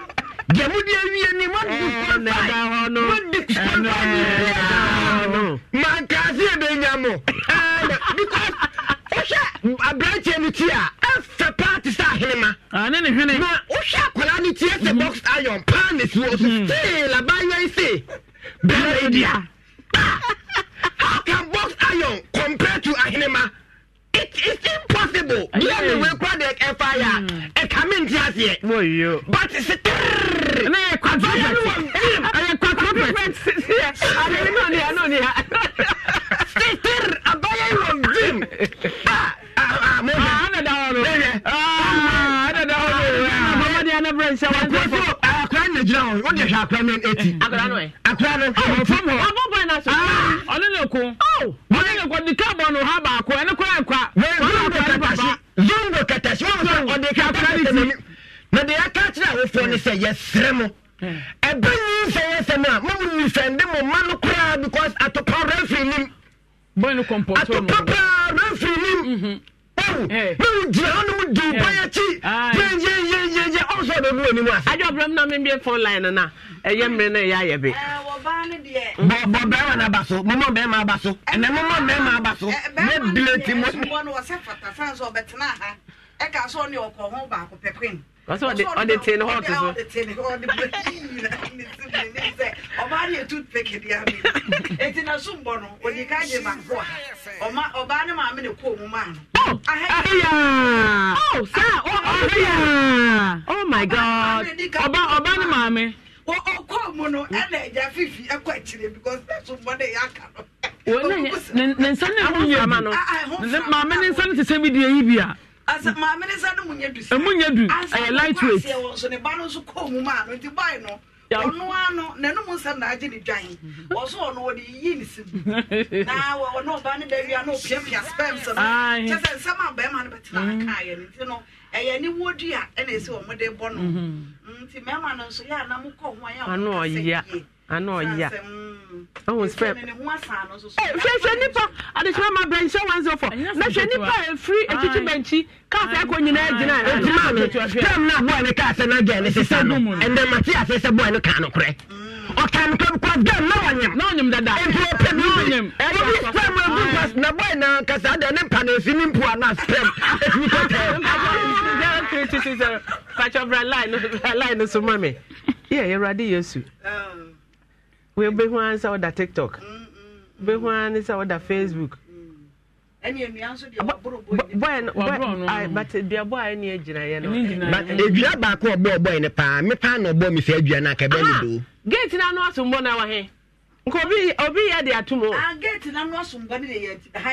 jẹmúdi ewie eh, ni wọn disqualify wọn disqualify maa kaasi ebe nyamu because wohyɛ aberanteɛ no ti a ɛfɛ paati sɛ ahenema ne ne hwene na wohyɛ akwadaa no ti ɛsɛ box iron paa ne si wɔ so still abayewa yi se bɛrɛ edia how can box iron compare to ahenema it is impossible available bia ne wei kora deɛ ɛfaeɛ a ɛka me nte aseɛ but setrɛyɛ kwaɛsitr abaya wɔ vim akora na gyina hɔ wode hwɛ akora no ɛti akora no ɔno ne ko ɔno ne ko de ka no ha baako ɛne kora nkwa nkata si wọn fọ ọdẹ kakura ni sẹmẹ na de aka kyerɛ awofoɔ ne hmm. sɛ yɛsrɛ mo hmm. ɛbɛ nyi sɛ yɛsɛm a mo nisɛnde mo ma no koraa because atɔpa refri nim atɔpa paa refri nim mhm. hmm. ɔwu na ɛka sɛ ɔne ɔkɔ ho baako pɛpem ɔde te ne hɔ to so ɔbaa ne yɛtu pɛke bia me ɛti na so mbɔ no ɔde ka gye a ɔma ɔbaa ne maame ne kɔɔ mu maa no oh, oh, oh, oh my god ɔba ne maame ɔkɔɔ mu no ɛna agya fifi ɛkɔ akyire because na so mbɔ ne yɛ aka no ne nsɛm ne ho yie bi maame ne nsɛm te sɛ bi deɛ yi bi a maame ne nsa mu nyɛ du sɛ ɛmu nyɛ du ɛyɛ light weight ansa wɔ nso ba no nso kɔɔ mu maa no nti bae no ɔno ano n'anum nsa na agye ne dwan ɔso ɔno wɔde yiyi ne si na ɔno ɔba ne bɛwia na opiapia spams no kyɛ sɛ nsɛm a bɛrima no bɛtena mm. akaayɛ no nti no ɛyɛ ne wodua ɛna esi wɔn de bɔ no mhm. nti mɛrima no nso yɛ anam kɔ ho ayɛ ɔno kasa yie ana ɔya ɔhun spɛm hwɛhwɛ nipa adekyerɛ ma bɛnhyɛ one zero four na hwɛ nipa a efiri etiti bɛnkyi kaasa ɛkɔ nyinaa gyina egyina mi spɛm na bɔɔl ne kaasa na gɛɛ ne sisan no ɛnna mati ase sɛ bɔɔl ne kaa no korɛ ɔkan kan kɔ gɛɛ na ɔnyam na ɔnyam dada nti ɔpɛ mi bi ɛna bi spɛm egu pas na bɔɔl na kasa de ne mpa na esi ne mpu ana spɛm etumi kɔ tɛ. patro bra line no so ma mi yɛ yɛ wura de yesu. wobɛhu mm, mm, mm. eh, a sɛ woda tiktok wobɛhu a ne sɛ facebook but duabɔ a ɛne agyinaeɛ baako no paa mepaa na ɔbɔ me sɛ adua no akɛbɛ no doo gate na no asombɔ no wahe nka obi yɛ de atom ah,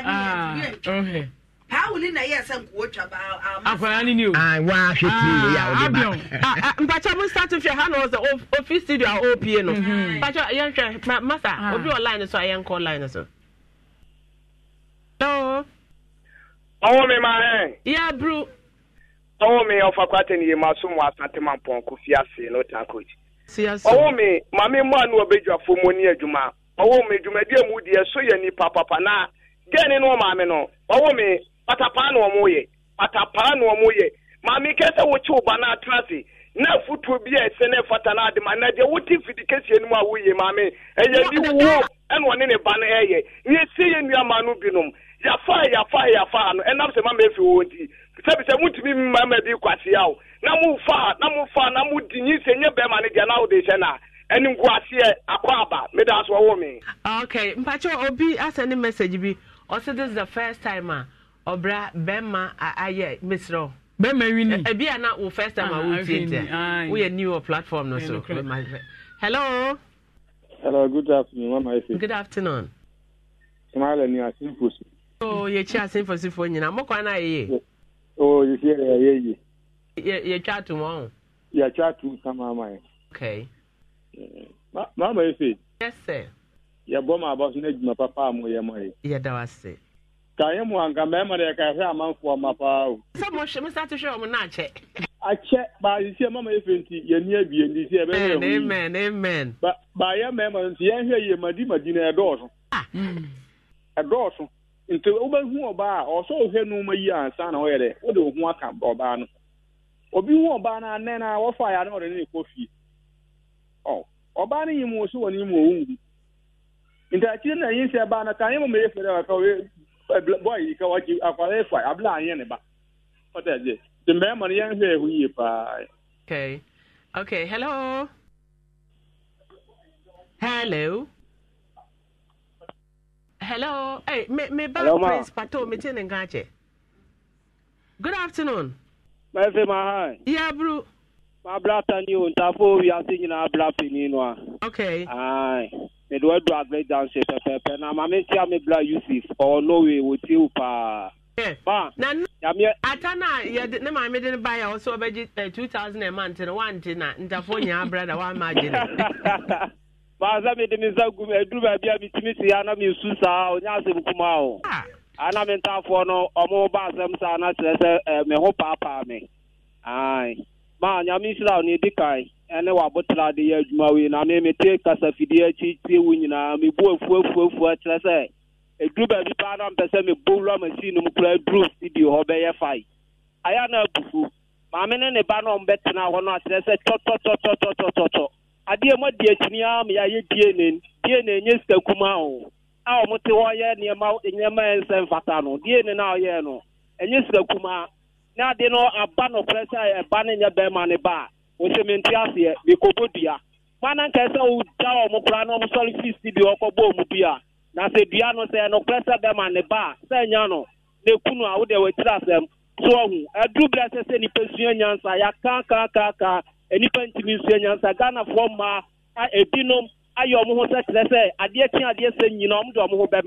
na paawuli na yẹ sẹ nkuwo twa ba ama. akwara ni ni o. ya o mm-hmm. ah ba. mpacha mu start ha na ọsẹ ofi studio a opie no mpacha yẹn hwẹ obi line so a yẹn kọ line so. hello. ọwọ́ mi máa ya buru. ọwọ́ mi ọfà kwate ni yẹn máa sún mu asante máa pọ̀ nkú fi ase ní mi maame mu anu ọbẹ̀ jù afọ́mọ́ ní ni patapaa na ɔmo yɛ patapaa na ɔmo yɛ maame kɛse wokye wo ba na atena ase na futuo bi a ɛsɛ na ɛfata na adi ma na deɛ wote fidi kɛseɛ no mu a woyɛ maame ɛyɛ bi wo ɛna ɔne ne ba no ɛyɛ yɛsi yɛ nnuama no binom yafa yafa yafa ano ɛnam sɛ mama efi wɔn ti sɛbi sɛ mutumi mmarima bi kwasi awo na mu fa na mu fa na mu di nyi sɛ nye bɛrima ne deɛ na awo de hyɛ na ɛne ngu akɔ aba meda so ɔwɔ mi. okay mpakyɛ obi asɛ ne message bi ɔsi this is the first time a. Uh... ɔbra bɛrima ayɛ mesrɛ bɛrima wi ni ebi e, a na wo first time a ah, wo tie tie woyɛ new wɔ platform no so hello. hello good afternoon mama Ife. good afternoon. sumala ni asinfosi. o oh, yɛkyi asinfosifo nyina mo kwan na yeye. o yɛkyi yɛyɛ yie. Oh, yɛtwa ato mu ɔn. yɛtwa ato sama ama yɛ. okay. Eh, mama efe. yes sir. yɛ bɔ maa ba so na edwuma papa a mo yɛ mo yɛ. yɛ da wa se. kaeɛ mu anka mmarima deɛ kae sɛ ama paa o sɛ mohwɛ mesa to hwɛ ɔm no akyɛ akyɛ baasesie mama yɛfɛ nti yɛni abie nti sɛ ɛbɛyɛamen baayɛ mmarima no nti yɛnhwɛ yie madi madi nti a ɔsɛ ɔhwɛ no ma yi ansa na ɔyɛ dɛ wode wo ho aka ɔbaa no obi hu a wɔfa no nti na ka yɛ mama yɛfɛ bɔɔl yi ka wɔgye akwadaa efa abila anyɛ ne ba ɔtɛ ɛdze te mbɛɛma no yɛn hwɛ ɛho yie paa. okay okay hello hello hello hey me me ba prince pato me ti ne nka good afternoon. mɛfɛ ma ha. yabru. Yeah, ma abira ta ni o ntaafo wi ase nyinaa abira pini no a. okay mede wadu agrɛ danse pɛpɛpɛ na ma mentia me bra yusuf ɔwɔ norway wɔtie wo paa ata na yɛde ne maame de ne ba yɛ ɔsɛ ɔbɛgye two thousand ɛma nte no wante na ntafoɔ nyaa brada wama agye no maa sɛ mede me nsa gum aduru baabi a metumi si a ah. na mesu saa ɔnya asɛm kuma o ana me ntafoɔ no ɔmo ba asɛm saa na kyerɛ sɛ me ho paapaa me ae ma nyame nhyira wo ne ɛdi kae ɛne wabotara de yɛ adwuma wei na ne mete kasafidie akyi tie wo nyinaa mebu afuafuafu kyerɛ sɛ ɛduru baabi paa na mpɛ sɛ mebowura machine no mu koraa duru studio hɔ bɛyɛ fae ayɛ na abufu maame ne ne ba na ɔmbɛtena hɔ no akyerɛ sɛ tɔtɔtɔtɔtɔtɔtɔ adeɛ mu adi akyini a e e e ma yɛayɛ dna dna nyɛ sika kuma o a wɔte hɔ yɛ nneɛma nneɛma yɛ nsɛ mfata no dna no a ɔyɛɛ no ɛnyɛ sika kuma na ade no aba no korɛ sɛ ɛba ne nyɛ bɛrima ne ba a osementi aseɛ mekɔbɔ dua mana nka sɛ wogya wɔ mo koraa na ɔmosɔre fisti bi ɔkɔbɔɔ mu dua na sɛ dua no sɛ ɛnokorɛ sɛ bɛma ne ba sɛ nya no a wɔakyiri asɛm so ɔhu aduru berɛ sɛ sɛ nnipa sua nyansa nnipa nsua nyansa ghanafoɔ mmaa ebinom ayɛ ɔmo ho sɛ kyerɛ sɛ adeɛ kye adeɛ sɛ nyina ɔmo de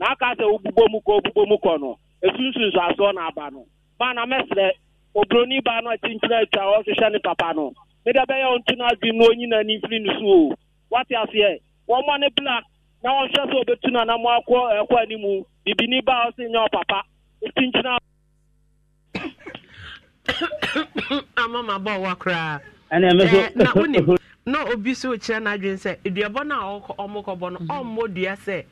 na aka sɛ wobubɔ mu kɔ wobubɔ no na aba obodo baa e eh, no akyinkyin atwa ɔrehwehwɛ ne papa no mede bɛyɛ wo nto no ase na ɔnyina ne mfiri no so o wate aseɛ wɔmmɔ ne bla na wɔnhwɛ sɛ na no anam akɔ ɛkɔ animu bibini baa ɔse nyɛ ɔpapa ɛkyinkyin ama ma bɔ wa koraa na wonim na obi so kyerɛ no adwene sɛ aduabɔ no a ɔmokɔbɔ no ɔmmɔ dua sɛ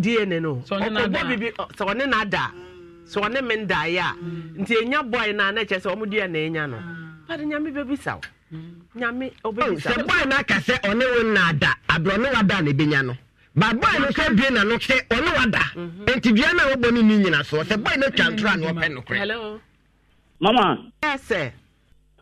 dna no ɔkɔbɔ bibi sɛ ɔne no ada sɛ ɔne me ndaeɛ a mm. nti ɛnya bɔe no mm. a mm. oh, oh, na kyerɛ sɛ ɔmo deɛ na ɛnya no pade nyame bɛbisa wo nyame ɔbɛbisasɛ bɔe no aka sɛ ɔne wo nna ada aberɛ wada a na ɛbɛnya no ba bɔe no sɛ bie na no sɛ ɔne wada enti mm-hmm. dua no a wɔbɔ no ni nyina soɔ sɛ bɔe no atwa ntoro a na ɔpɛ nokorɛ mama yes,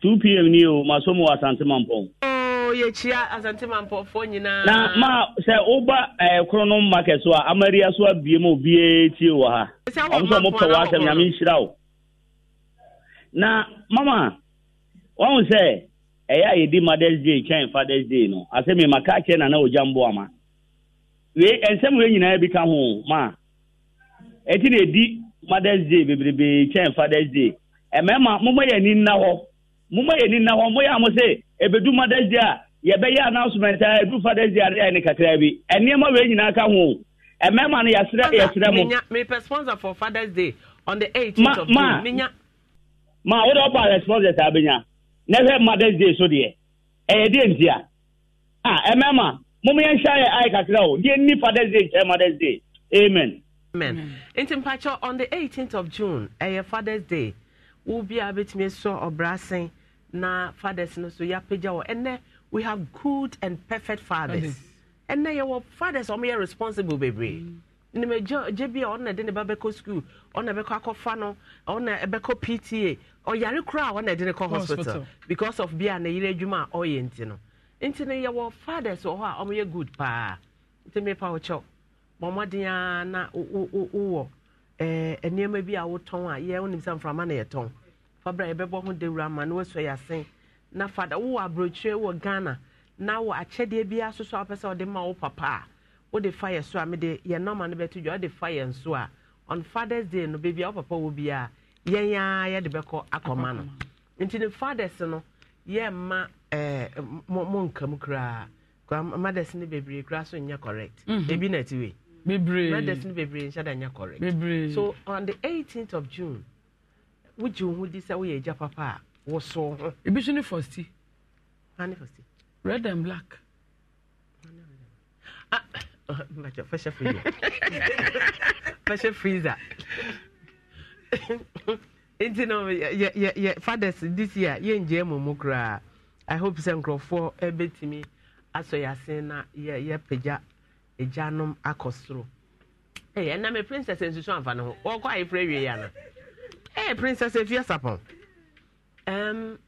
2 pm ni o maso mu wɔ asante mampɔn oh yɛkyia asantema mpɔfoɔ nyinaa na ma sɛ woba eh, krono market so a amaria so abie ma obie tie wɔ ha ɔm sɛ mopɛ wɔ asɛm nyame nhyira wo na mama wahu sɛ ɛyɛ a yɛdi mothers day twɛn fathers day no asɛ me maka kyerɛ na na ogya mbo ama wei ɛnsɛm wei nyinaa bi ka ho ma ɛti na ɛdi mothers day bebrebee twɛn fathers day ɛmɛma mommɔ yɛ ani nna hɔ moma yɛ nina hɔ ya a mo se ɛbɛdu ma day a yɛbɛyɛ announcement a ɛdu father's day adeɛ ne kakraa bi ɛnneɛma wei nyinaa ka ho ɛmɛma no yɛserɛ sponsor for on th of ma, June ma ɔba responses a bɛnya na hwɛ ma so deɛ ɛyɛ a a yɛ ayɛ kakra o deɛ fa nkyɛ ma amen amen nti on the 18 of june father's day na fathers no so yɛapagya wɔ ɛnɛ we have good and perfect fathers ɛnɛ yɛwɔ fathers ɔmo yɛ responsible bebree nimegye bi a ɔno na de ne ba bɛkɔ school ɔno na bɛkɔ akɔfa no ɔno bɛkɔ pta ɔyare koraa ɔno na de ne kɔ hospital because of bia ne yere adwuma a ɔyɛ nti no nti no yɛwɔ fathers wɔ hɔ a ɔmo yɛ good paa nti mepa wo kyɛw ma ɔmɔden a na wowɔ ɛɛ eh, nneɛma bi a wotɔn a yɛ onim sɛ mframa na yɛtɔn fabra yɛbɛbɔ ho dawura ama na wasɔ yɛ asen na fada wowɔ aburokyire wɔ ghana na wɔ akyɛdeɛ biara soso a wopɛ sɛ wode ma wo papa a wode fa yɛ so a mede yɛn nɔma no bɛto dwa wode fa yɛn so a on fathers day no baabi wo papa wɔ biara yɛn a yɛde bɛkɔ akɔma no nti ne fathers no yɛmma ɛɛ mo nkam koraa mothers no bebree koraa so nyɛ correct mhm. ebi na ti we bebree mothers no bebree nhyɛ da nyɛ correct bebree so on the 18th of june wogye wo ho di sɛ woyɛ agya papa a woso ho ebi so ne fɔsti ah, ne fɔsti red and black mmakyɛ ah, fɛhyɛ freezer fɛhyɛ freezer nti no yɛ yɛ yɛ fathers this year yɛngye mu mu koraa i hope sɛ nkurɔfoɔ ɛbɛtumi asɔ yɛase na yɛ yɛpagya agyanom akɔ soro ɛyɛ ɛnam princess nsusu anfa ne ho wɔkɔ ayɛpere wie yɛ no Hey, Princess, if you're supple. Um,